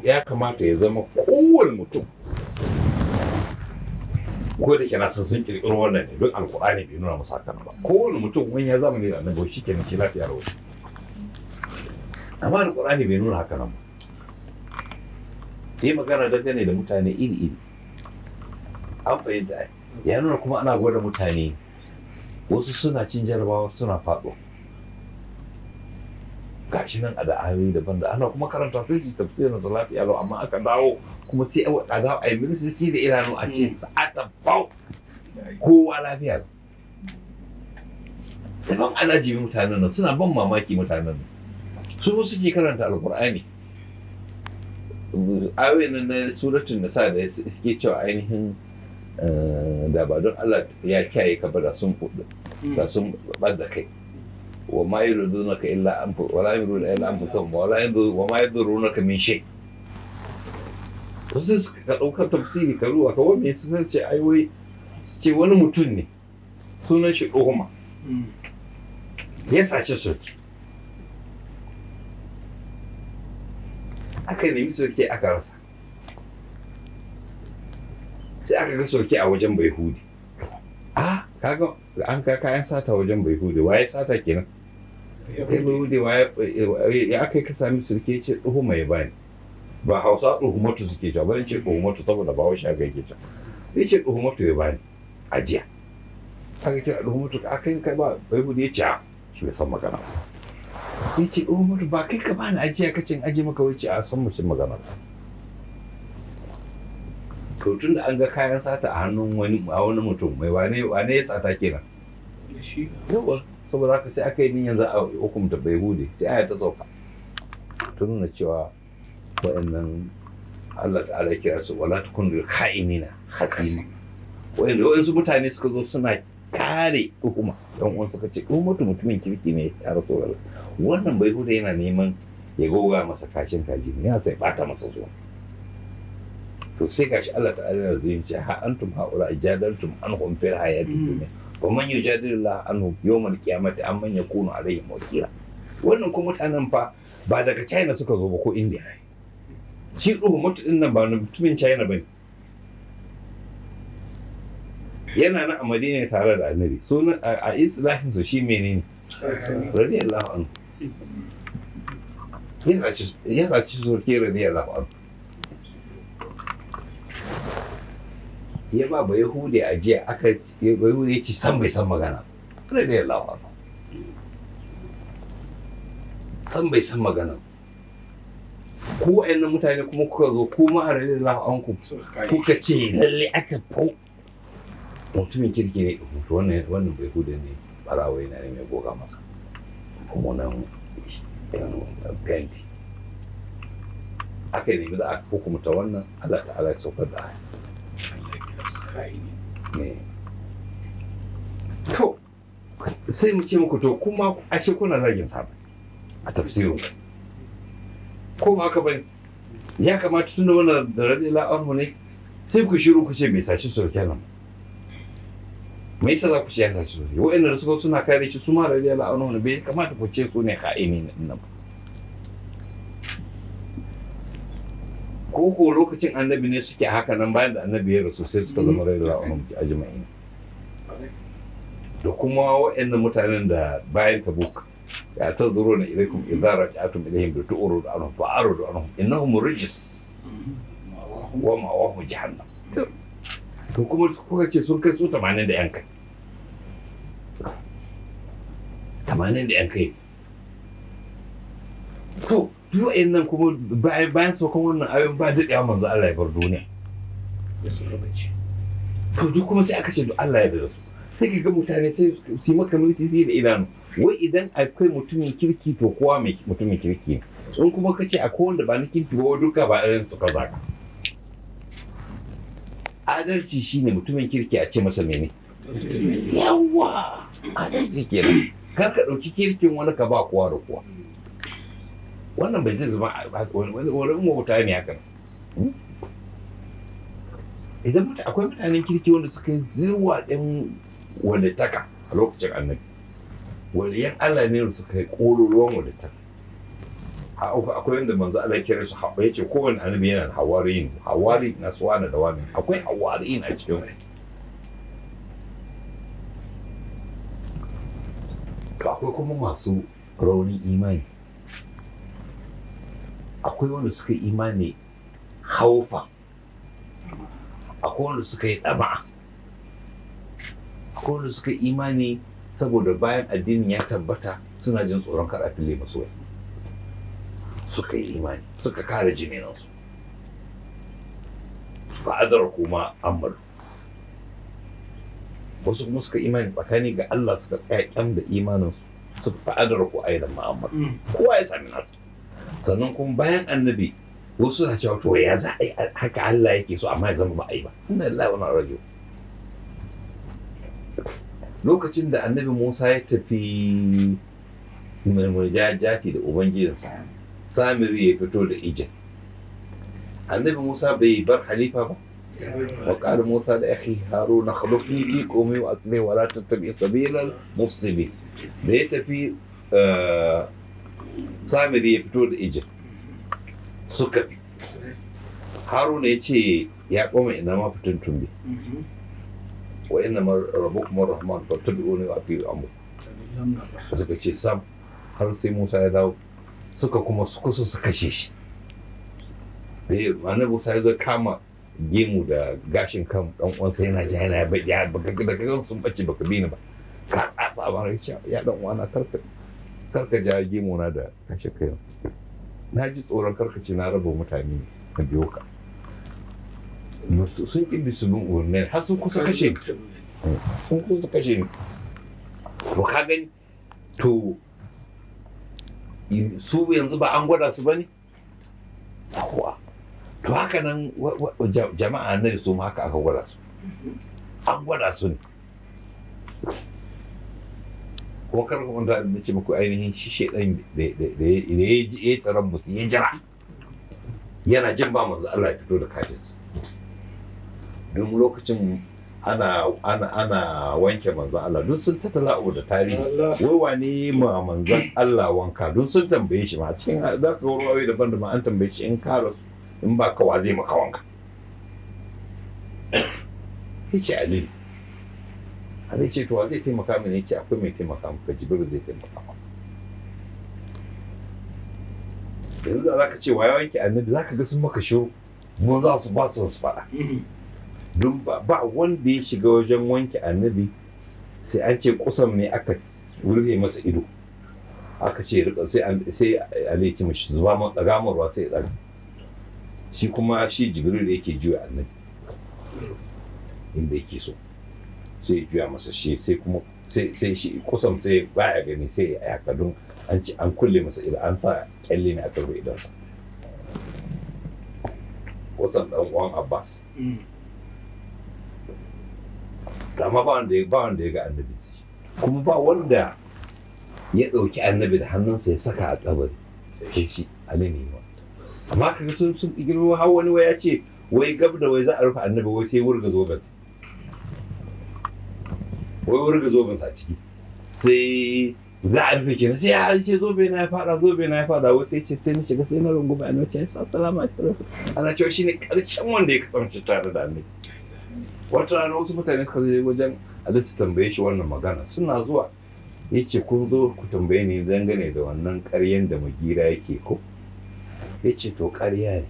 ya kamata ya zama kowane mutum ko da kenan sun sun kirkiro wannan ne don alkur'ani bai nuna musu hakan ba kowane mutum wani ya zama ne da annabi shi kenan shi lafiya rawa amma alkur'ani bai nuna hakan ba yi magana dangane da mutane iri iri an fahimta ya nuna kuma ana gwada mutane wasu suna cin jarabawa suna faɗo gashi nan a da ayoyi daban da ana kuma karanta sai su tafsirin da lafiya lau amma aka dawo kuma sai a wata dawo a yi minisi sai da idanu a ce sa'ata bau kowa lafiya lau daban ana jibi mutanen nan suna ban mamaki mutanen nan su suke karanta alkur'ani nan na suratun sa da suke cewa ainihin Eh, da ba don Allah ya kyaye ka ba da sun da mm. sun bada kai wa ma yi rudu na ka illa an wa la na illa an fusum wa la yurdunaka wa ma yi yurdunaka min shay to sai suka ka dauka tafsiri ka ruwa ka wani su ka ce ai wai ce wani mutum ne sunan shi ɗoma mm. ya sace su aka nemi su ke aka rasa sai aka ga soke a wajen bai hudu a kaga an ka kayan sata wajen bai hudu waye sata kenan kai bai hudu waye ya aka ka sami surke ce ɗuhu mai bani ba hausa ɗuhu matu suke cewa bari ce ɗuhu matu saboda ba wasu aka yake cewa ya ce ɗuhu matu ya bani a jiya aka kira ɗuhu matu aka yi kai ba bai hudu ya ce a ah, shi bai san magana ya ce ɗuhu matu ba kai ka bani ajiya kacin aji maka wuce a ah, san mutum magana ba to tun da an ga kayan sata a hannun wani a wani mutum mai wane wane ya sata kenan yawa saboda haka sai aka yi ni za a hukumta bai hude sai aya ta sauka ta nuna cewa wa'annan Allah ta'ala kira su wala tukun lil kha'inina khasima wa'anda wa'ansu mutane suka zo suna kare hukuma yan uwan suka ce ko mutum mutumin kirki ne ya rasu wannan bai hude yana neman ya goga masa kashin kaji ne ya sai bata masa zuwa to sai gashi Allah ta'ala da zai ce ha antum haula jadaltum anhum fil hayati mm. dunya wa man yujadilullah anhum yawmal qiyamati man yakunu alayhi mawkila wannan ko mutanen fa ba daga China suka zo ba ko India shi ruhu mutumin nan ba mutumin China bane yana nan a ne tare da Annabi sunan a islahin su shi menene radiyallahu anhu ya saci surke radiyallahu anhu ya ba ba yahude a jiya aka yahude ya ce san bai san magana kare da yallawa ba san bai san magana ko wa'annan mutane kuma kuka zo ko ma a ku kuka ce lalle aka fau mutumin kirki ne to wannan wannan bai hude ne barawa yana ne mai goga masa kuma nan penti aka yi nemi da aka hukumta wannan Allah ta'ala ya saukar da haya. haini eh. to sai mu ce muku to kuma ce kuna zagin sa a tafsiru ko ba haka bane ya kamata tunda wannan da la anhu ne sai ku shiru ku ce bai sashi soke kenan me yasa za ku ce ya sashi soke wa'annan da suka suna kare shi su ma la anhu ne bai kamata ku ce su ne ka'ini nan ba ko ko lokacin annabi ne suke haka nan bayan da annabi ya rasu sai suka zama mm-hmm. rai da ajma'in da kuma waɗannan mutanen da bayan tabuk ya ta zuro na ilaikum idara ta atum ilaihim da tu'uru da anhum fa'aru da anhum innahum rijis mm-hmm. wa ma'awahum jahannam to kuma kuka ce sun kai su 80 da yan kai 80 da yan kai to duk nan kuma bayan saukan wannan ayoyin ba daɗewa manzo Allah ya bar duniya to duk kuma sai aka ce duk Allah ya da su sai ka ga mutane sai su yi maka mulki su yi da idanu wai idan akwai mutumin kirki to kowa mai mutumin kirki in kuma ka ce akwai wanda ba na kirki ba duka ba irin su kaza ka adalci shine mutumin kirki a ce masa mene yawa adalci kenan kar ka ɗauki kirkin wani ka ba kowa da kowa wannan bai zai zama wani wauta ne hakan hmm? idan akwai mutanen kirki wanda suka yi zirwa ɗin wadataka a lokacin annabi 'yan Allah ne suka yi ƙoruruwan wadataka akwai wanda manzo Allah kira su haɓa ya ce kowane annabi yana da hawariyin hawari na suwana da wani akwai hawariyin a cikin to akwai kuma masu raunin imani akwai wanda suka yi imani haufa akwai wanda suka yi ɗama'a akwai wanda suka yi imani saboda bayan addinin ya tabbata suna jin tsoron kar a fille masu wai suka yi imani suka kare jininansu suka adar kuma ammalu wasu kuma suka imani tsakani ga Allah suka tsaya kyan da imaninsu suka fa'adar ku ainihin ma'amar mm. kowa ya sami nasa sannan kuma bayan annabi wasu suna cewa to ya za a yi haka Allah yake so amma ya zama ba a yi ba inna lillahi wa rajo lokacin da annabi Musa ya tafi murjajati da ubangijinsa samiri ya fito da ijin annabi Musa bai bar halifa ba وقال موسى لأخي هارون Haruna, في قومي وأصلي ولا تتبع سبيل المفسدين da ya tafi eh, samiri ya fito da ijin suka bi haruna ya ce ya koma ina ma fitin tumbe wa ina ma rabu kuma rahman ba ta ne a fi amur suka ce sam har sai musa ya dawo suka kuma suka so su kashe shi da yi ma'ana musa ya zo kama gemu da gashin kan dan uwansa yana ji yana ya baki da kagan sun bace baka bi ni ba ka tsatsa ba ya dan uwana karfe karka ja gimona da kashe kai na ji tsoron ce na raba mutane na biyo ka sun ƙi su bin umarni har sun kusa kashe sun kusa kashe ni to ka gani to su yanzu ba an gwada su ba ne to haka nan jama'a na su haka aka gwada su an gwada su ne kuma kar da wanda na ce muku ainihin shi shedan da ya yi tsaron musu ya jira yana jin ba manzo Allah ya fito da katinsa don lokacin ana ana ana wanke manzo Allah duk sun tattala abu da tarihi wai wane ma manzo Allah wanka duk sun tambaye shi ma cikin da ka wurwaye daban daban an tambaye shi in ka rasu in ba ka wa zai maka wanka yace Ali ne ce to zai taimaka mini ne ce akwai mai taimaka maka jibiru zai taimaka maka yanzu da ka ce wa ya wanke annabi zaka ga sun maka shiru mu za su ba su su faɗa don ba wanda ya shiga wajen wanke annabi sai an ce kusan ne aka rufe masa ido aka ce rika sai an sai ali ce mishi zuba mun daga ruwa sai ya daga shi kuma shi jibril yake juya annabi inda yake so sai juya masa shi sai kuma sai shi kusan sai baya gani sai ya yaka don an ci an kulle masa idan an sa kyalle ne a karbe idan kusan dan uwan abbas mm. amma ba wanda ba wanda ya ga annabi kuma ba wanda ya ɗauki annabi da hannunsa ya saka a kabari sai shi alimi ba amma kaga sun sun girma har wani waya ce wai gab da wai za a rufe annabi wai sai wurga zobensa wai wurga zoben sa ciki sai za a rufe kenan sai ya ce zobe na ya fada zobe na ya fada wai sai ce sai na shiga sai na runguma na ce assalamu alaikum ana cewa shine karshen wanda ya kasance tare da ni wata rana wasu mutane suka je wajen Ali su tambaye shi wannan magana suna zuwa yace ce kun zo ku tambaye ni dangane da wannan ƙaryen da magira yake ko ya ce to ƙarya ne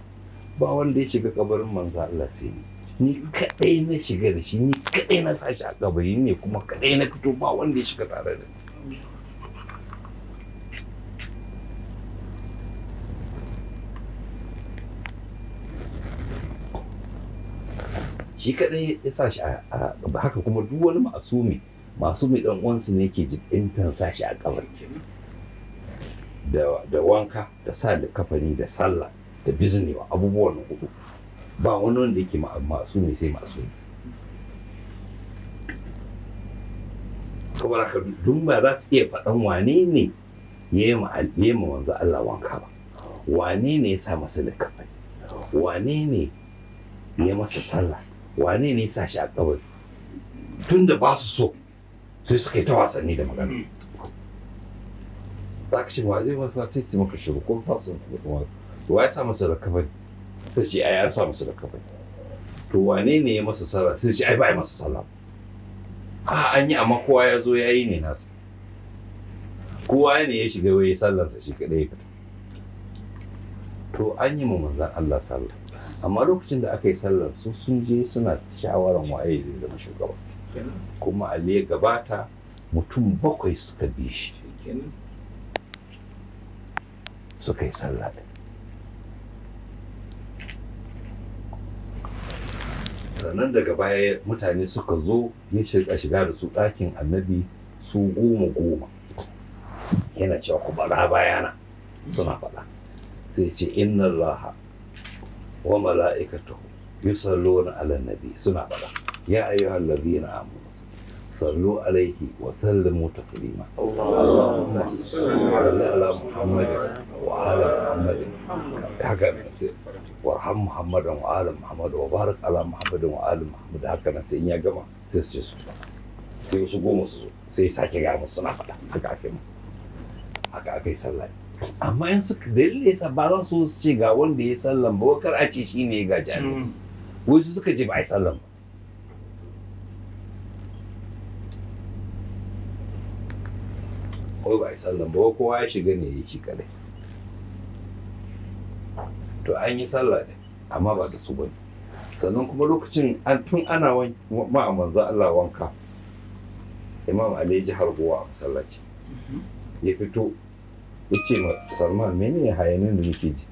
ba wanda ya shiga kabarin manzo Allah sai ni ni kadai na shiga da shi ni kadai na sashi a kabari ne kuma kadai na fito ba wanda ya shiga tare da ni shi kadai ya sashi a a haka kuma duk wani masumi masumi dan uwansu ne ke jibintan sa a kabar da wanka da sa da kafani da sallah da biznewa abubuwan hudu ba wani wanda yake masu ne sai masu ne ka dun ba za su iya faɗan wane ne ya yi ma wanzu Allah wanka ba wane ne ya sa masa likafai wane ne ya masa sallah wane ne ya sa shi a tun da ba su so sai suka yi ta wasanni da magana za ka shi wa zai mafi sai su maka shiru ko ba su kuma wa ya sa masa likafani ta ce ai an sa musu da kafai to wane ne ya masa sallah sai ce ai ba masa sallah a ah, an yi amma kowa ya zo ya yi ne nasa kowa ne ya shiga wai sallansa shi kadai ya to an yi mu manzan Allah sallah amma lokacin da aka yi sallar su sun je suna shawaran waye zai zama shugaba kuma ali ya gabata mutum bakwai suka bi shi suka yi sallah sannan daga baya mutane suka zo ya shiga shiga da su ɗakin annabi su goma goma yana cewa ku bara bayana suna faɗa sai ce inna Allah wa mala'ikatu yusalluna ala nabi suna faɗa ya ayyuhal ladina amanu صلوا alaihi وسلموا تسليما اللهم صل على ala muhammadin محمد هكذا وارحم محمدا وعلى ala muhammadin wa sai goma su zo sai sake ga musu suna faɗa haka ake musu haka sallah amma in suka dalilin yasa ba za su ce ga wanda ya sallan ba kar a ce shi ne ga jami'a mm. wasu suka ce ba a yi sallan ba ko ba a yi sallan ba kowa ya shiga ne ya yake kadai to an yi sallah ne amma ba da su ba sannan kuma lokacin an tun ana ma manzo Allah wanka imam Ali jihar Gowa a masallaci ya fito ya ce ma Salman mene ya hayanin da nake ji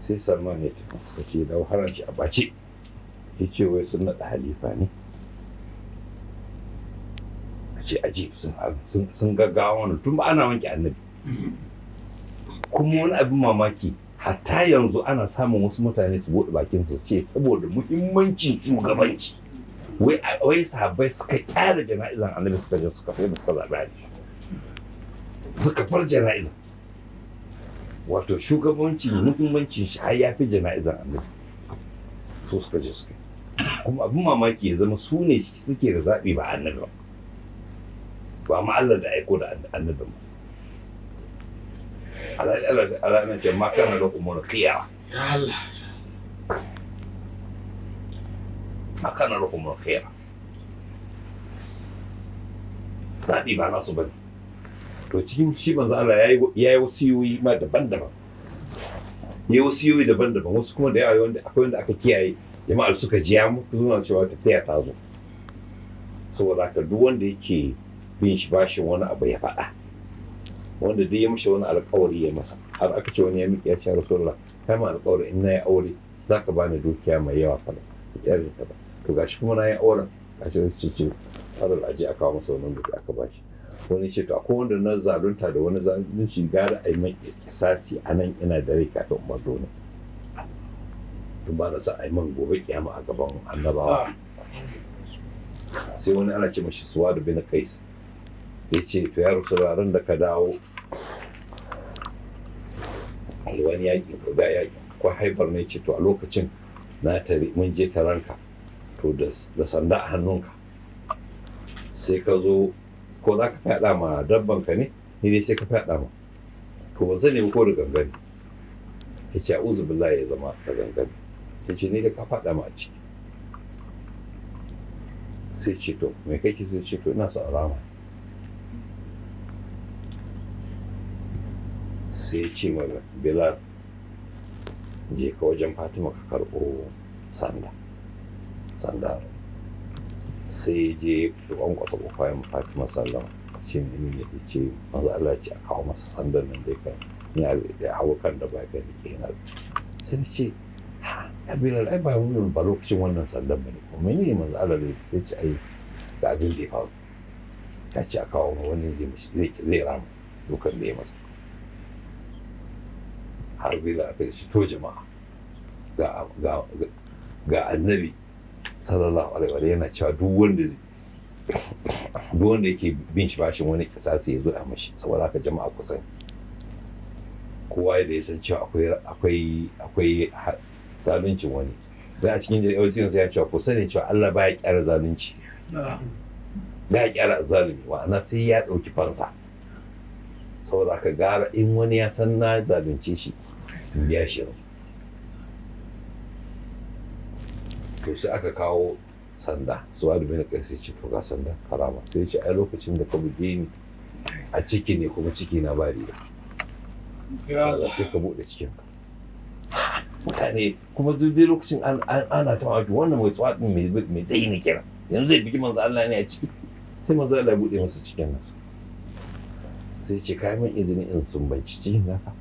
sai Salman ya tafi suka ce da haranci a bace ya ce wai sun naɗa halifa ne ce aji sun gaggawa wannan tun ba ana wanke annabi kuma wani abin mamaki hatta yanzu ana samun wasu mutane su buɗe bakin su ce saboda muhimmancin shugabanci wai sahabbai suka kyara jana'izan annabi suka je suka sai suka zaɓi ali suka bar jana'izan wato shugabancin muhimmancin shi har ya fi jana'izan annabi so suka je suka kuma abin mamaki ya zama su ne suke da zaɓi ba annabi ba ba ma Allah da aiko da annabin Allah na ce ma kana da kuma khiya ya Allah ma kana da kuma khiya zaɓi ba nasu ba to cikin shi manzo Allah ya yi wasiyoyi ma daban-daban ya yi wasiyoyi daban-daban wasu kuma da yawa wanda akwai wanda aka kiyaye jama'ar suka jiya ya muku suna cewa tafiya ta zo saboda ka duk wanda yake bin shi bashi wani abu ya faɗa wanda duk ya mishi wani alkawari ya masa har aka ce wani ya miƙe ya ce rasulullah kai ma alkawari in na nayi aure za ka bani dukiya mai yawa fa yar da ba to gashi kuma nayi auren gashi sai ce ce alal aji aka masa wannan duka aka bashi wani ce to akwai wanda na zalunta da wani zalunci gara a yi mai kisasi a nan ina da rai kafin umar dole tun ba na sa a yi man gobe kiyama a gaban annabawa sai wani ana ce mashi suwa da bin kais ya ce to yaro sauraron da ka dawo wani yaƙi ko da yaƙi ko haifar ne ce to a lokacin na tare mun je taranka to da sanda a hannunka sai ka zo ko za ka fada ma dabban ka ne ni dai sai ka fada ma to ban sani ko da gangan ya ce a'udhu billahi ya zama da gangan ya ce ni da ka faɗa ma a ciki sai ce to me kake sai ce to ina sa rama sai ya ce mana bilal je ka wajen fatima ka karɓo sanda sanda sai je ruwan kwasa kwayan fatima sallama ce mini ne ce maza Allah ce a kawo masa sandan nan dai kan ya da hawa kan da baka da ke yana sai ta ce ha ya bi ai ba mun ba lokacin wannan sandan bane ko mene ne maza Allah zai sai ce ai ga abin da ya faru ya ce a kawo wani zai mishi zai rama lokacin da ya masa harbi da aka shi to jama'a ga annabi sallallahu alaihi wa yana cewa duk wanda duk wanda yake bin shi bashin wani sai ya zo a mashi saboda haka jama'a sani kowa da ya san cewa akwai akwai akwai zaluncin wani da a cikin jari'ar sai ya cewa ku sani cewa Allah baya kyara zalunci baya kyara zalumi ma'ana sai ya ɗauki fansa saboda haka gara in wani ya san na zalunce shi biya shi to sai aka kawo sanda su wadu bin kai sai ce to ga sanda karama sai ce ai lokacin da ka buge ni a ciki ne kuma ciki na ba riga sai ka buɗe cikin mutane kuma duk dai lokacin ana ta wajo wannan mai tsawa din mai zai ne kira yanzu zai bugi manzo Allah ne a ciki sai manzo Allah ya buɗe masa cikin nan sai ce kai min izini in sumbanci cikin naka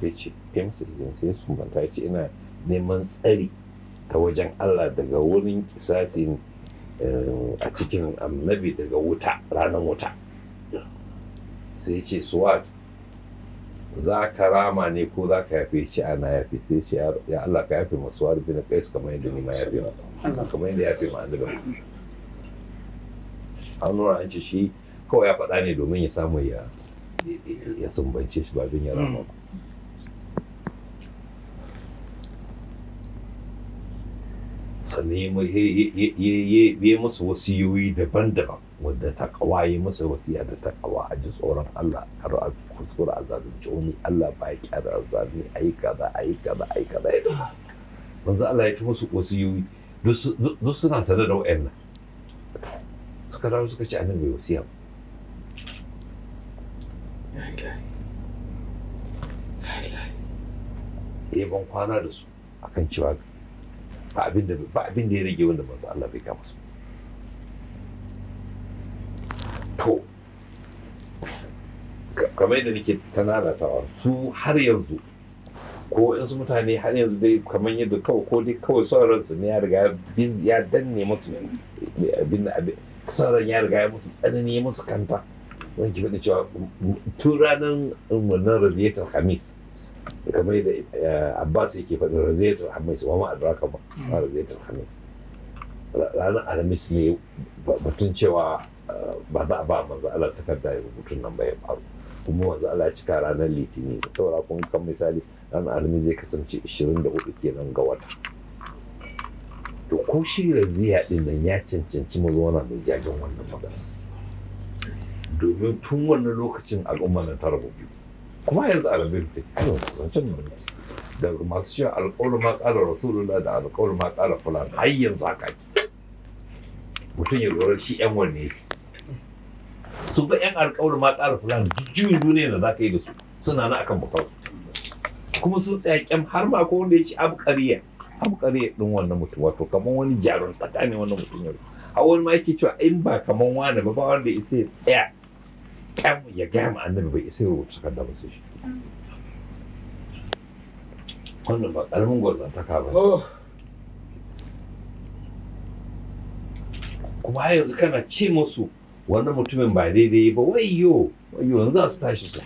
sai ce fiyamsa izin sai sun banta ce ina neman tsari ta wajen Allah daga wurin kisasin a cikin annabi daga wuta ranar wuta sai ce suwat za ka rama ne ko za ka yafe shi ana yafe sai ce ya Allah ka yafe masu wani bin kais kamar yadda ni ma yafe ma kamar yadda yafe ma an annabi an nuna an ce shi kawai ya faɗa ne domin ya samu ya sumbance shi ba bin ya rama ba sannan ya musu wasiyoyi daban-daban wadda ta takawa ya masa wasiya da takawa a ji tsoron Allah kar a kuskura a zalunci wani Allah ba ya kyara zalunci a yi kaza a yi kaza a yi kaza ya dama manzo Allah ya fi musu wasiyoyi duk suna sanar da wayan wa'annan suka dawo suka ci annabi bai wasu ba ya ban kwana da su akan cewa ba abin da ba abin da ya rage wanda manzo Allah bai kama su. to kamar yadda nake ta su har yanzu ko wasu mutane har yanzu dai kamar yadda kawai ko dai kawai sauran su ne ya riga ya danne musu abin da abin sauran ya riga ya musu tsanani musu kanta wani ki faɗi cewa tun ranar um, wannan raziyatar hamis kamar da eh, abbas yake faɗin razaitul hamis wa ma adraka ba mm. razaitul hamis ranar alhamis ne batun cewa eh, ba za a ba manzo Allah takarda ya rubutun nan ba ya faru kuma manzo Allah ya cika ranar litini saboda kun kan misali ranar alhamis zai kasance 24 kenan ga wata to ko shi raziya din nan ya cancanci mu zauna mai jajin wannan magana domin tun wannan lokacin al'umma na ta rabu biyu kuma yanzu arabin ta yi zancen nuna. da masu cewa alƙawar ma ƙara rasulullah da alƙawar ma ƙara fulani har yanzu haka mutum ya lura shi yan wanne su ga yan alƙawar ma ƙara fulani juyin duniya da za ka yi da su suna na akan bakansu kuma sun tsaya kyan har ma ko wanda ya ci abkariya abkariya ɗin wannan mutum wato kamar wani jarun tsakanin wannan mutum yau a wani ma yake cewa in ba kamar wani ba ba wanda ya tsaya ya gaya ma annabi bai isa rubuta da ba shi wannan ba ƙaramin gwarzantaka ba oh. kuma yanzu kana ce musu wani mutumin ba daidai ba Wai wayyo yanzu za su tashi su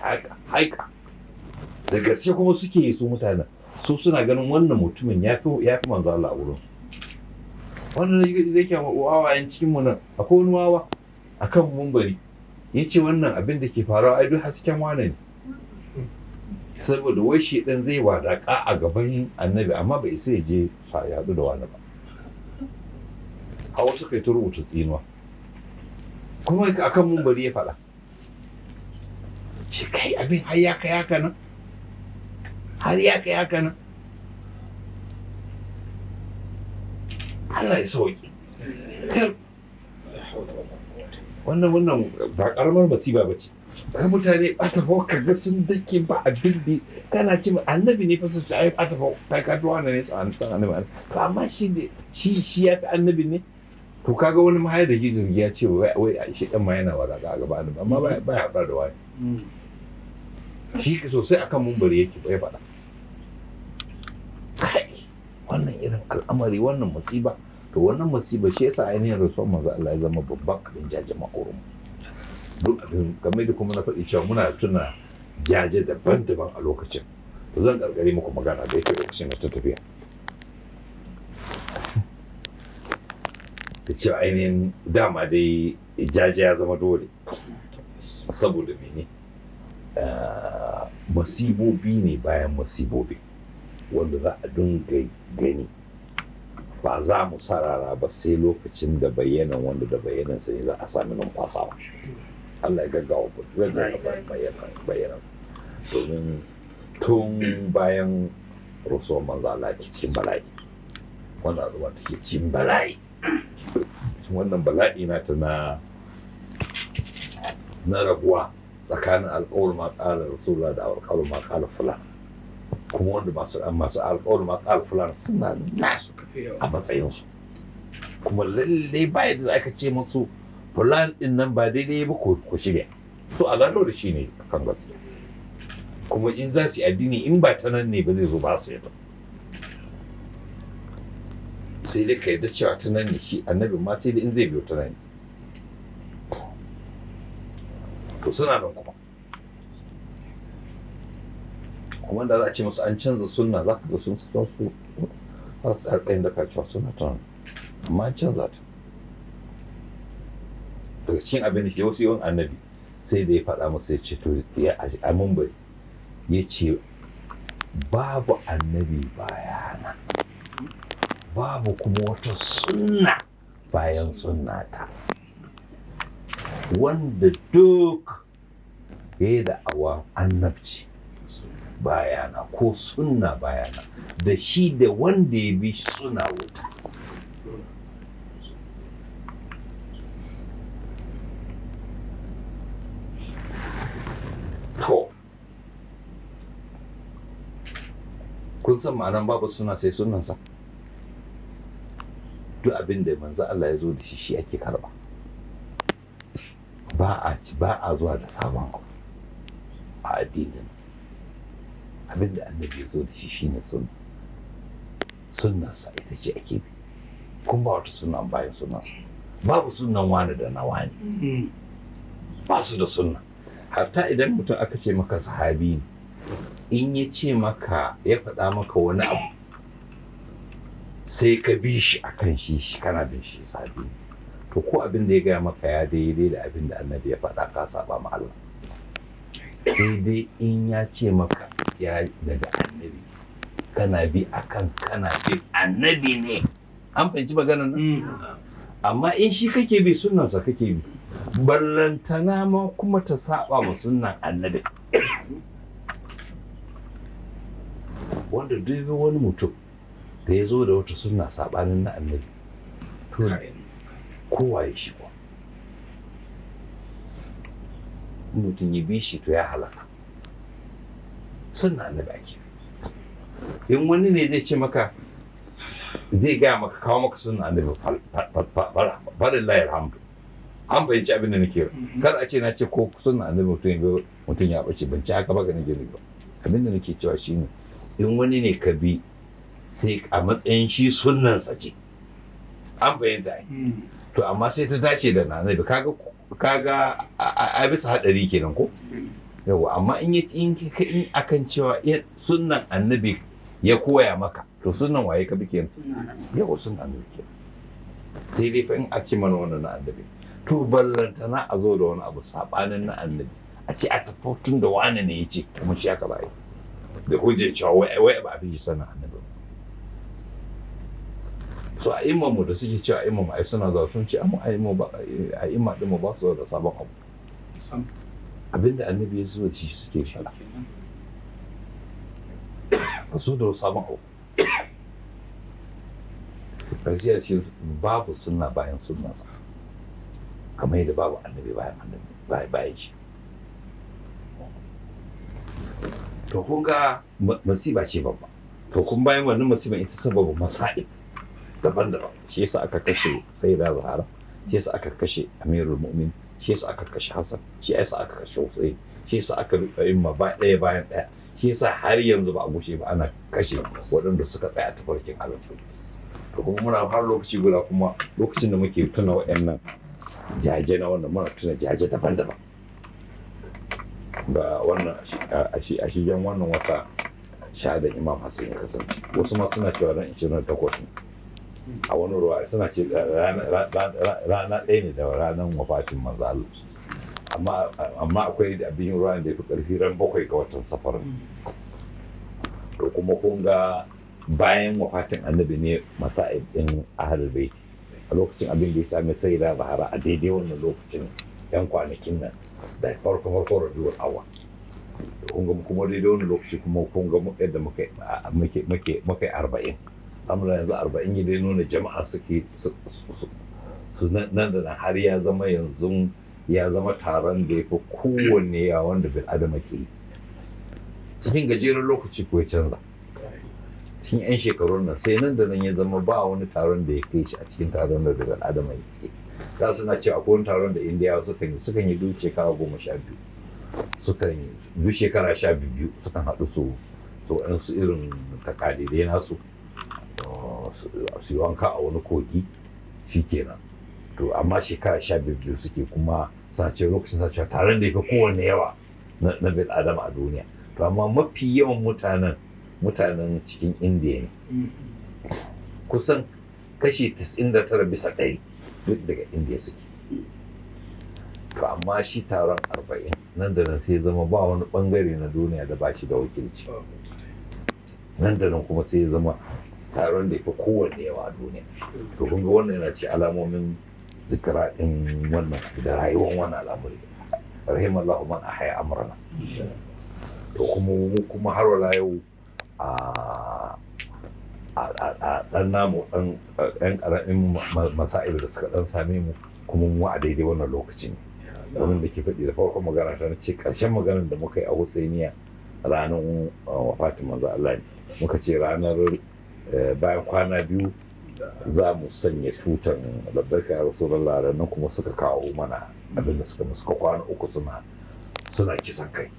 haika da gaske kuma suke yi su mutanen su suna ganin wannan mutumin ya fi ya fi manzo Allah a wurin wannan zai zai kyawa wawayen cikin mu nan akwai wani wawa akan mumbari yace wannan abin da ke faruwa ai duk hasken wane ne saboda wai shi dan zai wadaƙa a gaban annabi amma bai sai je ya haɗu da wani ba hawa suka yi ta rubuta tsinuwa kuma a kan mumbari ya faɗa shi kai abin har ya kai haka nan har ya kai haka nan Allah ya sauki wannan wannan ba karamar masiba ba ce ga mutane bata fa ka ga sun dake ba a dubbe kana ce annabi ne fa su ai bata fa ta ka duwa ne an san annabi to amma shi ne shi shi ya fi annabi ne to kaga wani ma da ke jirgi ya ce wai shi dan ma yana waraka a gaba annabi amma ba ba ya da wani mm. shi sosai akan mumbari yake bai faɗa kai wannan irin al'amari wannan musiba to wannan masiba shi yasa ainihin rasuwar manzo Allah ya zama babban abin jaje makorin duk abin game da kuma na faɗi cewa muna tuna jaje daban-daban a lokacin to zan karkari muku magana da yake lokacin da ta tafiya da cewa ainihin dama dai jaje ya zama dole saboda mene ah, masibobi ne bayan masibobi wanda za a dinga gani ba za mu sarara ba sai lokacin da bayyana wanda da bayyana sai za a sami numfasawa Allah ya gaggawa ku bayyana domin tun bayan rasuwar manza laki cin bala'i wannan ruwa take cin bala'i wannan bala'i na ta na na rabuwa tsakanin alƙawar ma ƙalar rasulullah da alƙawar ma ƙalar kuma wanda masu masu alƙawar ma ƙalar suna nasu a matsayinsu kuma lalle ba yadda aka ce musu fulan din nan ba daidai ba ku shirya so a gano da shi ne kan gasu kuma in za su yi addini in ba ta nan ne ba zai zo ba su yadda sai dai ka yadda cewa ta nan ne shi annabi ma sai dai in zai biyo ta nan ne to suna nan kuma kuma da za a ce musu an canza sunna za ka ga sun su ba su tsatsayin da kasuwa suna ta amma an canza ta daga cikin abin da ke wasu yawan annabi sai da ya faɗa masa ya ce to ya e a mumbai ya e ce babu annabi bayana babu kuma wata sunna bayan sunnata wanda duk ya e yi da awa annabci bayana ko sunna bayana da shi da wanda ya bi suna wuta to kun san ma'anan babu suna sai sunansa duk abin da manzo Allah ya zo da shi shi ake karba ba a zuwa da sabon a addinin abin da annabi ya zo da shi shine sunna sunnarsa ita ce ake bi kun ba wata sunan bayan sunansa babu sunan wani da na wani ba su da sunna hatta idan mutum aka ce maka sahabi ne in ya ce maka ya faɗa maka wani abu sai ka bi shi a kan shi shi kana bin shi sahabi to ko abin da ya gaya maka ya daidai da abin da annabi ya faɗa ka saba ma Allah sai dai in ya ce maka gaskiya daga annabi kana bi akan kana bi annabi ne an fahimci maganar nan mm. amma in shi kake bi sunansa kake bi ballantana ma kuma ta saba ma sunnan annabi wanda duk wani mutum da ya zo da wata sunna sabanin na annabi to kowa ya shi mutum ya bi shi to ya halaka sunna na baki in wani ne zai ce maka zai gaya maka kawo maka sunna na farin layar hamdu an fahimci abin da nake mhm. kar a ce na ce ko sunna annabi mutum ya mutum ya bace ban ci haka ba ganin gani ba abin da nake cewa shi ne. in wani ne ka bi sai a matsayin shi sa ce an fahimta hmm. to amma sai ta dace da na annabi kaga kaga a bisa hadari kenan ko hmm. yawa amma in ya in akan cewa eh, sunan annabi ya koya maka to sunan waye ka bikin yawa sunan annabi ke sai dai fa in a ce mana wannan na annabi to na a zo da wani abu sabanin na annabi a ce a tafautun da wani ne ya ce kuma shi aka bayi da hujjar cewa wai ba a fi shi sanin annabi so a imma mu da suke cewa imma mu ai suna zuwa sun ce amma eh, a imma din mu ba su da sabon abu abinda annabi ya zuwa shi suke faɗa ba su da sabon abu gajiya ce babu sunna bayan sunna kamar yadda babu annabi bayan annabi bayan shi to kun ga masiba ce babba to kun bayan wannan masiba ita sababin masa'ib daban-daban shi yasa aka kashe da zahara shi yasa aka kashe amirul mu'min shi yasa aka kashe Hassan shi yasa aka kashe Hussein shi yasa aka rufe imma ba ɗaya bayan ɗaya shi yasa har yanzu ba a gushe ba ana kashe waɗanda suka tsaya tafarkin Allah to kuma muna har lokaci guda kuma lokacin da muke tuna waɗannan jaje na wannan muna tuna jaje daban-daban ga wannan a shigen wannan wata da imam hassan ya kasance wasu ma suna cewa ran 28 ne a wani ruwa suna ce rana ɗaya ne da ranar wafatin maza amma akwai da abin ruwa da ya fi ƙarfi ran bakwai ga watan safar to kuma kun ga bayan wafatin annabi ne masa'ib din ahlul bait a lokacin abin da ya sami sai da bahara a daidai wannan lokacin yan kwanakin nan da farko farko rabiul awa kun ga kuma daidai wannan lokaci kuma kun ga yadda muke muke muke 40 al'amura yanzu arba'in ya dai nuna jama'a suke su nan da nan har ya zama yanzu ya zama taron da ya fi kowanne ya wanda bin adama ke yi cikin gajeren lokaci ko ya canza cikin 'yan shekarun nan sai nan da nan ya zama ba wani taron da ya kai shi a cikin taron da bin adama ya ke ta suna cewa akwai wani taron da indiyawa sukan yi sukan yi duk shekara goma sha biyu sukan yi duk shekara sha biyu sukan haɗu su su irin takadidai nasu su wanka a wani kogi shi kenan. to amma shekara sha biyu suke kuma sace lokacin sace tare da ya fi kowane yawa na bil adam a duniya to amma mafi yawan mutanen mutanen cikin indiya ne kusan kashi 99 bisa ɗari duk daga indiya suke to amma shi taron arba'in nan da nan sai zama ba wani bangare na duniya da ba shi da wakilci nan da nan kuma sai zama taron da ya fi kowanne yawa a duniya to kun ga wannan yana ce alamomin zikira din wannan da rayuwar wannan al'amari rahim Allah man ahaya amrana to kuma kuma har wala yau a a dan namu dan yan karamin masa'il da suka dan same mu kuma mu a daidai wannan lokacin domin da ke faɗi da farkon magana ta ce ƙarshen maganar da muka yi a Husainiya ranar uh, wafatin manzo Allah ne muka ce ranar Eh, bayan kwana biyu za mu sanya tutan labbarka rasulullah nan kuma suka kawo mana abin suka suka kwana uku suna kisan kai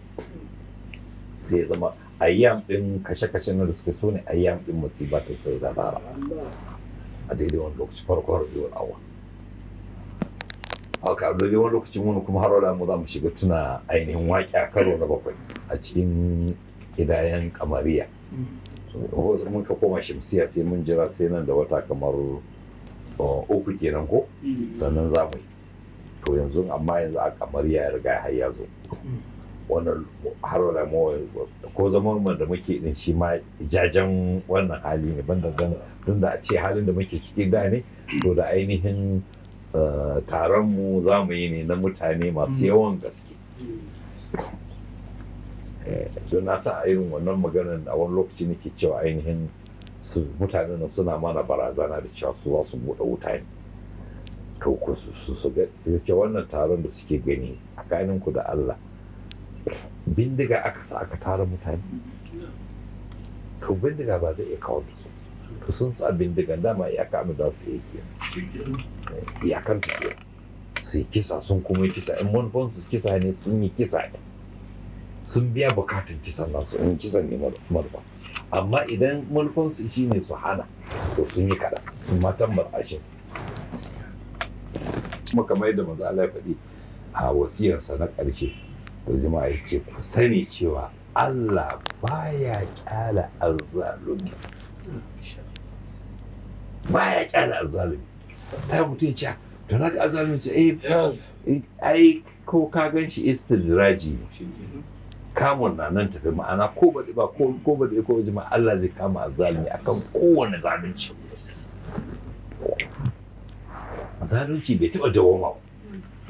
sai zama ayyam din kashe-kashe na da suka so ne ayyam din musiba ta sai da a daidai wani lokaci awa a daidai wani lokacin wani kuma har wala mu za mu shiga tuna ainihin waƙi a karo na bakwai a cikin kidayen kamariya mun ka koma shamsiya sai mun jira sai nan da wata kamar oh, uku kenan ko mm. sannan za mu yi to yanzu amma yanzu a kamar ya riga har ya zo wannan har wala ko zaman da muke din shi ma jajen wannan hali ne banda don da a ce halin da muke ciki da ne to da ainihin eh, taron mu za mu yi ne na mutane masu mm. yawan gaske mm. Eh, don na sa a irin wannan maganar a wani lokaci nake cewa ainihin su mutanen nan suna mana barazana da cewa su za su buɗe wuta ne to ku su su ga wannan taron da suke gani tsakanin ku da Allah bindiga aka sa aka tara mutane to bindiga ba zai iya kawo da su to sun sa bindiga dama iyaka mu da su yi eh, iyakan su su yi kisa sun kuma yi kisa in manufan su kisa ne sun yi kisa ne sun biya bukatun kisan nasu in kisan ne manufa amma idan manufan su shine su hana to sun yi kada sun matan matsashin kuma kamar yadda manzo Allah ya faɗi a wasiyarsa na ƙarshe da jama'a ya ce ku sani cewa Allah baya kyala azzalumi baya kyala azzalumi ta mutum ce to na ga azzalumi ce eh, eh ai ko ka gan shi istidraji ne kamun na nan tafi ma'ana ko ba ba ko ko ba ko jima Allah zai kama zalimi akan kowane zalunci zalunci bai taba dawoma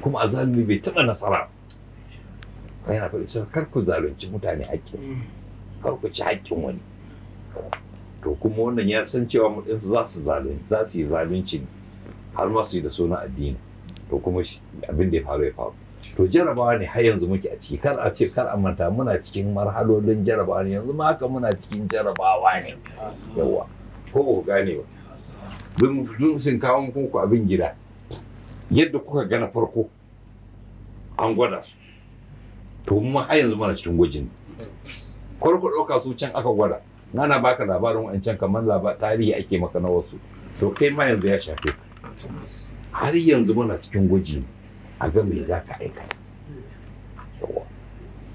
kuma a bai taba nasara yana faɗi cewa kar ku zalunci mutane haƙƙin kar ku ci haƙƙin wani to kuma wannan ya san cewa mutansu za su zalunci za su yi zalunci har ma su yi da suna addini to kuma abin da ya faru ya faru to jarabawa ne har yanzu muke a ciki kar a ce kar a manta muna cikin marhalolin jarabawa ne yanzu ma haka muna cikin jarabawa ne yawa ko ba gane ba dun sun kawo muku abin gida yadda kuka gana farko an gwada su to mu har yanzu muna cikin gwajin ku ɗauka su can aka gwada nana baka labarin wancan kamar labar tarihi ake maka na wasu to kai ma yanzu ya shafe har yanzu muna cikin gwaji ne a ga me za ka aikata yawa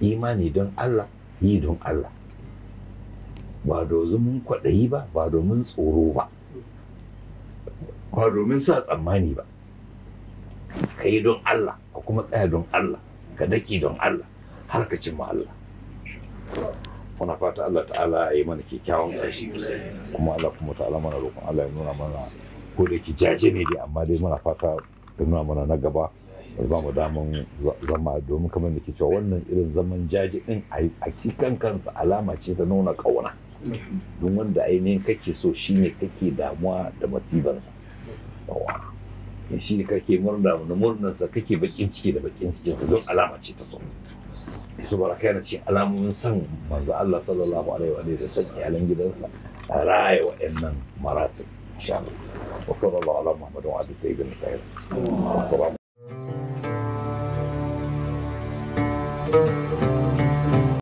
imani don Allah yi don Allah ba domin kwaɗayi ba ba domin tsoro ba ba domin sa tsammani ba ka yi don Allah ka kuma tsaya don Allah ka daki don Allah har ka cimma Allah muna fata Allah ta'ala ya yi mana kyakkyawan ƙarshe kuma Allah kuma ta'ala mana roƙon Allah ya nuna mana ko da ki jaje ne dai amma dai muna fata ya nuna mana na gaba ba mu damun zama domin kamar da ke cewa wannan irin zaman jaji din a kan kansa alama ce ta nuna kauna don wanda ainihin kake so shine kake damuwa da masibansa shi kake murna da murnansa kake bakin ciki da bakin cikinsa don alama ce ta so su kai yana cikin alamomin san manzo Allah sallallahu alaihi wa da san iyalan gidansa a raya wa'annan marasin insha Allah wa sallallahu ala muhammadin wa alihi wa sahbihi assalamu Música